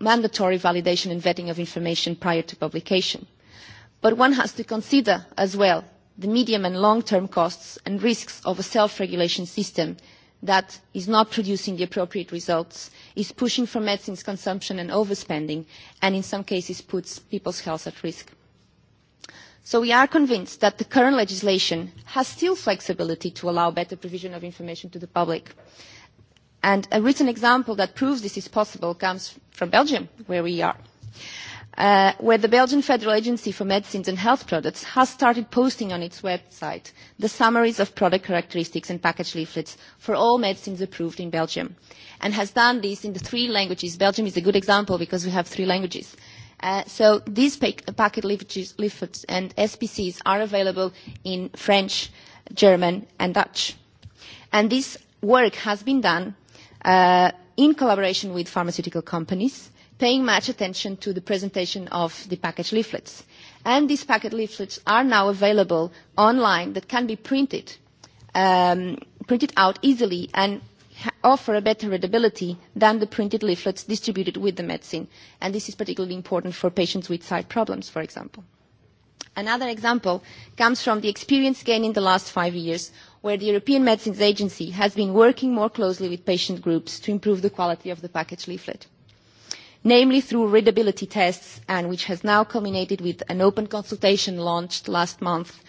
mandatory validation and vetting of information prior to publication. But one has to consider as well the medium and long-term costs and risks of a self-regulation system that is not producing the appropriate results is pushing for medicines consumption and overspending, and in some cases puts people's health at risk. So we are convinced that the current legislation has still flexibility to allow better provision of information to the public. And a written example that proves this is possible comes from Belgium, where we are. Uh, uh, where the Belgian Federal Agency for Medicines and Health Products has started posting on its website the summaries of product characteristics and package leaflets for all medicines approved in Belgium, and has done this in the three languages. Belgium is a good example because we have three languages. Uh, so these pac- packet leaflets, leaflets and SPCs are available in French, German, and Dutch. And this work has been done uh, in collaboration with pharmaceutical companies paying much attention to the presentation of the package leaflets. And these packet leaflets are now available online that can be printed, um, printed out easily and offer a better readability than the printed leaflets distributed with the medicine. And this is particularly important for patients with sight problems, for example. Another example comes from the experience gained in the last five years, where the European Medicines Agency has been working more closely with patient groups to improve the quality of the package leaflet namely through readability tests, and which has now culminated with an open consultation launched last month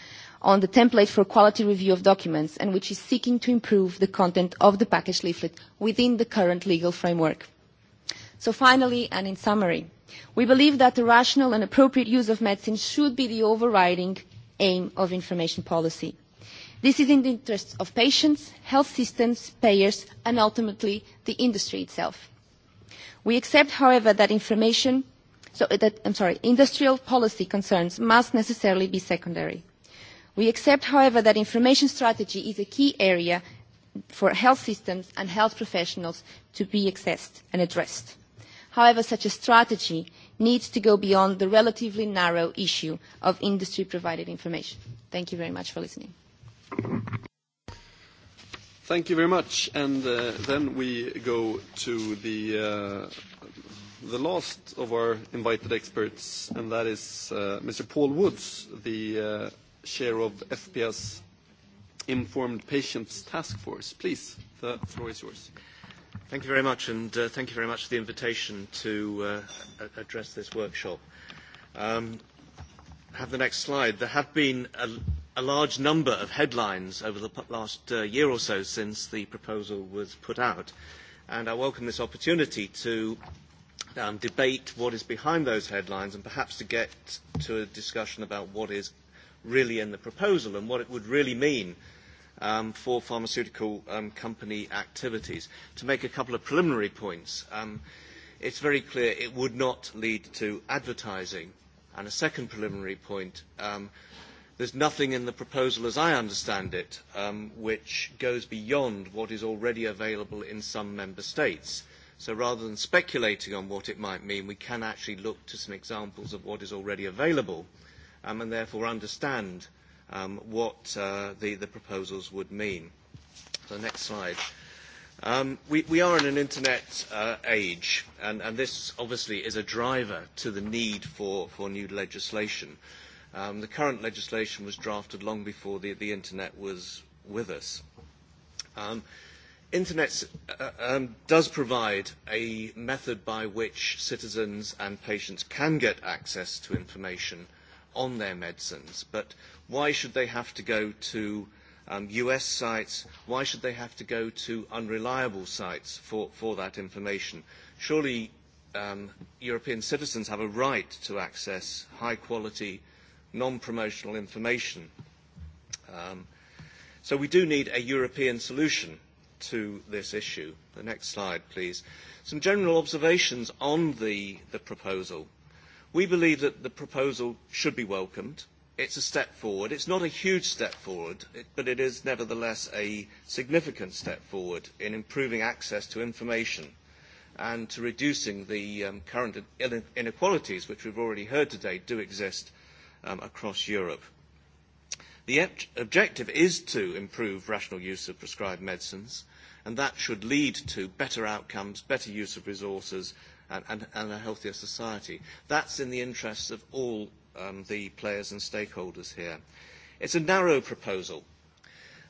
on the template for quality review of documents, and which is seeking to improve the content of the package leaflet within the current legal framework. So finally, and in summary, we believe that the rational and appropriate use of medicine should be the overriding aim of information policy. This is in the interests of patients, health systems, payers, and ultimately the industry itself. We accept, however, that information, so uh, that, I'm sorry, industrial policy concerns must necessarily be secondary. We accept, however, that information strategy is a key area for health systems and health professionals to be accessed and addressed. However, such a strategy needs to go beyond the relatively narrow issue of industry-provided information. Thank you very much for listening. Thank you very much. And, uh, then we go to the, uh, the last of our invited experts, and that is uh, Mr. Paul Woods, the uh, chair of FPS Informed Patients Task Force. Please, the floor is yours. Thank you very much, and uh, thank you very much for the invitation to uh, address this workshop. Um, have the next slide. There have been a a large number of headlines over the last uh, year or so since the proposal was put out. And I welcome this opportunity to um, debate what is behind those headlines and perhaps to get to a discussion about what is really in the proposal and what it would really mean um, for pharmaceutical um, company activities. To make a couple of preliminary points, um, it's very clear it would not lead to advertising. And a second preliminary point, um, There's nothing in the proposal, as I understand it, um, which goes beyond what is already available in some member states. So rather than speculating on what it might mean, we can actually look to some examples of what is already available um, and therefore understand um, what uh, the, the proposals would mean. So next slide. Um, we, we are in an internet uh, age, and, and this obviously is a driver to the need for, for new legislation. Uh, Um, the current legislation was drafted long before the, the internet was with us. Um, internet uh, um, does provide a method by which citizens and patients can get access to information on their medicines, but why should they have to go to um, US sites? Why should they have to go to unreliable sites for, for that information? Surely um, European citizens have a right to access high quality information non-promotional information. Um, so we do need a European solution to this issue. The next slide, please. Some general observations on the, the proposal. We believe that the proposal should be welcomed. It's a step forward. It's not a huge step forward, but it is nevertheless a significant step forward in improving access to information and to reducing the um, current inequalities, which we've already heard today do exist um, across Europe. The ob- objective is to improve rational use of prescribed medicines, and that should lead to better outcomes, better use of resources, and, and, and a healthier society. That's in the interests of all um, the players and stakeholders here. It's a narrow proposal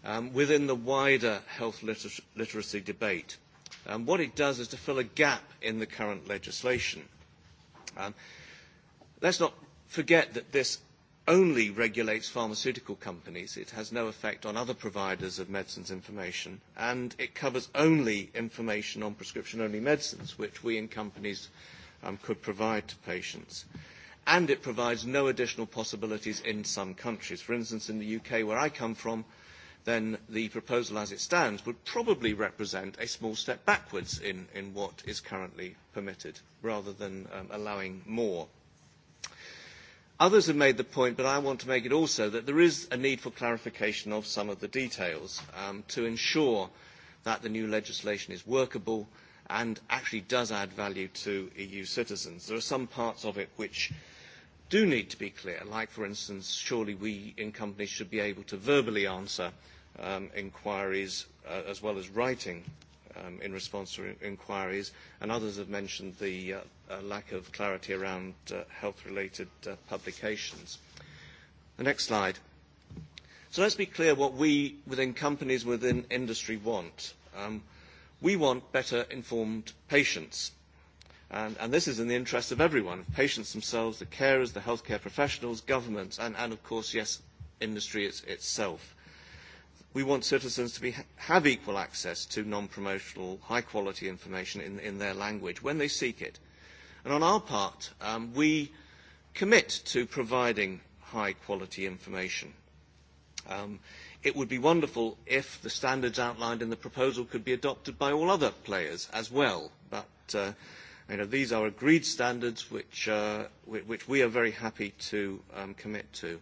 um, within the wider health liter- literacy debate. Um, what it does is to fill a gap in the current legislation. Um, let's not forget that this only regulates pharmaceutical companies. It has no effect on other providers of medicines information, and it covers only information on prescription-only medicines, which we in companies um, could provide to patients. And it provides no additional possibilities in some countries. For instance, in the UK, where I come from, then the proposal as it stands would probably represent a small step backwards in, in what is currently permitted, rather than um, allowing more Others have made the point, but I want to make it also, that there is a need for clarification of some of the details um, to ensure that the new legislation is workable and actually does add value to EU citizens. There are some parts of it which do need to be clear, like, for instance, surely we in companies should be able to verbally answer um, inquiries uh, as well as writing um, in response to inquiries, and others have mentioned the uh, uh, lack of clarity around uh, health-related uh, publications. The next slide. So let's be clear what we within companies within industry want. Um, we want better informed patients. And, and this is in the interest of everyone, of patients themselves, the carers, the healthcare professionals, governments, and, and of course, yes, industry it's, itself we want citizens to be, have equal access to non-promotional, high-quality information in, in their language when they seek it. And on our part, um, we commit to providing high-quality information. Um, it would be wonderful if the standards outlined in the proposal could be adopted by all other players as well, but uh, you know, these are agreed standards which, uh, which we are very happy to um, commit to.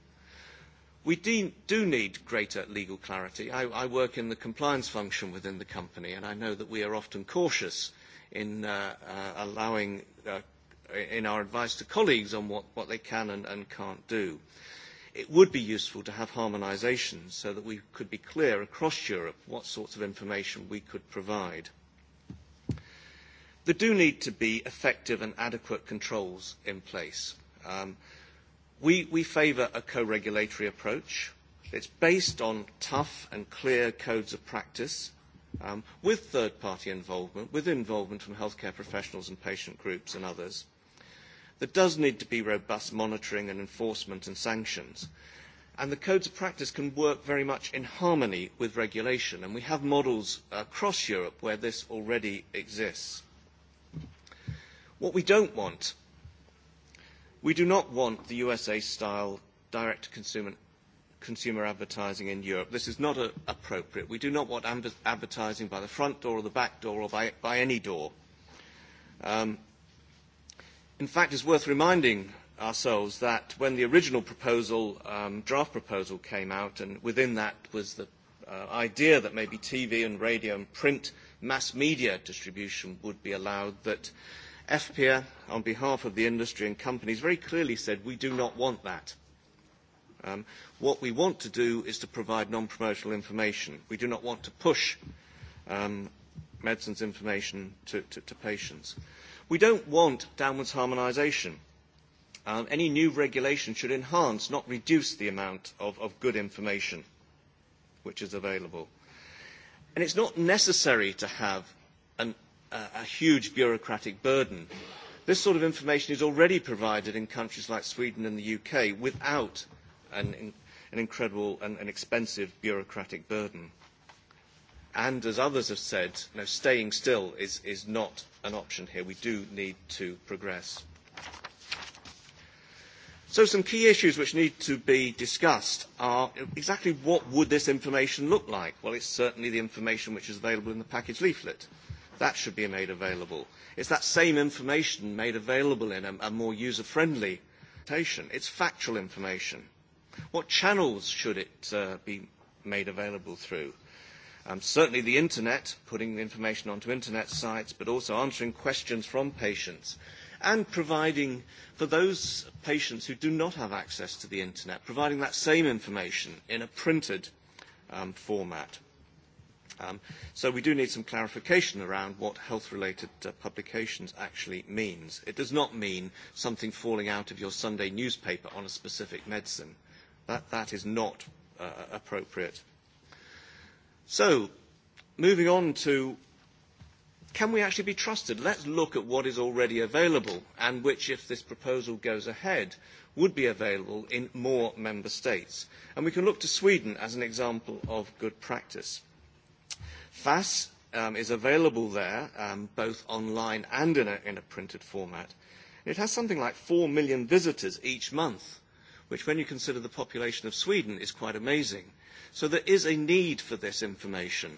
We do, do need greater legal clarity. I, I work in the compliance function within the company, and I know that we are often cautious in uh, uh, allowing, uh, in our advice to colleagues on what, what they can and, and can't do. It would be useful to have harmonisation so that we could be clear across Europe what sorts of information we could provide. There do need to be effective and adequate controls in place. Um, uh, We, we favour a co-regulatory approach. It's based on tough and clear codes of practice um, with third-party involvement, with involvement from healthcare professionals and patient groups and others. There does need to be robust monitoring and enforcement and sanctions. And the codes of practice can work very much in harmony with regulation, and we have models across Europe where this already exists. What we don't want We do not want the USA-style direct consumer, consumer advertising in Europe. This is not a, appropriate. We do not want amb- advertising by the front door or the back door or by, by any door. Um, in fact, it's worth reminding ourselves that when the original proposal, um, draft proposal came out, and within that was the uh, idea that maybe TV and radio and print mass media distribution would be allowed, that uh, FPA, on behalf of the industry and companies, very clearly said we do not want that. Um, what we want to do is to provide non-promotional information. We do not want to push um, medicines information to, to, to patients. We don't want downwards harmonisation. Um, any new regulation should enhance, not reduce, the amount of, of good information which is available. And it's not necessary to have an uh, a huge bureaucratic burden. This sort of information is already provided in countries like Sweden and the UK without an, an incredible and an expensive bureaucratic burden. And as others have said, you know, staying still is, is not an option here. We do need to progress. So some key issues which need to be discussed are exactly what would this information look like? Well, it's certainly the information which is available in the package leaflet. Uh, That should be made available. It's that same information made available in a, a more user-friendly presentation. It's factual information. What channels should it uh, be made available through? Um, certainly the internet, putting the information onto internet sites, but also answering questions from patients and providing for those patients who do not have access to the internet, providing that same information in a printed um, format. Um, so we do need some clarification around what health-related uh, publications actually means. It does not mean something falling out of your Sunday newspaper on a specific medicine. That, that is not uh, appropriate. So, moving on to can we actually be trusted? Let's look at what is already available and which, if this proposal goes ahead, would be available in more member states. And we can look to Sweden as an example of good practice. FAS um, is available there, um, both online and in a, in a printed format. It has something like 4 million visitors each month, which, when you consider the population of Sweden, is quite amazing. So there is a need for this information.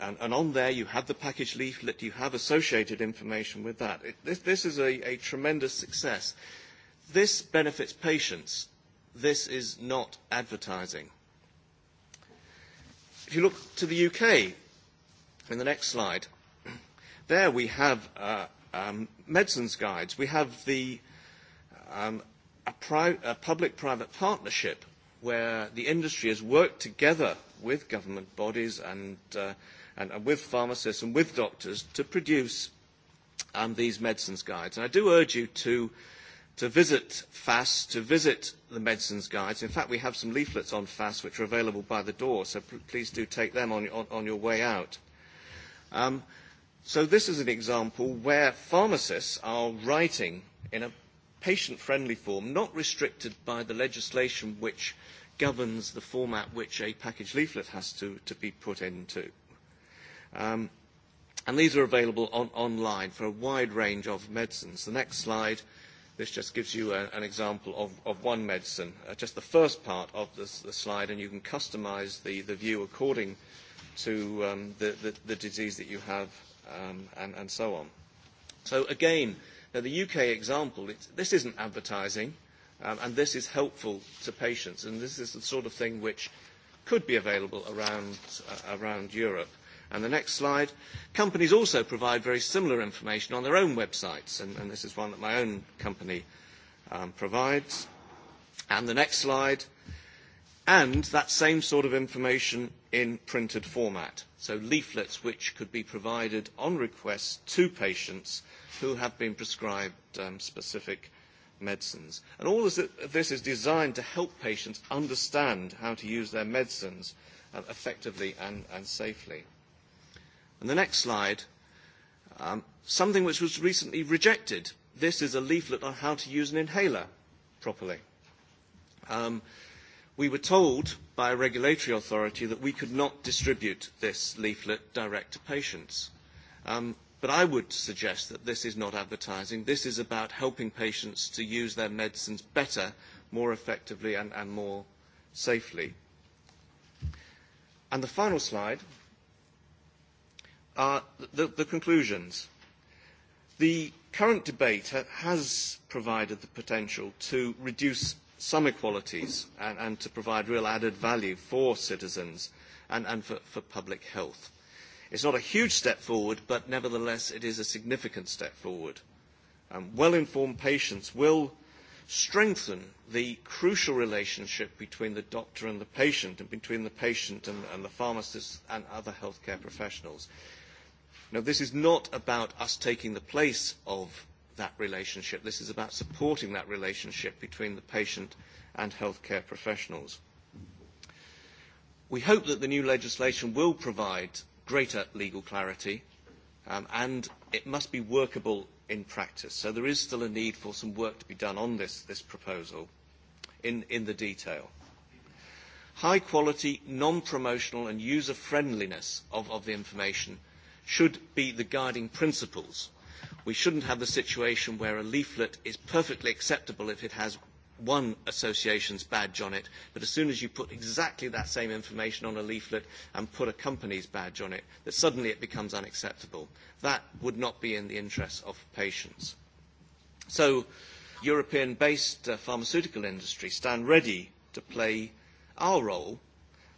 And, and on there, you have the package leaflet, you have associated information with that. It, this, this is a, a tremendous success. This benefits patients. This is not advertising. If you look to the UK, in the next slide, there we have uh, um, medicines guides. We have the um, a, pri- a public-private partnership where the industry has worked together with government bodies and, uh, and, and with pharmacists and with doctors to produce um, these medicines guides. And I do urge you to uh, to visit FAS, to visit the medicines guides. In fact, we have some leaflets on FAS which are available by the door, so pl- please do take them on, on, on your way out. Um, so this is an example where pharmacists are writing in a patient-friendly form, not restricted by the legislation which governs the format which a package leaflet has to, to be put into. Um, and these are available on, online for a wide range of medicines. The next slide uh, This just gives you a, an example of, of one medicine, uh, just the first part of this, the slide, and you can customize the, the view according to um, the, the, the disease that you have um, and, and so on. So again, now the UK example, it's, this isn't advertising, um, and this is helpful to patients, and this is the sort of thing which could be available around, uh, around Europe. And the next slide. Companies also provide very similar information on their own websites, and, and this is one that my own company um, provides. And the next slide. And that same sort of information in printed format. So leaflets which could be provided on request to patients who have been prescribed um, specific medicines. And all of this is designed to help patients understand how to use their medicines uh, effectively and, and safely. And the next slide, um, something which was recently rejected. This is a leaflet on how to use an inhaler properly. Um, we were told by a regulatory authority that we could not distribute this leaflet direct to patients. Um, but I would suggest that this is not advertising. This is about helping patients to use their medicines better, more effectively, and, and more safely. And the final slide are the, the conclusions. The current debate ha- has provided the potential to reduce some inequalities and, and to provide real added value for citizens and, and for, for public health. It's not a huge step forward, but nevertheless it is a significant step forward. Um, well-informed patients will strengthen the crucial relationship between the doctor and the patient and between the patient and, and the pharmacist and other healthcare professionals. Now, this is not about us taking the place of that relationship. This is about supporting that relationship between the patient and healthcare professionals. We hope that the new legislation will provide greater legal clarity, um, and it must be workable in practice. So there is still a need for some work to be done on this, this proposal in, in the detail. High quality, non-promotional and user friendliness of, of the information should be the guiding principles. We shouldn't have the situation where a leaflet is perfectly acceptable if it has one association's badge on it, but as soon as you put exactly that same information on a leaflet and put a company's badge on it, that suddenly it becomes unacceptable. That would not be in the interests of patients. So European-based uh, pharmaceutical industry stand ready to play our role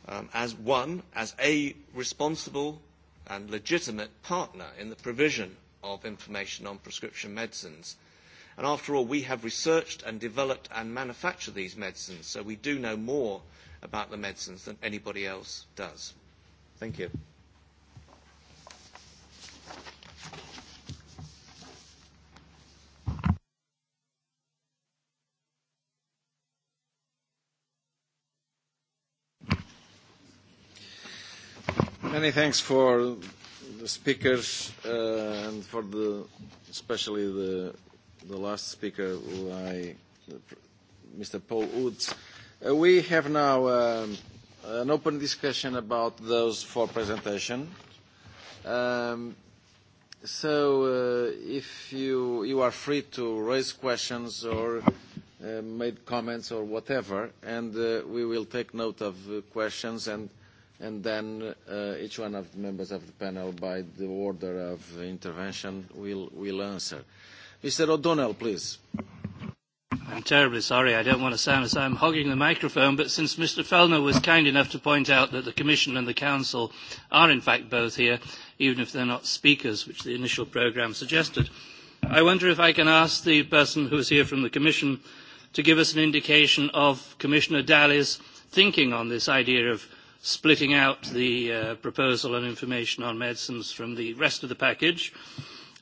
um, as one, as a responsible and legitimate partner in the provision of information on prescription medicines. And after all, we have researched and developed and manufactured these medicines, so we do know more about the medicines than anybody else does. Thank you. Many thanks for the speakers uh, and for the, especially the, the last speaker, who I, Mr. Paul Woods. Uh, we have now um, an open discussion about those four presentations. Um, so uh, if you, you are free to raise questions or uh, made comments or whatever, and uh, we will take note of uh, questions and and then uh, each one of the members of the panel, by the order of intervention, will, will answer. Mr. O'Donnell, please. I'm terribly sorry. I don't want to sound as I'm hogging the microphone, but since Mr. Fellner was kind enough to point out that the Commission and the Council are in fact both here, even if they're not speakers, which the initial programme suggested, I wonder if I can ask the person who is here from the Commission to give us an indication of Commissioner Dalli's thinking on this idea of splitting out the uh, proposal on information on medicines from the rest of the package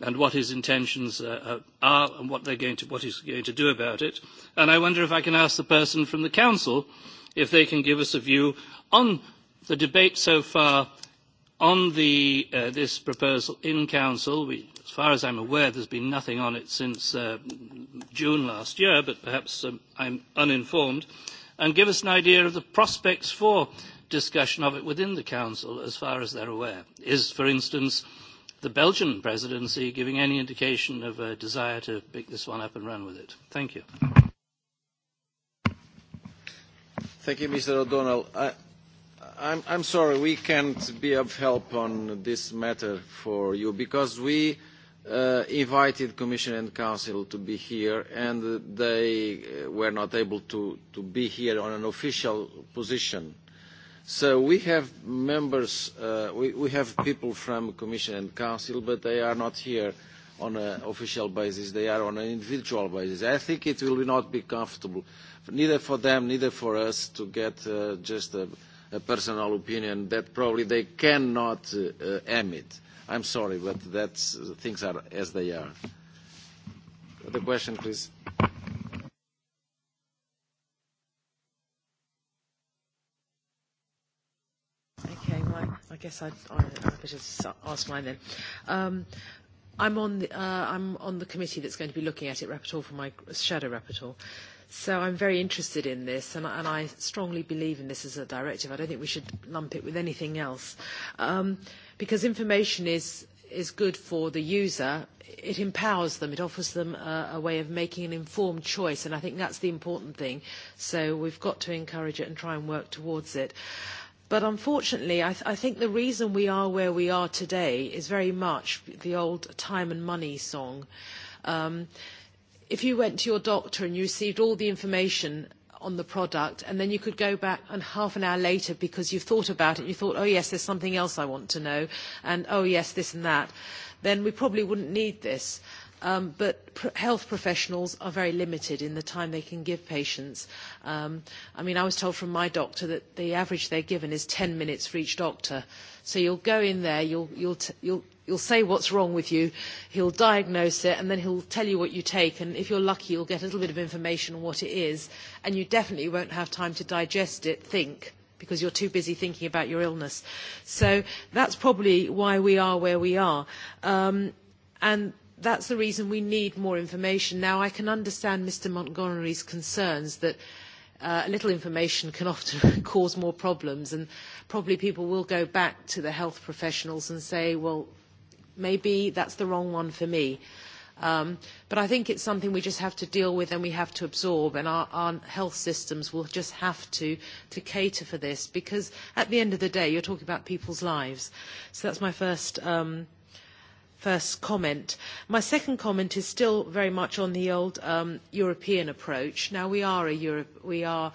and what his intentions uh, uh, are and what, they're going to, what he's going to do about it. And I wonder if I can ask the person from the Council if they can give us a view on the debate so far on the, uh, this proposal in Council. We, as far as I'm aware, there's been nothing on it since uh, June last year, but perhaps um, I'm uninformed. And give us an idea of the prospects for discussion of it within the Council, as far as they're aware. Is, for instance, the Belgian presidency giving any indication of a desire to pick this one up and run with it? Thank you. Thank you, Mr. O'Donnell. I, I'm, I'm sorry, we can't be of help on this matter for you because we uh, invited Commission and Council to be here and they uh, were not able to, to be here on an official position. Uh, So we have members, uh, we, we have people from Commission and Council, but they are not here on an official basis. They are on an individual basis. I think it will not be comfortable, neither for them, neither for us, to get uh, just a, a personal opinion that probably they cannot uh, uh emit. I'm sorry, but that's, things are as they are. The question, please. guess I, I, I better just ask mine then. Um, I'm on the, uh, I'm on the committee that's going to be looking at it, rapporteur for my shadow rapporteur. So I'm very interested in this, and, and I strongly believe in this as a directive. I don't think we should lump it with anything else, um, because information is is good for the user. It empowers them. It offers them a, a way of making an informed choice, and I think that's the important thing. So we've got to encourage it and try and work towards it. Uh, But unfortunately, I, th- I think the reason we are where we are today is very much the old time and money song. Um, if you went to your doctor and you received all the information on the product and then you could go back and half an hour later because you've thought about it, you thought, oh yes, there's something else I want to know and oh yes, this and that, then we probably wouldn't need this um, but pr- health professionals are very limited in the time they can give patients. Um, I mean, I was told from my doctor that the average they're given is 10 minutes for each doctor. So you'll go in there, you'll, you'll, t- you'll, you'll say what's wrong with you, he'll diagnose it, and then he'll tell you what you take. And if you're lucky, you'll get a little bit of information on what it is, and you definitely won't have time to digest it, think because you're too busy thinking about your illness. So that's probably why we are where we are. Um, and that's the reason we need more information. Now, I can understand Mr Montgomery's concerns that uh, little information can often cause more problems, and probably people will go back to the health professionals and say, well, maybe that's the wrong one for me. Um, but I think it's something we just have to deal with and we have to absorb, and our, our health systems will just have to, to cater for this, because at the end of the day, you're talking about people's lives. So that's my first um, first comment. My second comment is still very much on the old um, European approach. Now we are a Europe, we are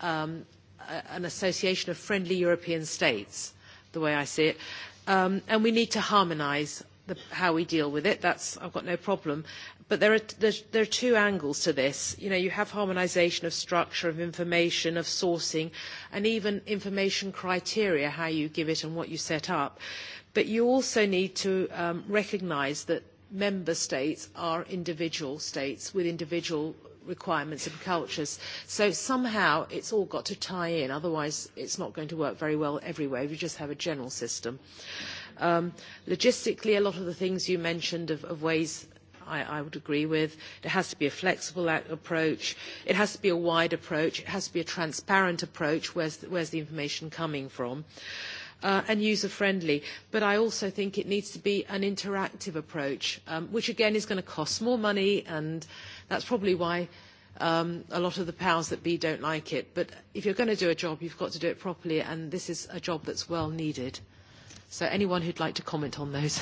um, a, an association of friendly European states, the way I see it, um, and we need to harmonise the, how we deal with it. That's I've got no problem. But there are there's, there are two angles to this. You know, you have harmonisation of structure, of information, of sourcing, and even information criteria, how you give it and what you set up. Uh, But you also need to um, recognise that member states are individual states with individual requirements and cultures. So somehow it's all got to tie in, otherwise it's not going to work very well everywhere if you just have a general system. Um, logistically, a lot of the things you mentioned of, of ways I, I would agree with. It has to be a flexible approach. It has to be a wide approach. It has to be a transparent approach. Where's the, where's the information coming from? Uh, uh, and user-friendly. But I also think it needs to be an interactive approach, um, which again is going to cost more money, and that's probably why um, a lot of the powers that be don't like it. But if you're going to do a job, you've got to do it properly, and this is a job that's well needed. So anyone who'd like to comment on those.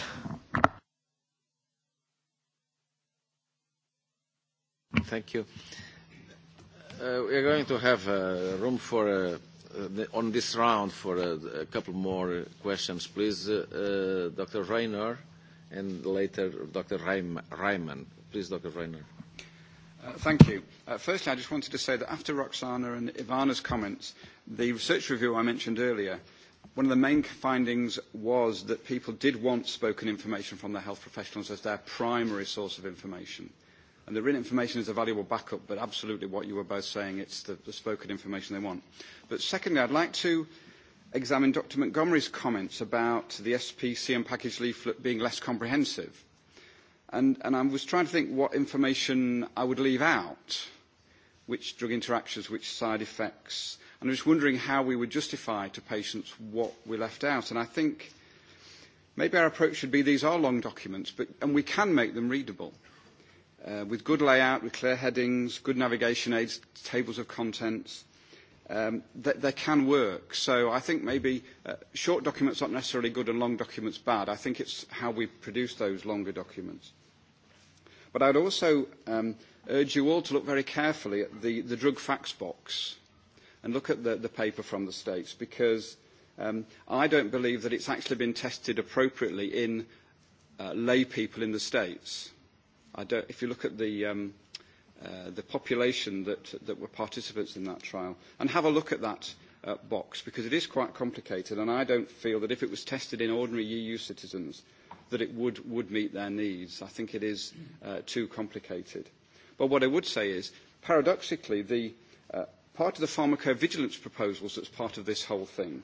Thank you. Uh, we are going to have uh, room for uh, Uh, the, on this round for a, a couple more questions, please, uh, uh, Dr. Reiner and later Dr. Reim, Reimann. Please, Dr. Reiner. Uh, thank you. Uh, firstly, I just wanted to say that after Roxana and Ivana's comments, the research review I mentioned earlier, one of the main findings was that people did want spoken information from their health professionals as their primary source of information. Uh, And the written information is a valuable backup, but absolutely what you were both saying, it's the, the spoken information they want. But secondly, I'd like to examine Dr Montgomery's comments about the SPCM package leaflet being less comprehensive. And, and I was trying to think what information I would leave out, which drug interactions, which side effects, and I was wondering how we would justify to patients what we left out. And I think maybe our approach should be these are long documents, but, and we can make them readable uh, with good layout, with clear headings, good navigation aids, tables of contents, um, that they can work. So I think maybe uh, short documents aren't necessarily good and long documents bad. I think it's how we produce those longer documents. But I'd also um, urge you all to look very carefully at the, the drug facts box and look at the, the paper from the States because um, I don't believe that it's actually been tested appropriately in uh, lay people in the States I don't, if you look at the, um, uh, the population that, that were participants in that trial, and have a look at that uh, box, because it is quite complicated, and I don't feel that if it was tested in ordinary EU citizens, that it would, would meet their needs. I think it is uh, too complicated. But what I would say is, paradoxically, the, uh, part of the pharmacovigilance proposals that's part of this whole thing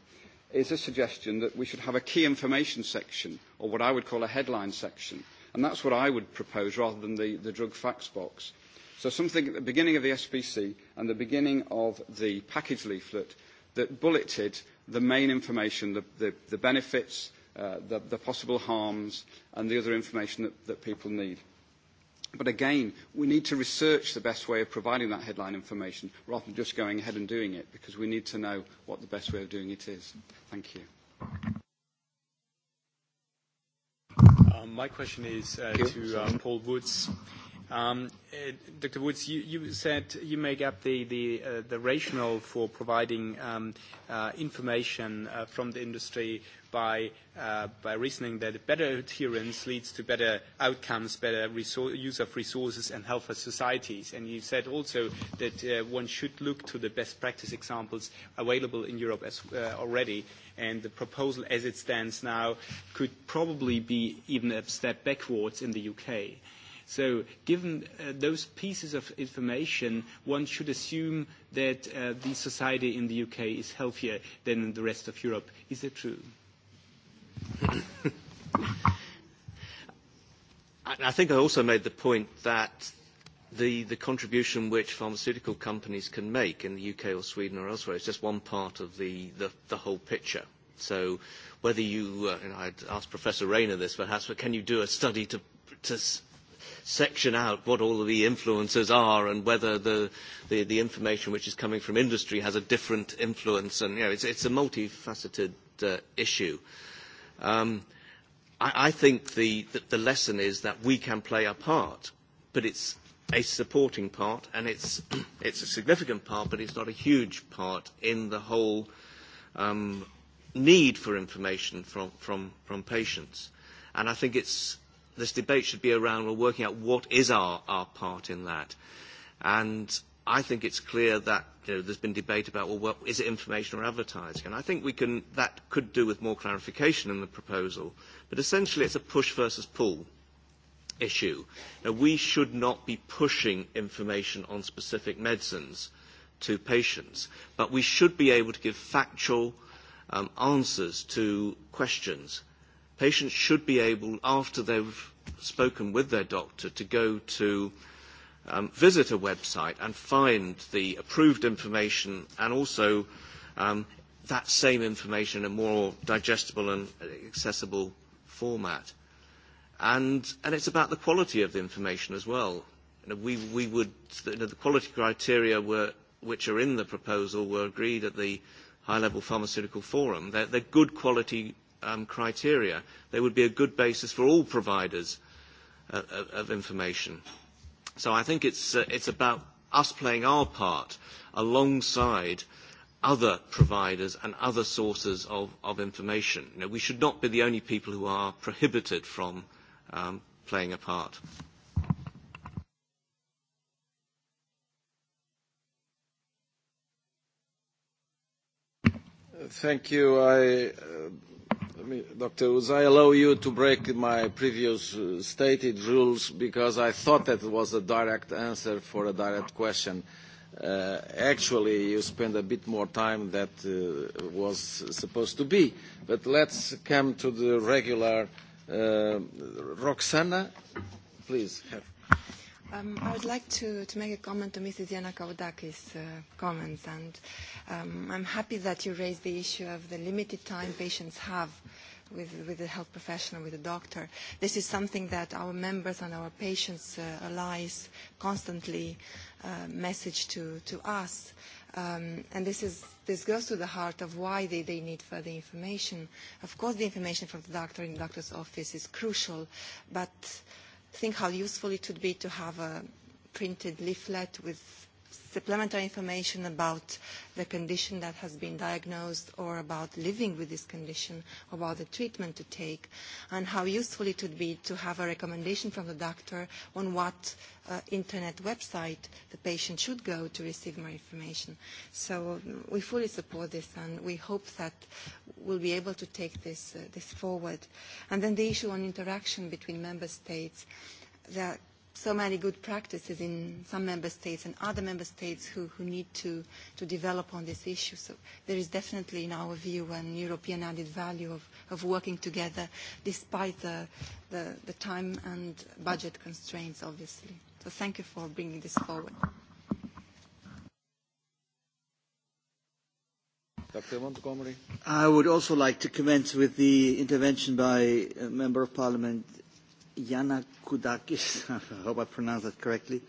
is a suggestion that we should have a key information section, or what I would call a headline section, And that's what I would propose rather than the, the drug facts box. So something at the beginning of the SPC and the beginning of the package leaflet that bulleted the main information, the, the, the benefits, uh, the, the possible harms, and the other information that, that people need. But again, we need to research the best way of providing that headline information rather than just going ahead and doing it because we need to know what the best way of doing it is. Thank you. Um, my question is uh, to uh, Paul Woods. Um, uh, Dr. Woods, you, you said you make up the, the, uh, the rationale for providing um, uh, information uh, from the industry by, uh, by reasoning that better adherence leads to better outcomes, better resor- use of resources, and healthier societies. And you said also that uh, one should look to the best practice examples available in Europe as, uh, already. And the proposal as it stands now could probably be even a step backwards in the UK. So given uh, those pieces of information, one should assume that uh, the society in the UK is healthier than in the rest of Europe. Is that true? I think I also made the point that the, the contribution which pharmaceutical companies can make in the UK or Sweden or elsewhere is just one part of the, the, the whole picture. So whether you, uh, and I'd asked Professor Rayner this perhaps, but can you do a study to, to section out what all of the influences are and whether the, the, the information which is coming from industry has a different influence? And, you know, it's, it's a multifaceted uh, issue. Uh, Um, I, I think the, the, the lesson is that we can play a part, but it's a supporting part, and it's, it's a significant part, but it's not a huge part in the whole um, need for information from, from, from patients. And I think it's, this debate should be around working out what is our, our part in that. And I think it's clear that you know, there's been debate about, well, what, is it information or advertising? And I think we can, that could do with more clarification in the proposal. But essentially, it's a push versus pull issue. Now, we should not be pushing information on specific medicines to patients, but we should be able to give factual um, answers to questions. Patients should be able, after they've spoken with their doctor, to go to um, visit a website and find the approved information and also um, that same information in a more digestible and accessible format. And, and it's about the quality of the information as well. You know, we, we would, you know, the quality criteria were, which are in the proposal were agreed at the high-level pharmaceutical forum. They're, they're good quality um, criteria. They would be a good basis for all providers uh, of, of information. Uh, So I think it's, uh, it's about us playing our part alongside other providers and other sources of, of information. You know, we should not be the only people who are prohibited from um, playing a part. Thank you. I uh, Dr. Uz, I allow you to break my previous uh, stated rules because I thought that was a direct answer for a direct question. Uh, actually, you spend a bit more time than uh, was supposed to be. But let's come to the regular. Uh, Roxana, please have. Um, I would like to, to make a comment to Mrs. Yana Kaudakis' uh, comments, and um, I'm happy that you raised the issue of the limited time patients have with, with the health professional, with the doctor. This is something that our members and our patients' uh, allies constantly uh, message to, to us. Um, and this, is, this goes to the heart of why they, they need further information. Of course, the information from the doctor in the doctor's office is crucial, but uh, think how useful it would be to have a printed leaflet with supplementary information about the condition that has been diagnosed or about living with this condition, about the treatment to take, and how useful it would be to have a recommendation from the doctor on what uh, internet website the patient should go to receive more information. So we fully support this and we hope that we'll be able to take this, uh, this forward. And then the issue on interaction between member states, that so many good practices in some member states and other member states who, who need to, to develop on this issue. So there is definitely, in our view, an European added value of, of working together despite the, the, the time and budget constraints, obviously. So thank you for bringing this forward. Dr. Montgomery? I would also like to commence with the intervention by uh, Member of Parliament Yana Kudakis, I hope I pronounced that correctly.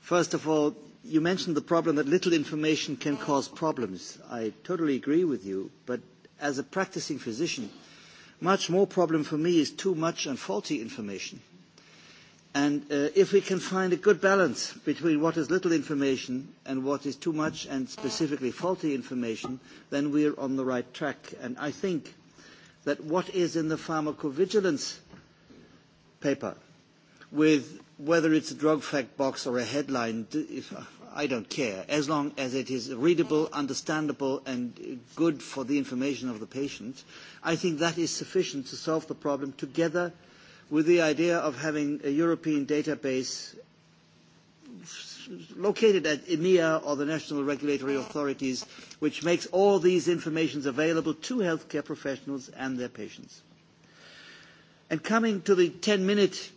First of all, you mentioned the problem that little information can cause problems. I totally agree with you, but as a practicing physician, much more problem for me is too much and faulty information. And uh, if we can find a good balance between what is little information and what is too much and specifically faulty information, then we're on the right track. And I think that what is in the pharmacovigilance paper with whether it's a drug fact box or a headline, if, I don't care, as long as it is readable, understandable, and good for the information of the patient. I think that is sufficient to solve the problem together with the idea of having a European database located at EMEA or the national regulatory authorities, which makes all these informations available to healthcare professionals and their patients. And coming to the 10-minute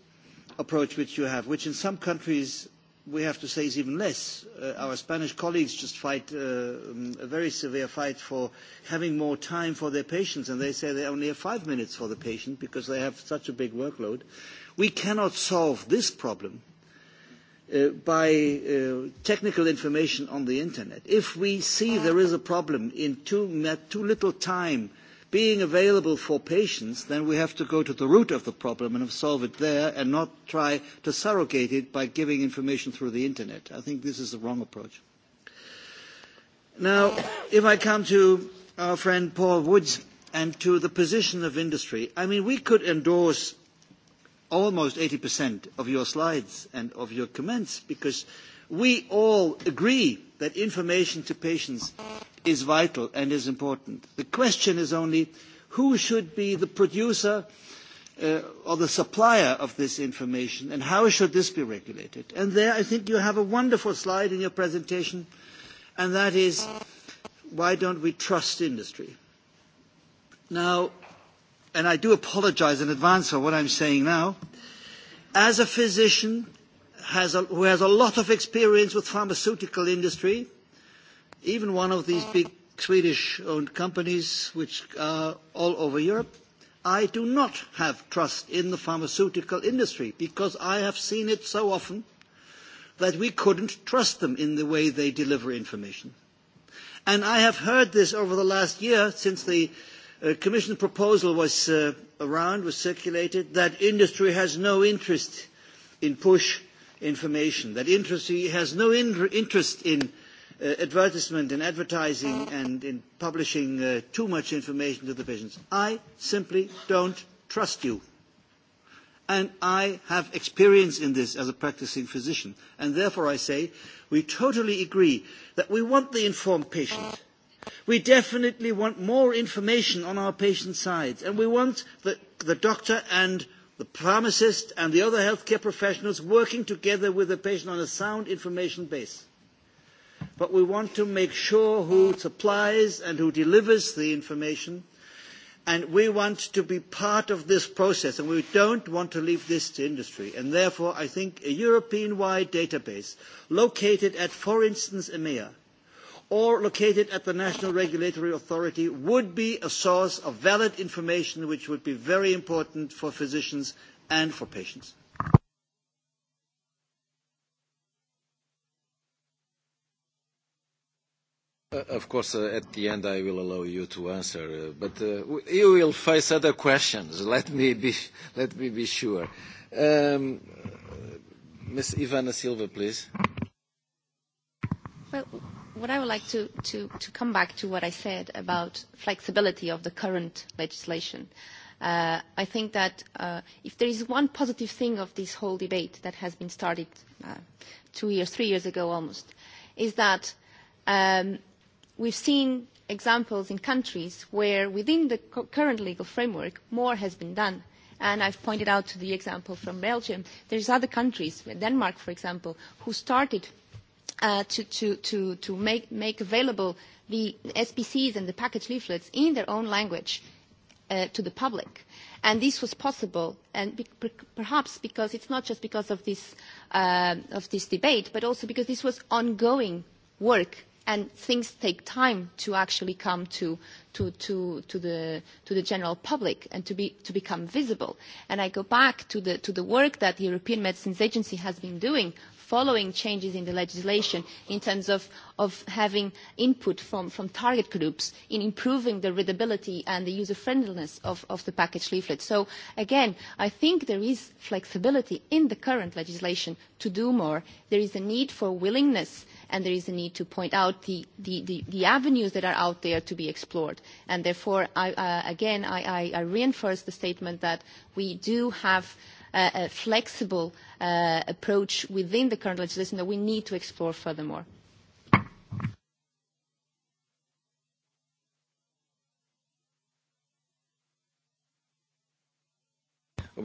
approach which you have, which in some countries we have to say is even less. Uh, our Spanish colleagues just fight uh, um, a very severe fight for having more time for their patients, and they say they only have five minutes for the patient because they have such a big workload. We cannot solve this problem uh, by uh, technical information on the internet. If we see there is a problem in too, too little time uh, being available for patients, then we have to go to the root of the problem and solve it there and not try to surrogate it by giving information through the internet. I think this is the wrong approach. Now, if I come to our friend Paul Woods and to the position of industry, I mean, we could endorse almost 80% of your slides and of your comments because we all agree that information to patients is vital and is important. The question is only who should be the producer uh, or the supplier of this information and how should this be regulated? And there I think you have a wonderful slide in your presentation and that is why don't we trust industry? Now, and I do apologize in advance for what I'm saying now, as a physician has a, who has a lot of experience with pharmaceutical industry, even one of these big Swedish-owned companies, which are all over Europe, I do not have trust in the pharmaceutical industry because I have seen it so often that we couldn't trust them in the way they deliver information. And I have heard this over the last year since the uh, Commission proposal was uh, around, was circulated, that industry has no interest in push information, that industry has no in- interest in uh, uh, advertisement in advertising and in publishing uh, too much information to the patients. I simply don't trust you. And I have experience in this as a practicing physician. And therefore I say we totally agree that we want the informed patient. We definitely want more information on our patient sides. And we want the, the doctor and the pharmacist and the other healthcare professionals working together with the patient on a sound information base but we want to make sure who supplies and who delivers the information. And we want to be part of this process, and we don't want to leave this to industry. And therefore, I think a European-wide database located at, for instance, EMEA, or located at the national regulatory authority would be a source of valid information which would be very important for physicians and for patients. Uh, of course, uh, at the end, I will allow you to answer, uh, but uh, you will face other questions, let me be, let me be sure. Um, Ms. Ivana Silva, please. Well, what I would like to, to, to come back to what I said about flexibility of the current legislation. Uh, I think that uh, if there is one positive thing of this whole debate that has been started uh, two years, three years ago almost, is that um, we've seen examples in countries where within the current legal framework more has been done. And I've pointed out to the example from Belgium. There's other countries, Denmark, for example, who started uh, to, to, to, to make, make available the SPCs and the package leaflets in their own language uh, to the public. And this was possible, and be, per, perhaps because it's not just because of this, uh, of this debate, but also because this was ongoing work and things take time to actually come to to to to the to the general public and to be to become visible and i go back to the to the work that the european medicines agency has been doing following changes in the legislation in terms of of having input from from target groups in improving the readability and the user friendliness of of the package leaflet so again i think there is flexibility in the current legislation to do more there is a need for willingness and there is a need to point out the, the, the, the avenues that are out there to be explored. And therefore, I, uh, again, I, I, I reinforce the statement that we do have a, a flexible uh, approach within the current legislation that we need to explore furthermore.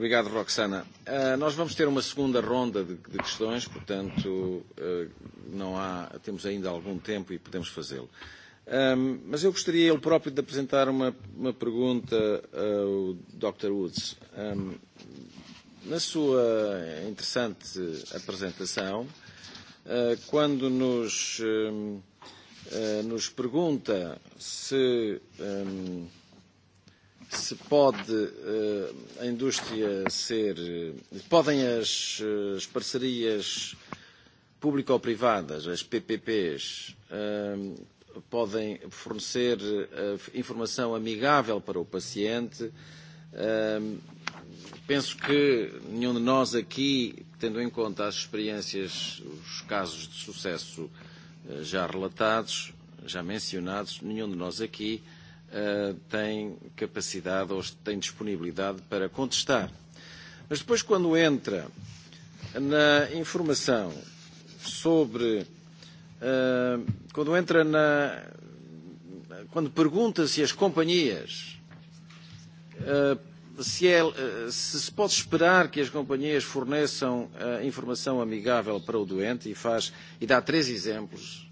Obrigado, Roxana. Uh, nós vamos ter uma segunda ronda de, de questões, portanto, uh, não há, temos ainda algum tempo e podemos fazê-lo. Um, mas eu gostaria ele próprio de apresentar uma, uma pergunta eh, ao Dr. Woods. Um, na sua interessante apresentação, uh, quando nos, um, uh, nos pergunta se um, se pode uh, a indústria ser. Eh, podem as, eh, as parcerias público-privadas, as PPPs, uh, podem fornecer uh, informação amigável para o paciente. Uh, penso que nenhum de nós aqui, tendo em conta as experiências, os casos de sucesso uh, já relatados, já mencionados, nenhum de nós aqui uh, tem capacidade ou tem disponibilidade para contestar. Mas depois, quando entra na informação sobre. Uh, quando entra na. Quando pergunta se as companhias. Uh, se, é, se se pode esperar que as companhias forneçam uh, informação amigável para o doente e, faz, e dá três exemplos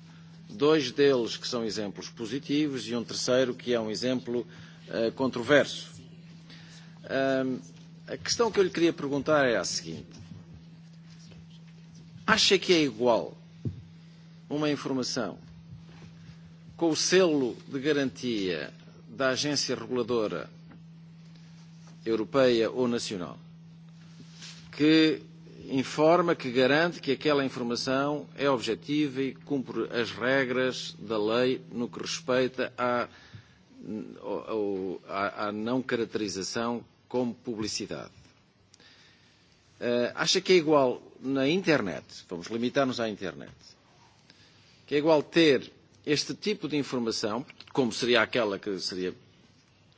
dois deles que são exemplos positivos e um terceiro que é um exemplo uh, controverso. Uh, a questão que eu lhe queria perguntar é a seguinte. Acha que é igual uma informação com o selo de garantia da agência reguladora europeia ou nacional que em forma que garante que aquela informação é objetiva e cumpre as regras da lei no que respeita à, à, à não caracterização como publicidade. Uh, acha que é igual na internet, vamos limitar-nos à internet, que é igual ter este tipo de informação, como seria aquela que seria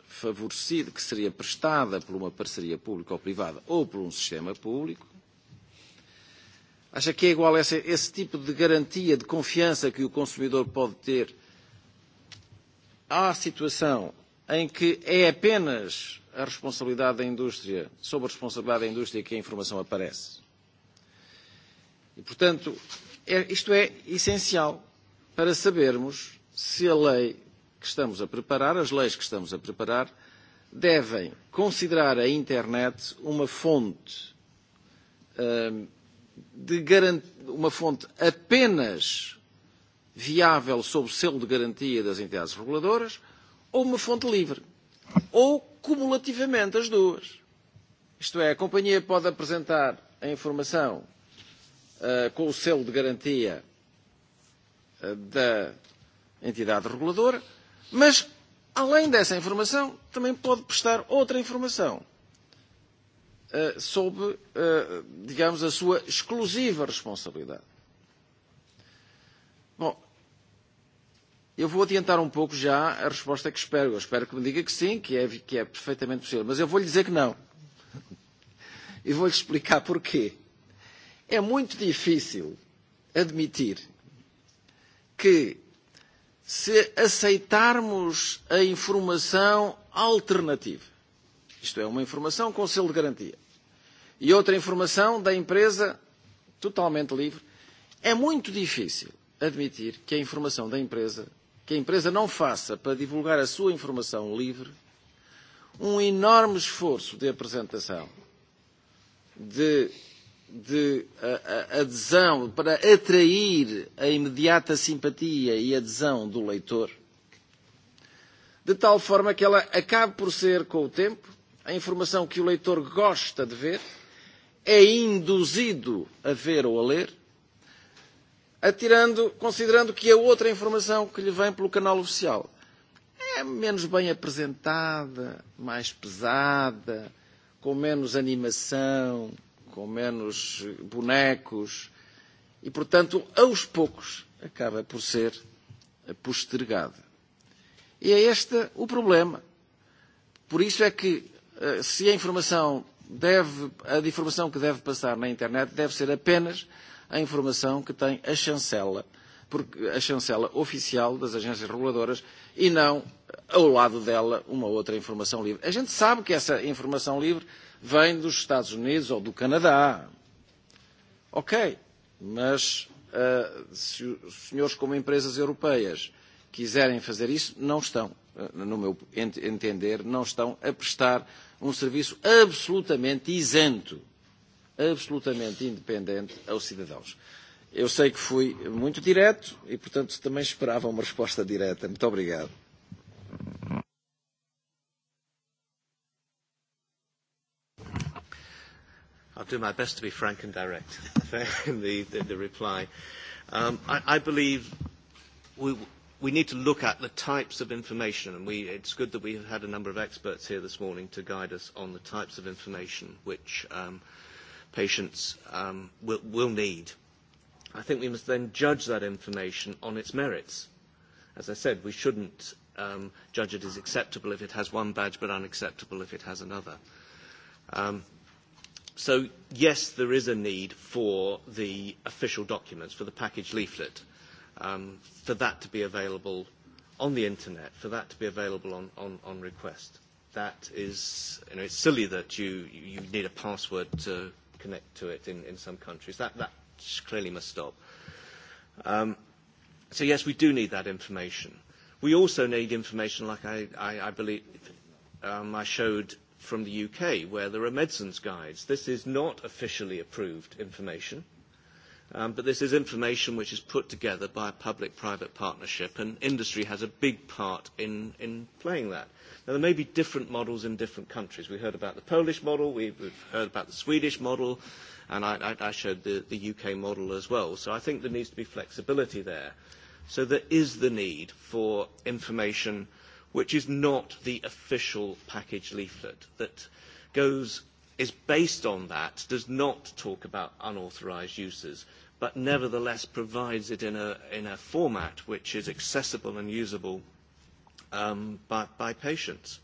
favorecida, que seria prestada por uma parceria pública ou privada ou por um sistema público, Acha que é igual esse, esse tipo de garantia de confiança que o consumidor pode ter à situação em que é apenas a responsabilidade da indústria, sob a responsabilidade da indústria que a informação aparece? E, portanto, é, isto é essencial para sabermos se a lei que estamos a preparar, as leis que estamos a preparar, devem considerar a internet uma fonte um, de uma fonte apenas viável sob selo de garantia das entidades reguladoras ou uma fonte livre. Ou cumulativamente as duas. Isto é, a companhia pode apresentar a informação uh, com o selo de garantia uh, da entidade reguladora, mas, além dessa informação, também pode prestar outra informação uh, sob, uh, digamos, a sua exclusiva responsabilidade. Bom, eu vou adiantar um pouco já a resposta que espero. Eu espero que me diga que sim, que é, que é perfeitamente possível, mas eu vou-lhe dizer que não. E vou-lhe explicar porquê. É muito difícil admitir que se aceitarmos a informação alternativa Isto é, uma informação com selo de garantia. E outra informação da empresa totalmente livre. É muito difícil admitir que a informação da empresa, que a empresa não faça para divulgar a sua informação livre, um enorme esforço de apresentação, de, de a, a adesão, para atrair a imediata simpatia e adesão do leitor, de tal forma que ela acabe por ser, com o tempo, a informação que o leitor gosta de ver, é induzido a ver ou a ler, atirando, considerando que a outra informação que lhe vem pelo canal oficial é menos bem apresentada, mais pesada, com menos animação, com menos bonecos e, portanto, aos poucos acaba por ser postergada. E é este o problema. Por isso é que Eh, se a informação deve, a informação que deve passar na internet deve ser apenas a informação que tem a chancela, porque a chancela oficial das agências reguladoras e não ao lado dela uma outra informação livre. A gente sabe que essa informação livre vem dos Estados Unidos ou do Canadá. Ok, mas uh, se os senhores como empresas europeias quiserem fazer isso, não estão, eh, no meu entender, não estão a prestar um serviço absolutamente isento, absolutamente independente aos cidadãos. Eu sei que fui muito direto e, portanto, também esperava uma resposta direta. Muito obrigado. I'll do my best to be frank and direct in the, the, the reply. Um, I, I believe we, we need to look at the types of information, and we, it's good that we have had a number of experts here this morning to guide us on the types of information which um, patients um, will, will need. I think we must then judge that information on its merits. As I said, we shouldn't um, judge it as acceptable if it has one badge, but unacceptable if it has another. Um, so, yes, there is a need for the official documents, for the package leaflet um, for that to be available on the internet, for that to be available on, on, on request. That is, you know, it's silly that you, you need a password to connect to it in, in some countries. That, that clearly must stop. Um, so yes, we do need that information. We also need information like I, I, I believe um, I showed from the UK, where there are medicines guides. This is not officially approved information. Uh, Um, but this is information which is put together by a public-private partnership, and industry has a big part in, in playing that. Now, there may be different models in different countries. We heard about the Polish model, we've, we've heard about the Swedish model, and I, I, I showed the, the UK model as well. So I think there needs to be flexibility there. So there is the need for information which is not the official package leaflet that goes is based on that, does not talk about unauthorized uses, but nevertheless provides it in a, in a format which is accessible and usable um, by, by patients.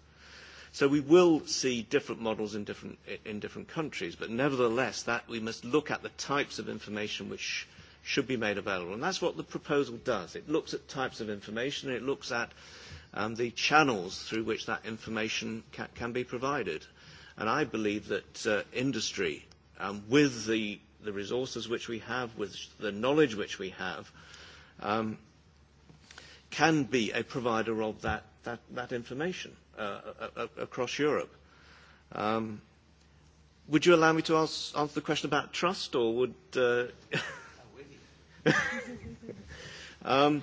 So we will see different models in different, in different countries, but nevertheless, that we must look at the types of information which should be made available. And that's what the proposal does. It looks at types of information, and it looks at um, the channels through which that information ca- can be provided. And I believe that uh, industry, um, with the, the resources which we have, with the knowledge which we have, um, can be a provider of that, that, that information uh, uh, across Europe. Um, would you allow me to ask, answer the question about trust, or would... Uh, um,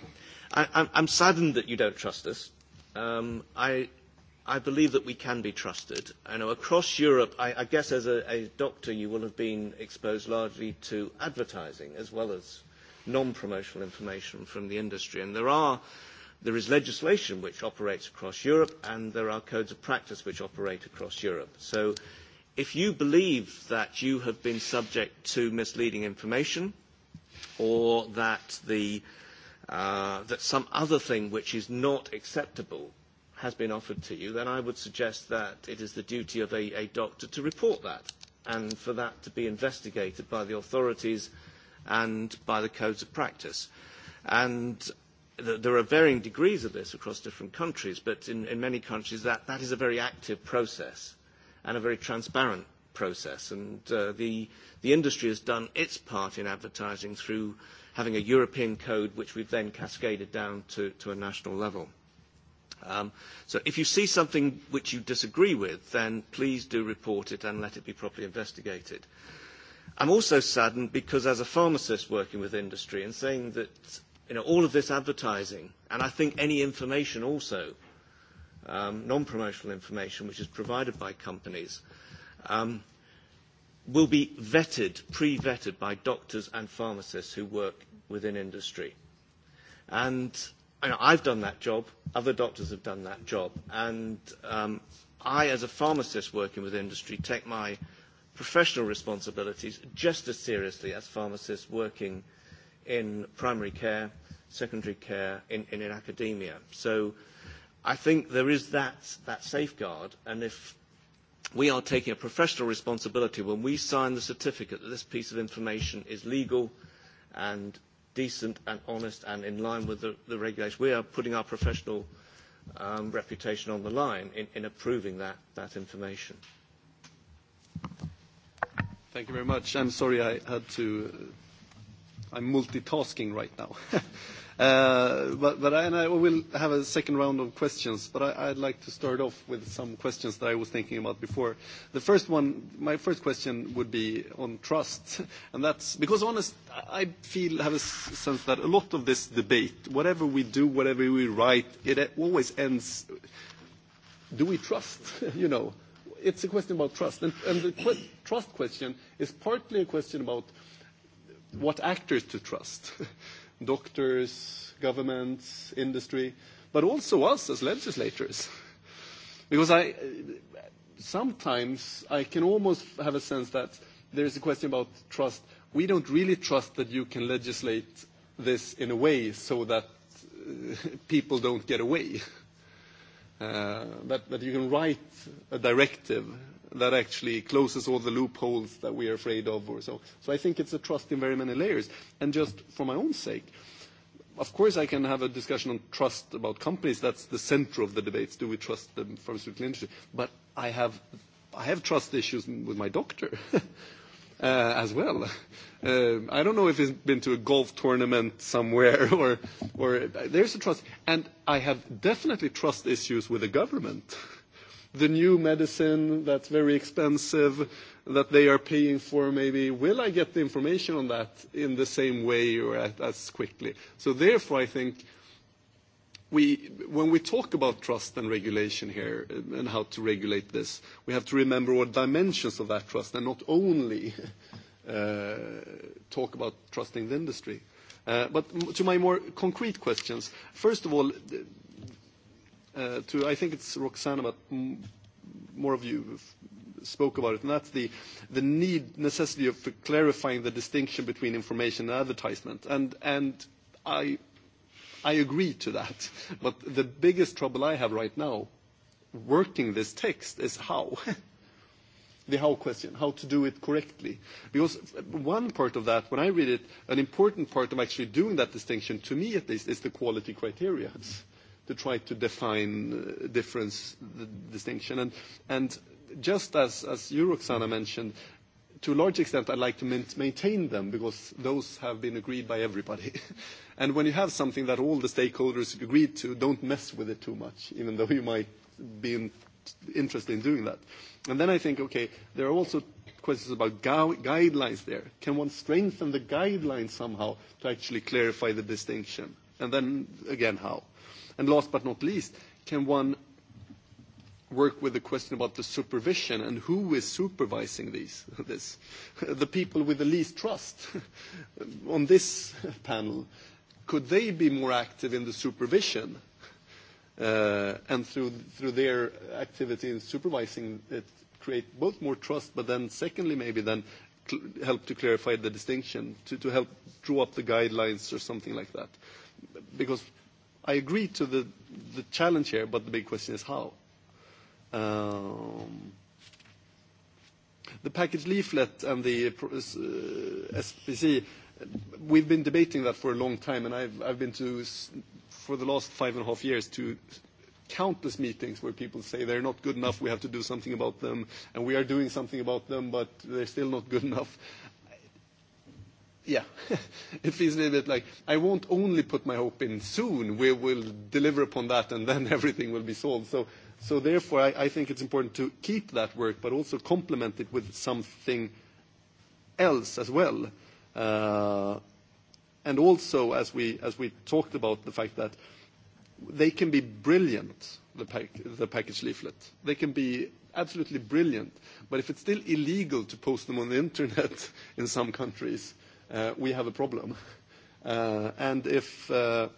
I, I'm, I'm saddened that you don't trust us. Um, I, I believe that we can be trusted. I know across Europe, I, I guess as a, a doctor, you will have been exposed largely to advertising as well as non-promotional information from the industry. And there are there is legislation which operates across Europe and there are codes of practice which operate across Europe. So if you believe that you have been subject to misleading information or that, the, uh, that some other thing which is not acceptable has been offered to you, then I would suggest that it is the duty of a, a doctor to report that and for that to be investigated by the authorities and by the codes of practice. And th- there are varying degrees of this across different countries, but in, in many countries that, that is a very active process and a very transparent process. And uh, the, the industry has done its part in advertising through having a European code, which we've then cascaded down to, to a national level. Um, so if you see something which you disagree with, then please do report it and let it be properly investigated. I'm also saddened because as a pharmacist working with industry and saying that you know, all of this advertising, and I think any information also, um, non-promotional information which is provided by companies, um, will be vetted, pre-vetted by doctors and pharmacists who work within industry. And you know, I've done that job, other doctors have done that job, and um, I, as a pharmacist working with industry, take my professional responsibilities just as seriously as pharmacists working in primary care, secondary care, in, in, in academia. So I think there is that, that safeguard, and if we are taking a professional responsibility when we sign the certificate that this piece of information is legal and decent and honest and in line with the, the regulation. We are putting our professional um, reputation on the line in, in approving that, that information. Thank you very much. I'm sorry I had to. I'm multitasking right now. Uh, but, but I, and I will have a second round of questions, but I, I'd like to start off with some questions that I was thinking about before. The first one, my first question would be on trust, and that's because honest, I feel, have a sense that a lot of this debate, whatever we do, whatever we write, it always ends, do we trust? you know, it's a question about trust. And, and the que trust question is partly a question about what actors to trust. doctors, governments, industry, but also us as legislators. because I, sometimes I can almost have a sense that there is a question about trust. We don't really trust that you can legislate this in a way so that uh, people don't get away. Uh, that, that you can write a directive that actually closes all the loopholes that we are afraid of or so. So I think it's a trust in very many layers. And just for my own sake, of course, I can have a discussion on trust about companies. That's the center of the debates. Do we trust the pharmaceutical industry? But I have, I have trust issues with my doctor uh, as well. Uh, I don't know if he's been to a golf tournament somewhere or, or uh, there's a trust. And I have definitely trust issues with the government. the new medicine that's very expensive that they are paying for maybe will I get the information on that in the same way or as quickly? So therefore, I think we, when we talk about trust and regulation here uh, and how to regulate this, we have to remember what dimensions of that trust and not only uh, talk about trusting the industry. Uh, but to my more concrete questions, first of all, uh, to, I think it's Roxana, but more of you spoke about it, and that's the, the need, necessity of clarifying the distinction between information and advertisement. And, and I, I agree to that. But the biggest trouble I have right now working this text is how. the how question, how to do it correctly. Because one part of that, when I read it, an important part of actually doing that distinction, to me at least, is the quality criteria. Mm-hmm to try to define uh, difference, the distinction. And, and just as, as you, Roxana, mentioned, to a large extent, I'd like to maintain them because those have been agreed by everybody. and when you have something that all the stakeholders agreed to, don't mess with it too much, even though you might be in, interested in doing that. And then I think, okay, there are also questions about gu- guidelines there. Can one strengthen the guidelines somehow to actually clarify the distinction? And then again, how? And last but not least, can one work with the question about the supervision and who is supervising these, this? The people with the least trust on this panel, could they be more active in the supervision? Uh, and through, through their activity in supervising it, create both more trust, but then secondly, maybe then help to clarify the distinction, to, to help draw up the guidelines or something like that. Because I agree to the, the challenge here, but the big question is how. Um, the package leaflet and the uh, SPC, we've been debating that for a long time, and I've, I've been to, for the last five and a half years, to countless meetings where people say they're not good enough, we have to do something about them, and we are doing something about them, but they're still not good enough. Uh, yeah, it feels a little bit like I won't only put my hope in soon. We will deliver upon that, and then everything will be solved. So, so therefore, I, I think it's important to keep that work, but also complement it with something else as well. Uh, and also, as we as we talked about, the fact that they can be brilliant, the, pack, the package leaflet. They can be absolutely brilliant, but if it's still illegal to post them on the internet in some countries, uh, we have a problem. Uh, and if uh,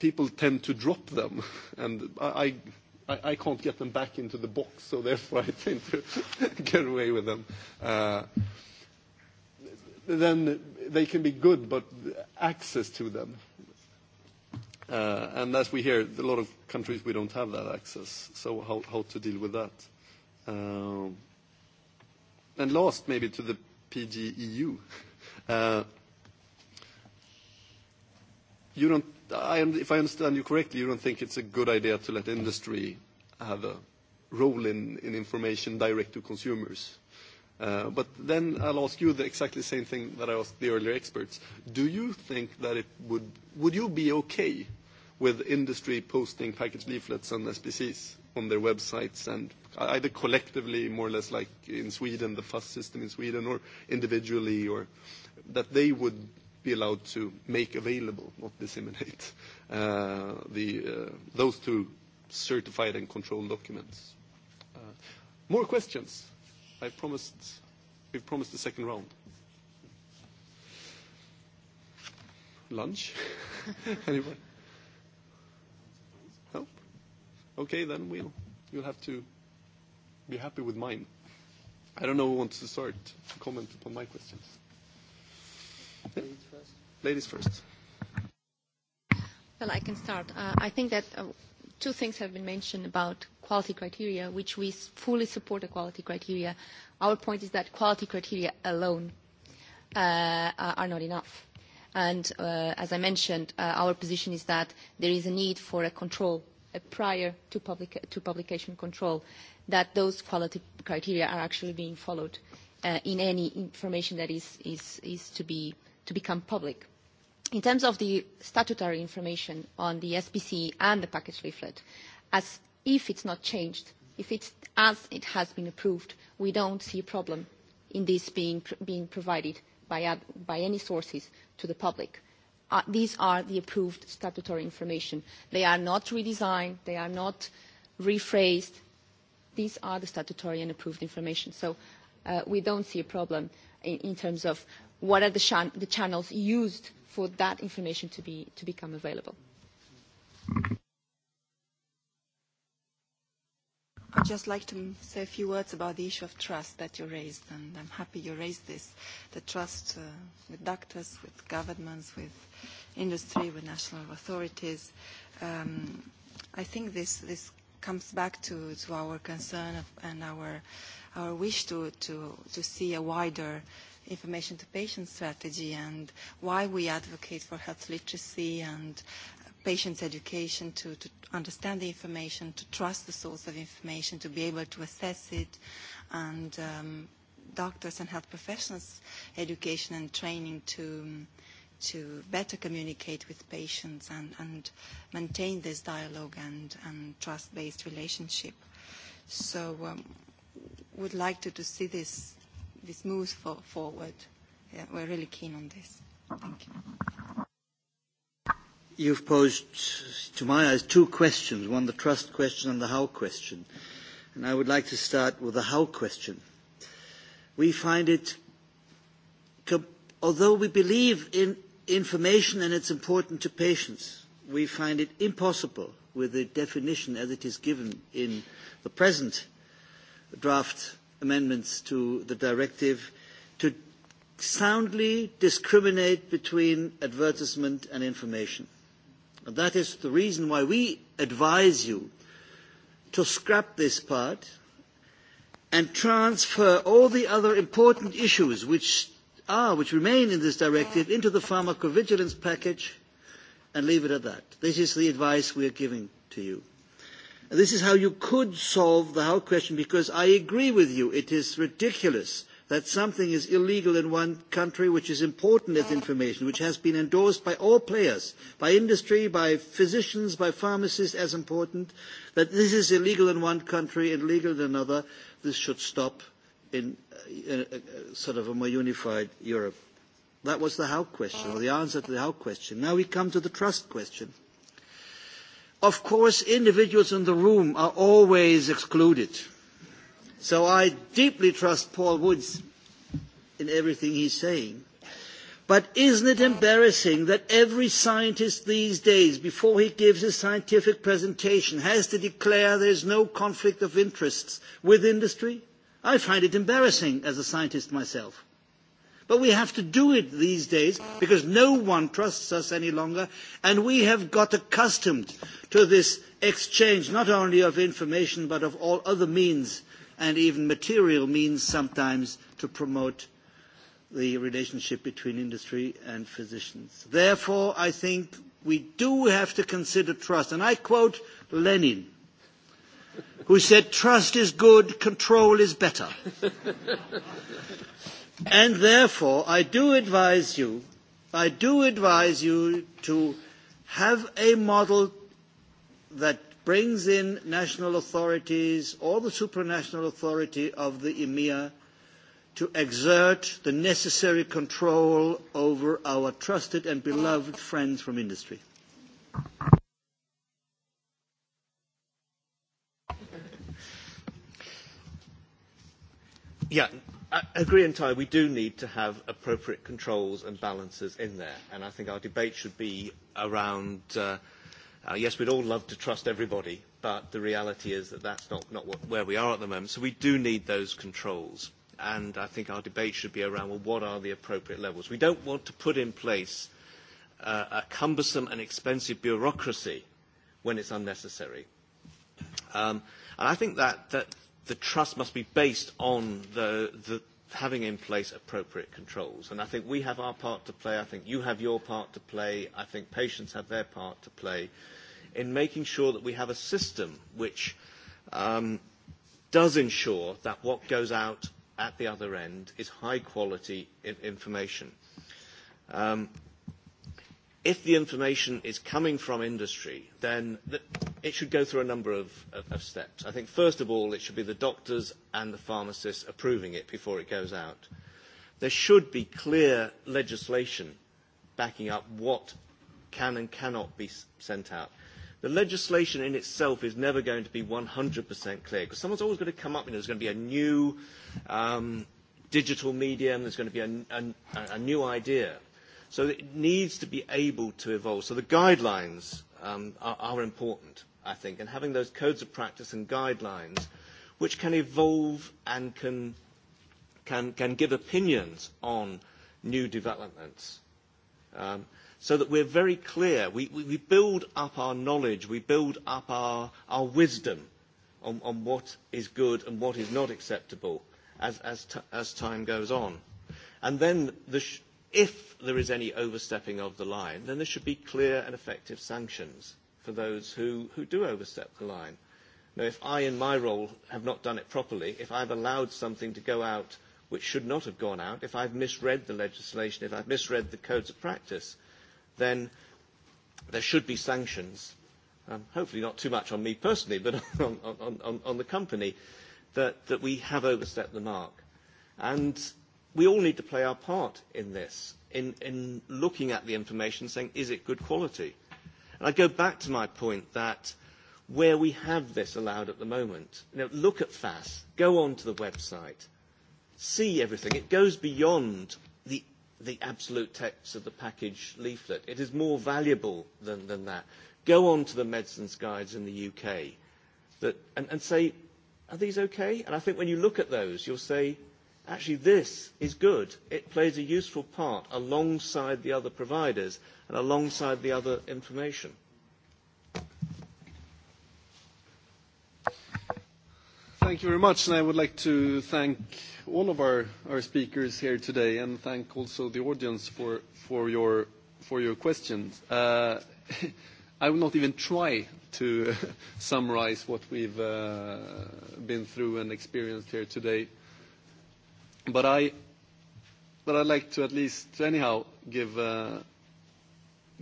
people tend to drop them, and I, I, I can't get them back into the box, so therefore I tend to get away with them. Uh, then they can be good, but access to them. Uh, and as we hear, a lot of countries, we don't have that access. So how, how to deal with that? Um, and last, maybe to the PGEU. Uh, you don't, I, if I understand you correctly, you don't think it's a good idea to let industry have a role in, in information direct to consumers. Uh, but then I'll ask you the exactly same thing that I asked the earlier experts. Do you think that it would, would you be okay with industry posting package leaflets and SBCs on their websites and either collectively, more or less like in Sweden, the FUS system in Sweden, or individually, or uh, that they would be allowed to make available, not disseminate, uh, the, uh, those two certified and controlled documents. Uh, more questions? I promised, we've promised a second round. Lunch? Anybody? No? Okay, then we'll, you'll have to be happy with mine. I don't know who wants to start to comment upon my questions. Ladies first. Ladies first. Well, I can start. Uh, I think that uh, two things have been mentioned about quality criteria, which we fully support the quality criteria. Our point is that quality criteria alone uh, are not enough. And uh, as I mentioned, uh, our position is that there is a need for a control a prior to, public, to publication control that those quality criteria are actually being followed uh, in any information that is, is, is to be to become public. In terms of the statutory information on the SPC and the package leaflet, as if it's not changed, if it's as it has been approved, we don't see a problem in this being, being provided by, by any sources to the public. Uh, these are the approved statutory information. They are not redesigned. They are not rephrased. These are the statutory and approved information. So uh, we don't see a problem in, in terms of what are the, chan the channels used for that information to, be, to become available? I'd just like to say a few words about the issue of trust that you raised, and I'm happy you raised this, the trust uh, with doctors, with governments, with industry, with national authorities. Um, I think this, this comes back to, to our concern of, and our, our wish to, to, to see a wider uh, information to patient strategy and why we advocate for health literacy and patients' education to, to understand the information, to trust the source of information, to be able to assess it, and um, doctors and health professionals' education and training to, to better communicate with patients and, and maintain this dialogue and, and trust-based relationship. So um, would like to, to see this this moves for, forward. Yeah, we're really keen on this. Thank you. You've posed, to my eyes, two questions, one the trust question and the how question. And I would like to start with the how question. We find it, although we believe in information and it's important to patients, we find it impossible with the definition as it is given in the present draft amendments to the directive to soundly discriminate between advertisement and information. And that is the reason why we advise you to scrap this part and transfer all the other important issues which are, which remain in this directive into the pharmacovigilance package and leave it at that. This is the advice we are giving to you. This is how you could solve the whole question because I agree with you. It is ridiculous that something is illegal in one country which is important as information, which has been endorsed by all players, by industry, by physicians, by pharmacists as important, that this is illegal in one country and legal in another. This should stop in uh, uh, uh sort of a more unified Europe. That was the how question, or the answer to the how question. Now we come to the trust question. Of course, individuals in the room are always excluded. So I deeply trust Paul Woods in everything he's saying. But isn't it embarrassing that every scientist these days, before he gives his scientific presentation, has to declare there is no conflict of interests with industry? I find it embarrassing as a scientist myself. But we have to do it these days because no one trusts us any longer, and we have got accustomed to this exchange, not only of information, but of all other means, and even material means sometimes, to promote the relationship between industry and physicians. Therefore, I think we do have to consider trust. And I quote Lenin, who said, trust is good, control is better. And therefore, I do advise you, I do advise you to have a model that brings in national authorities or the supranational authority of the EMEA to exert the necessary control over our trusted and beloved friends from industry. Ja, I agree entirely. We do need to have appropriate controls and balances in there. And I think our debate should be around, uh, uh, yes, we'd all love to trust everybody, but the reality is that that's not, not what, where we are at the moment. So we do need those controls. And I think our debate should be around, well, what are the appropriate levels? We don't want to put in place uh, a cumbersome and expensive bureaucracy when it's unnecessary. Um, and I think that, that the trust must be based on the, the, having in place appropriate controls. And I think we have our part to play. I think you have your part to play. I think patients have their part to play in making sure that we have a system which um, does ensure that what goes out at the other end is high quality I- information. Um, if the information is coming from industry, then th- it should go through a number of, of, of steps. I think, first of all, it should be the doctors and the pharmacists approving it before it goes out. There should be clear legislation backing up what can and cannot be sent out. The legislation in itself is never going to be 100% clear because someone's always going to come up and there's going to be a new um, digital medium, there's going to be a, a, a new idea. So it needs to be able to evolve. So the guidelines um, are, are important, I think, and having those codes of practice and guidelines which can evolve and can, can, can give opinions on new developments. Um, so that we're very clear. We, we, we build up our knowledge, we build up our, our wisdom on, on what is good and what is not acceptable as, as, t- as time goes on. And then the, sh- if there is any overstepping of the line, then there should be clear and effective sanctions for those who, who do overstep the line. Now, if I, in my role, have not done it properly, if I've allowed something to go out which should not have gone out, if I've misread the legislation, if I've misread the codes of practice, then there should be sanctions, um, hopefully not too much on me personally, but on, on, on, on the company, that, that we have overstepped the mark. And we all need to play our part in this, in, in looking at the information, saying, is it good quality? And I go back to my point that where we have this allowed at the moment, you know, look at FAS, go onto the website, see everything. It goes beyond the, the absolute text of the package leaflet. It is more valuable than, than that. Go on to the medicines guides in the UK that, and, and say, are these okay? And I think when you look at those, you'll say, Actually, this is good. It plays a useful part alongside the other providers and alongside the other information. Thank you very much, and I would like to thank all of our, our speakers here today, and thank also the audience for, for, your, for your questions. Uh, I will not even try to summarize what we've uh, been through and experienced here today. But I, but I'd like to at least, anyhow, give uh,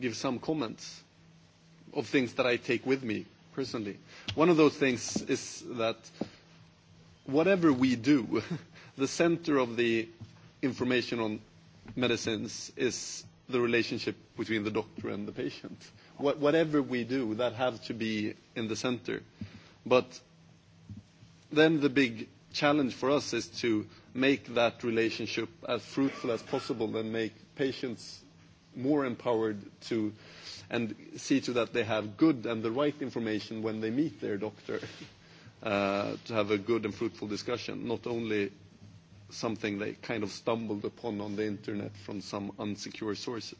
give some comments of things that I take with me personally. One of those things is that whatever we do, the center of the information on medicines is the relationship between the doctor and the patient. What, whatever we do, that has to be in the center. But then the big challenge for us is to make that relationship as fruitful as possible and make patients more empowered to and see to that they have good and the right information when they meet their doctor uh, to have a good and fruitful discussion, not only something they kind of stumbled upon on the internet from some unsecure sources.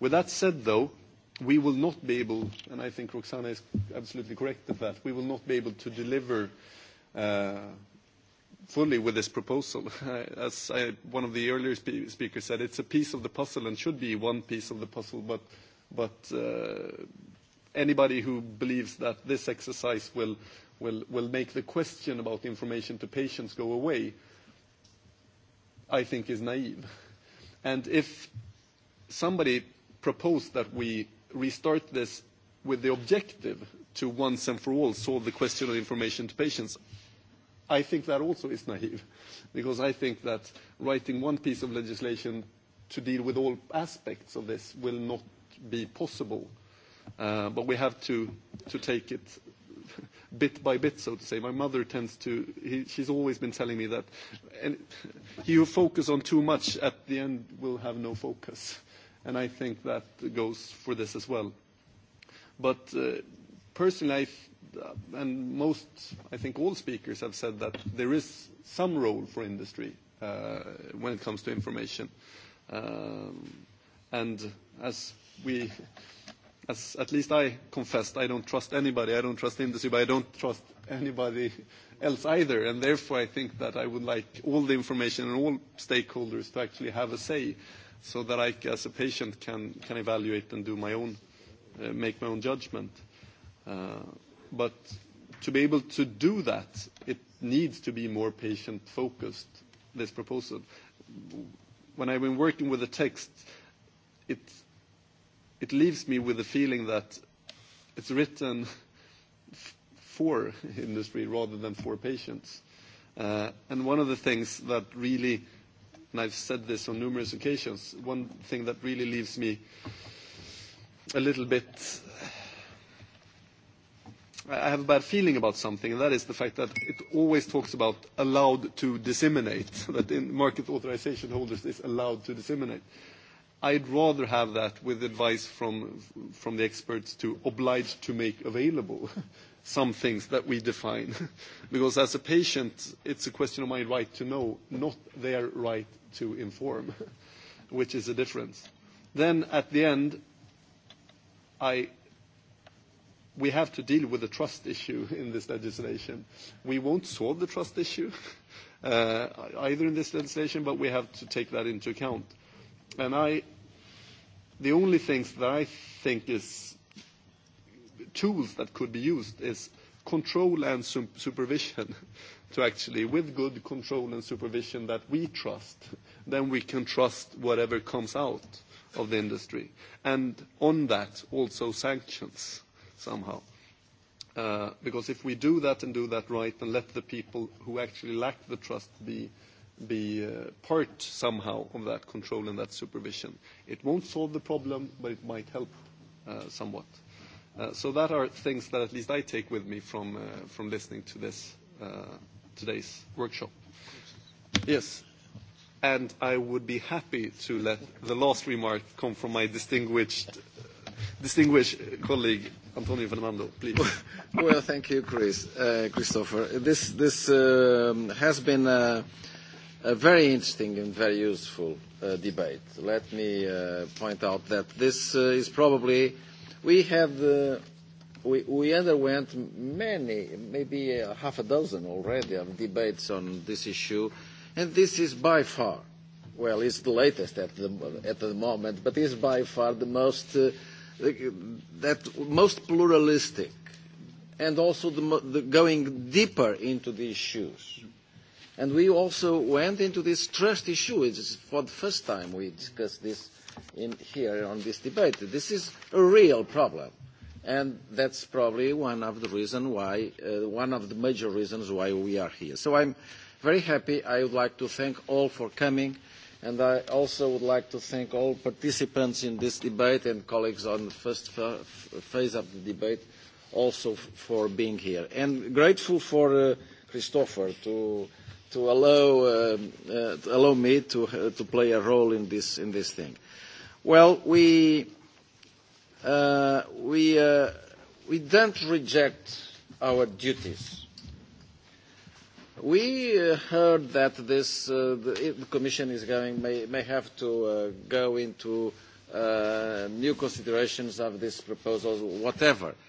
With that said, though, we will not be able, and I think Roxana is absolutely correct at that, we will not be able to deliver uh, fully with this proposal. As I, one of the earlier spe speakers said, it's a piece of the puzzle and should be one piece of the puzzle, but, but uh, anybody who believes that this exercise will, will, will make the question about information to patients go away, I think is naive. And if somebody proposed that we restart this with the objective to once and for all solve the question of information to patients, I think that also is naive, because I think that writing one piece of legislation to deal with all aspects of this will not be possible. Uh, but we have to, to take it bit by bit, so to say. My mother tends to, he, she's always been telling me that and he who focuses on too much at the end will have no focus. And I think that goes for this as well. But uh, personally, I Uh, and most, I think all speakers have said that there is some role for industry uh, when it comes to information. Um, and as we, as at least I confessed, I don't trust anybody. I don't trust industry, but I don't trust anybody else either. And therefore, I think that I would like all the information and all stakeholders to actually have a say so that I, as a patient, can, can evaluate and do my own, uh, make my own judgment. Uh, But to be able to do that, it needs to be more patient-focused, this proposal. When I've been working with the text, it, it leaves me with the feeling that it's written for industry rather than for patients. Uh, and one of the things that really, and I've said this on numerous occasions, one thing that really leaves me a little bit I have a bad feeling about something, and that is the fact that it always talks about allowed to disseminate, that in market authorization holders is allowed to disseminate. I'd rather have that with advice from, from the experts to oblige to make available some things that we define. because as a patient, it's a question of my right to know, not their right to inform, which is a difference. Then at the end, I we have to deal with the trust issue in this legislation. We won't solve the trust issue uh, either in this legislation, but we have to take that into account. And I, the only things that I think is tools that could be used is control and su- supervision to actually, with good control and supervision that we trust, then we can trust whatever comes out of the industry. And on that, also sanctions somehow. Uh, because if we do that and do that right and let the people who actually lack the trust be, be uh, part somehow of that control and that supervision, it won't solve the problem, but it might help uh, somewhat. Uh, so that are things that at least I take with me from, uh, from listening to this, uh, today's workshop. Yes and I would be happy to let the last remark come from my distinguished, distinguished colleague, Antonio Fernando, please. well, thank you, Chris, uh, Christopher. This, this uh, has been a, a very interesting and very useful uh, debate. Let me uh, point out that this uh, is probably, we had, uh, we, we underwent many, maybe a half a dozen already of debates on this issue, and this is by far, well, it's the latest at the, at the moment, but is by far the most uh, that most pluralistic and also the, the going deeper into the issues. And we also went into this trust issue. It's for the first time we discussed this in here on this debate. This is a real problem. And that's probably one of the reason why, uh, one of the major reasons why we are here. So I'm very happy. I would like to thank all for coming And I also would like to thank all participants in this debate and colleagues on the first phase of the debate also for being here. And grateful for uh, Christopher to, to, allow, um, uh, uh, to allow me to, uh, to play a role in this, in this thing. Well, we, uh, we, uh, we don't reject our duties We uh, heard that this, uh, the, the Commission is going, may, may have to uh, go into uh, new considerations of this proposal, whatever. Uh,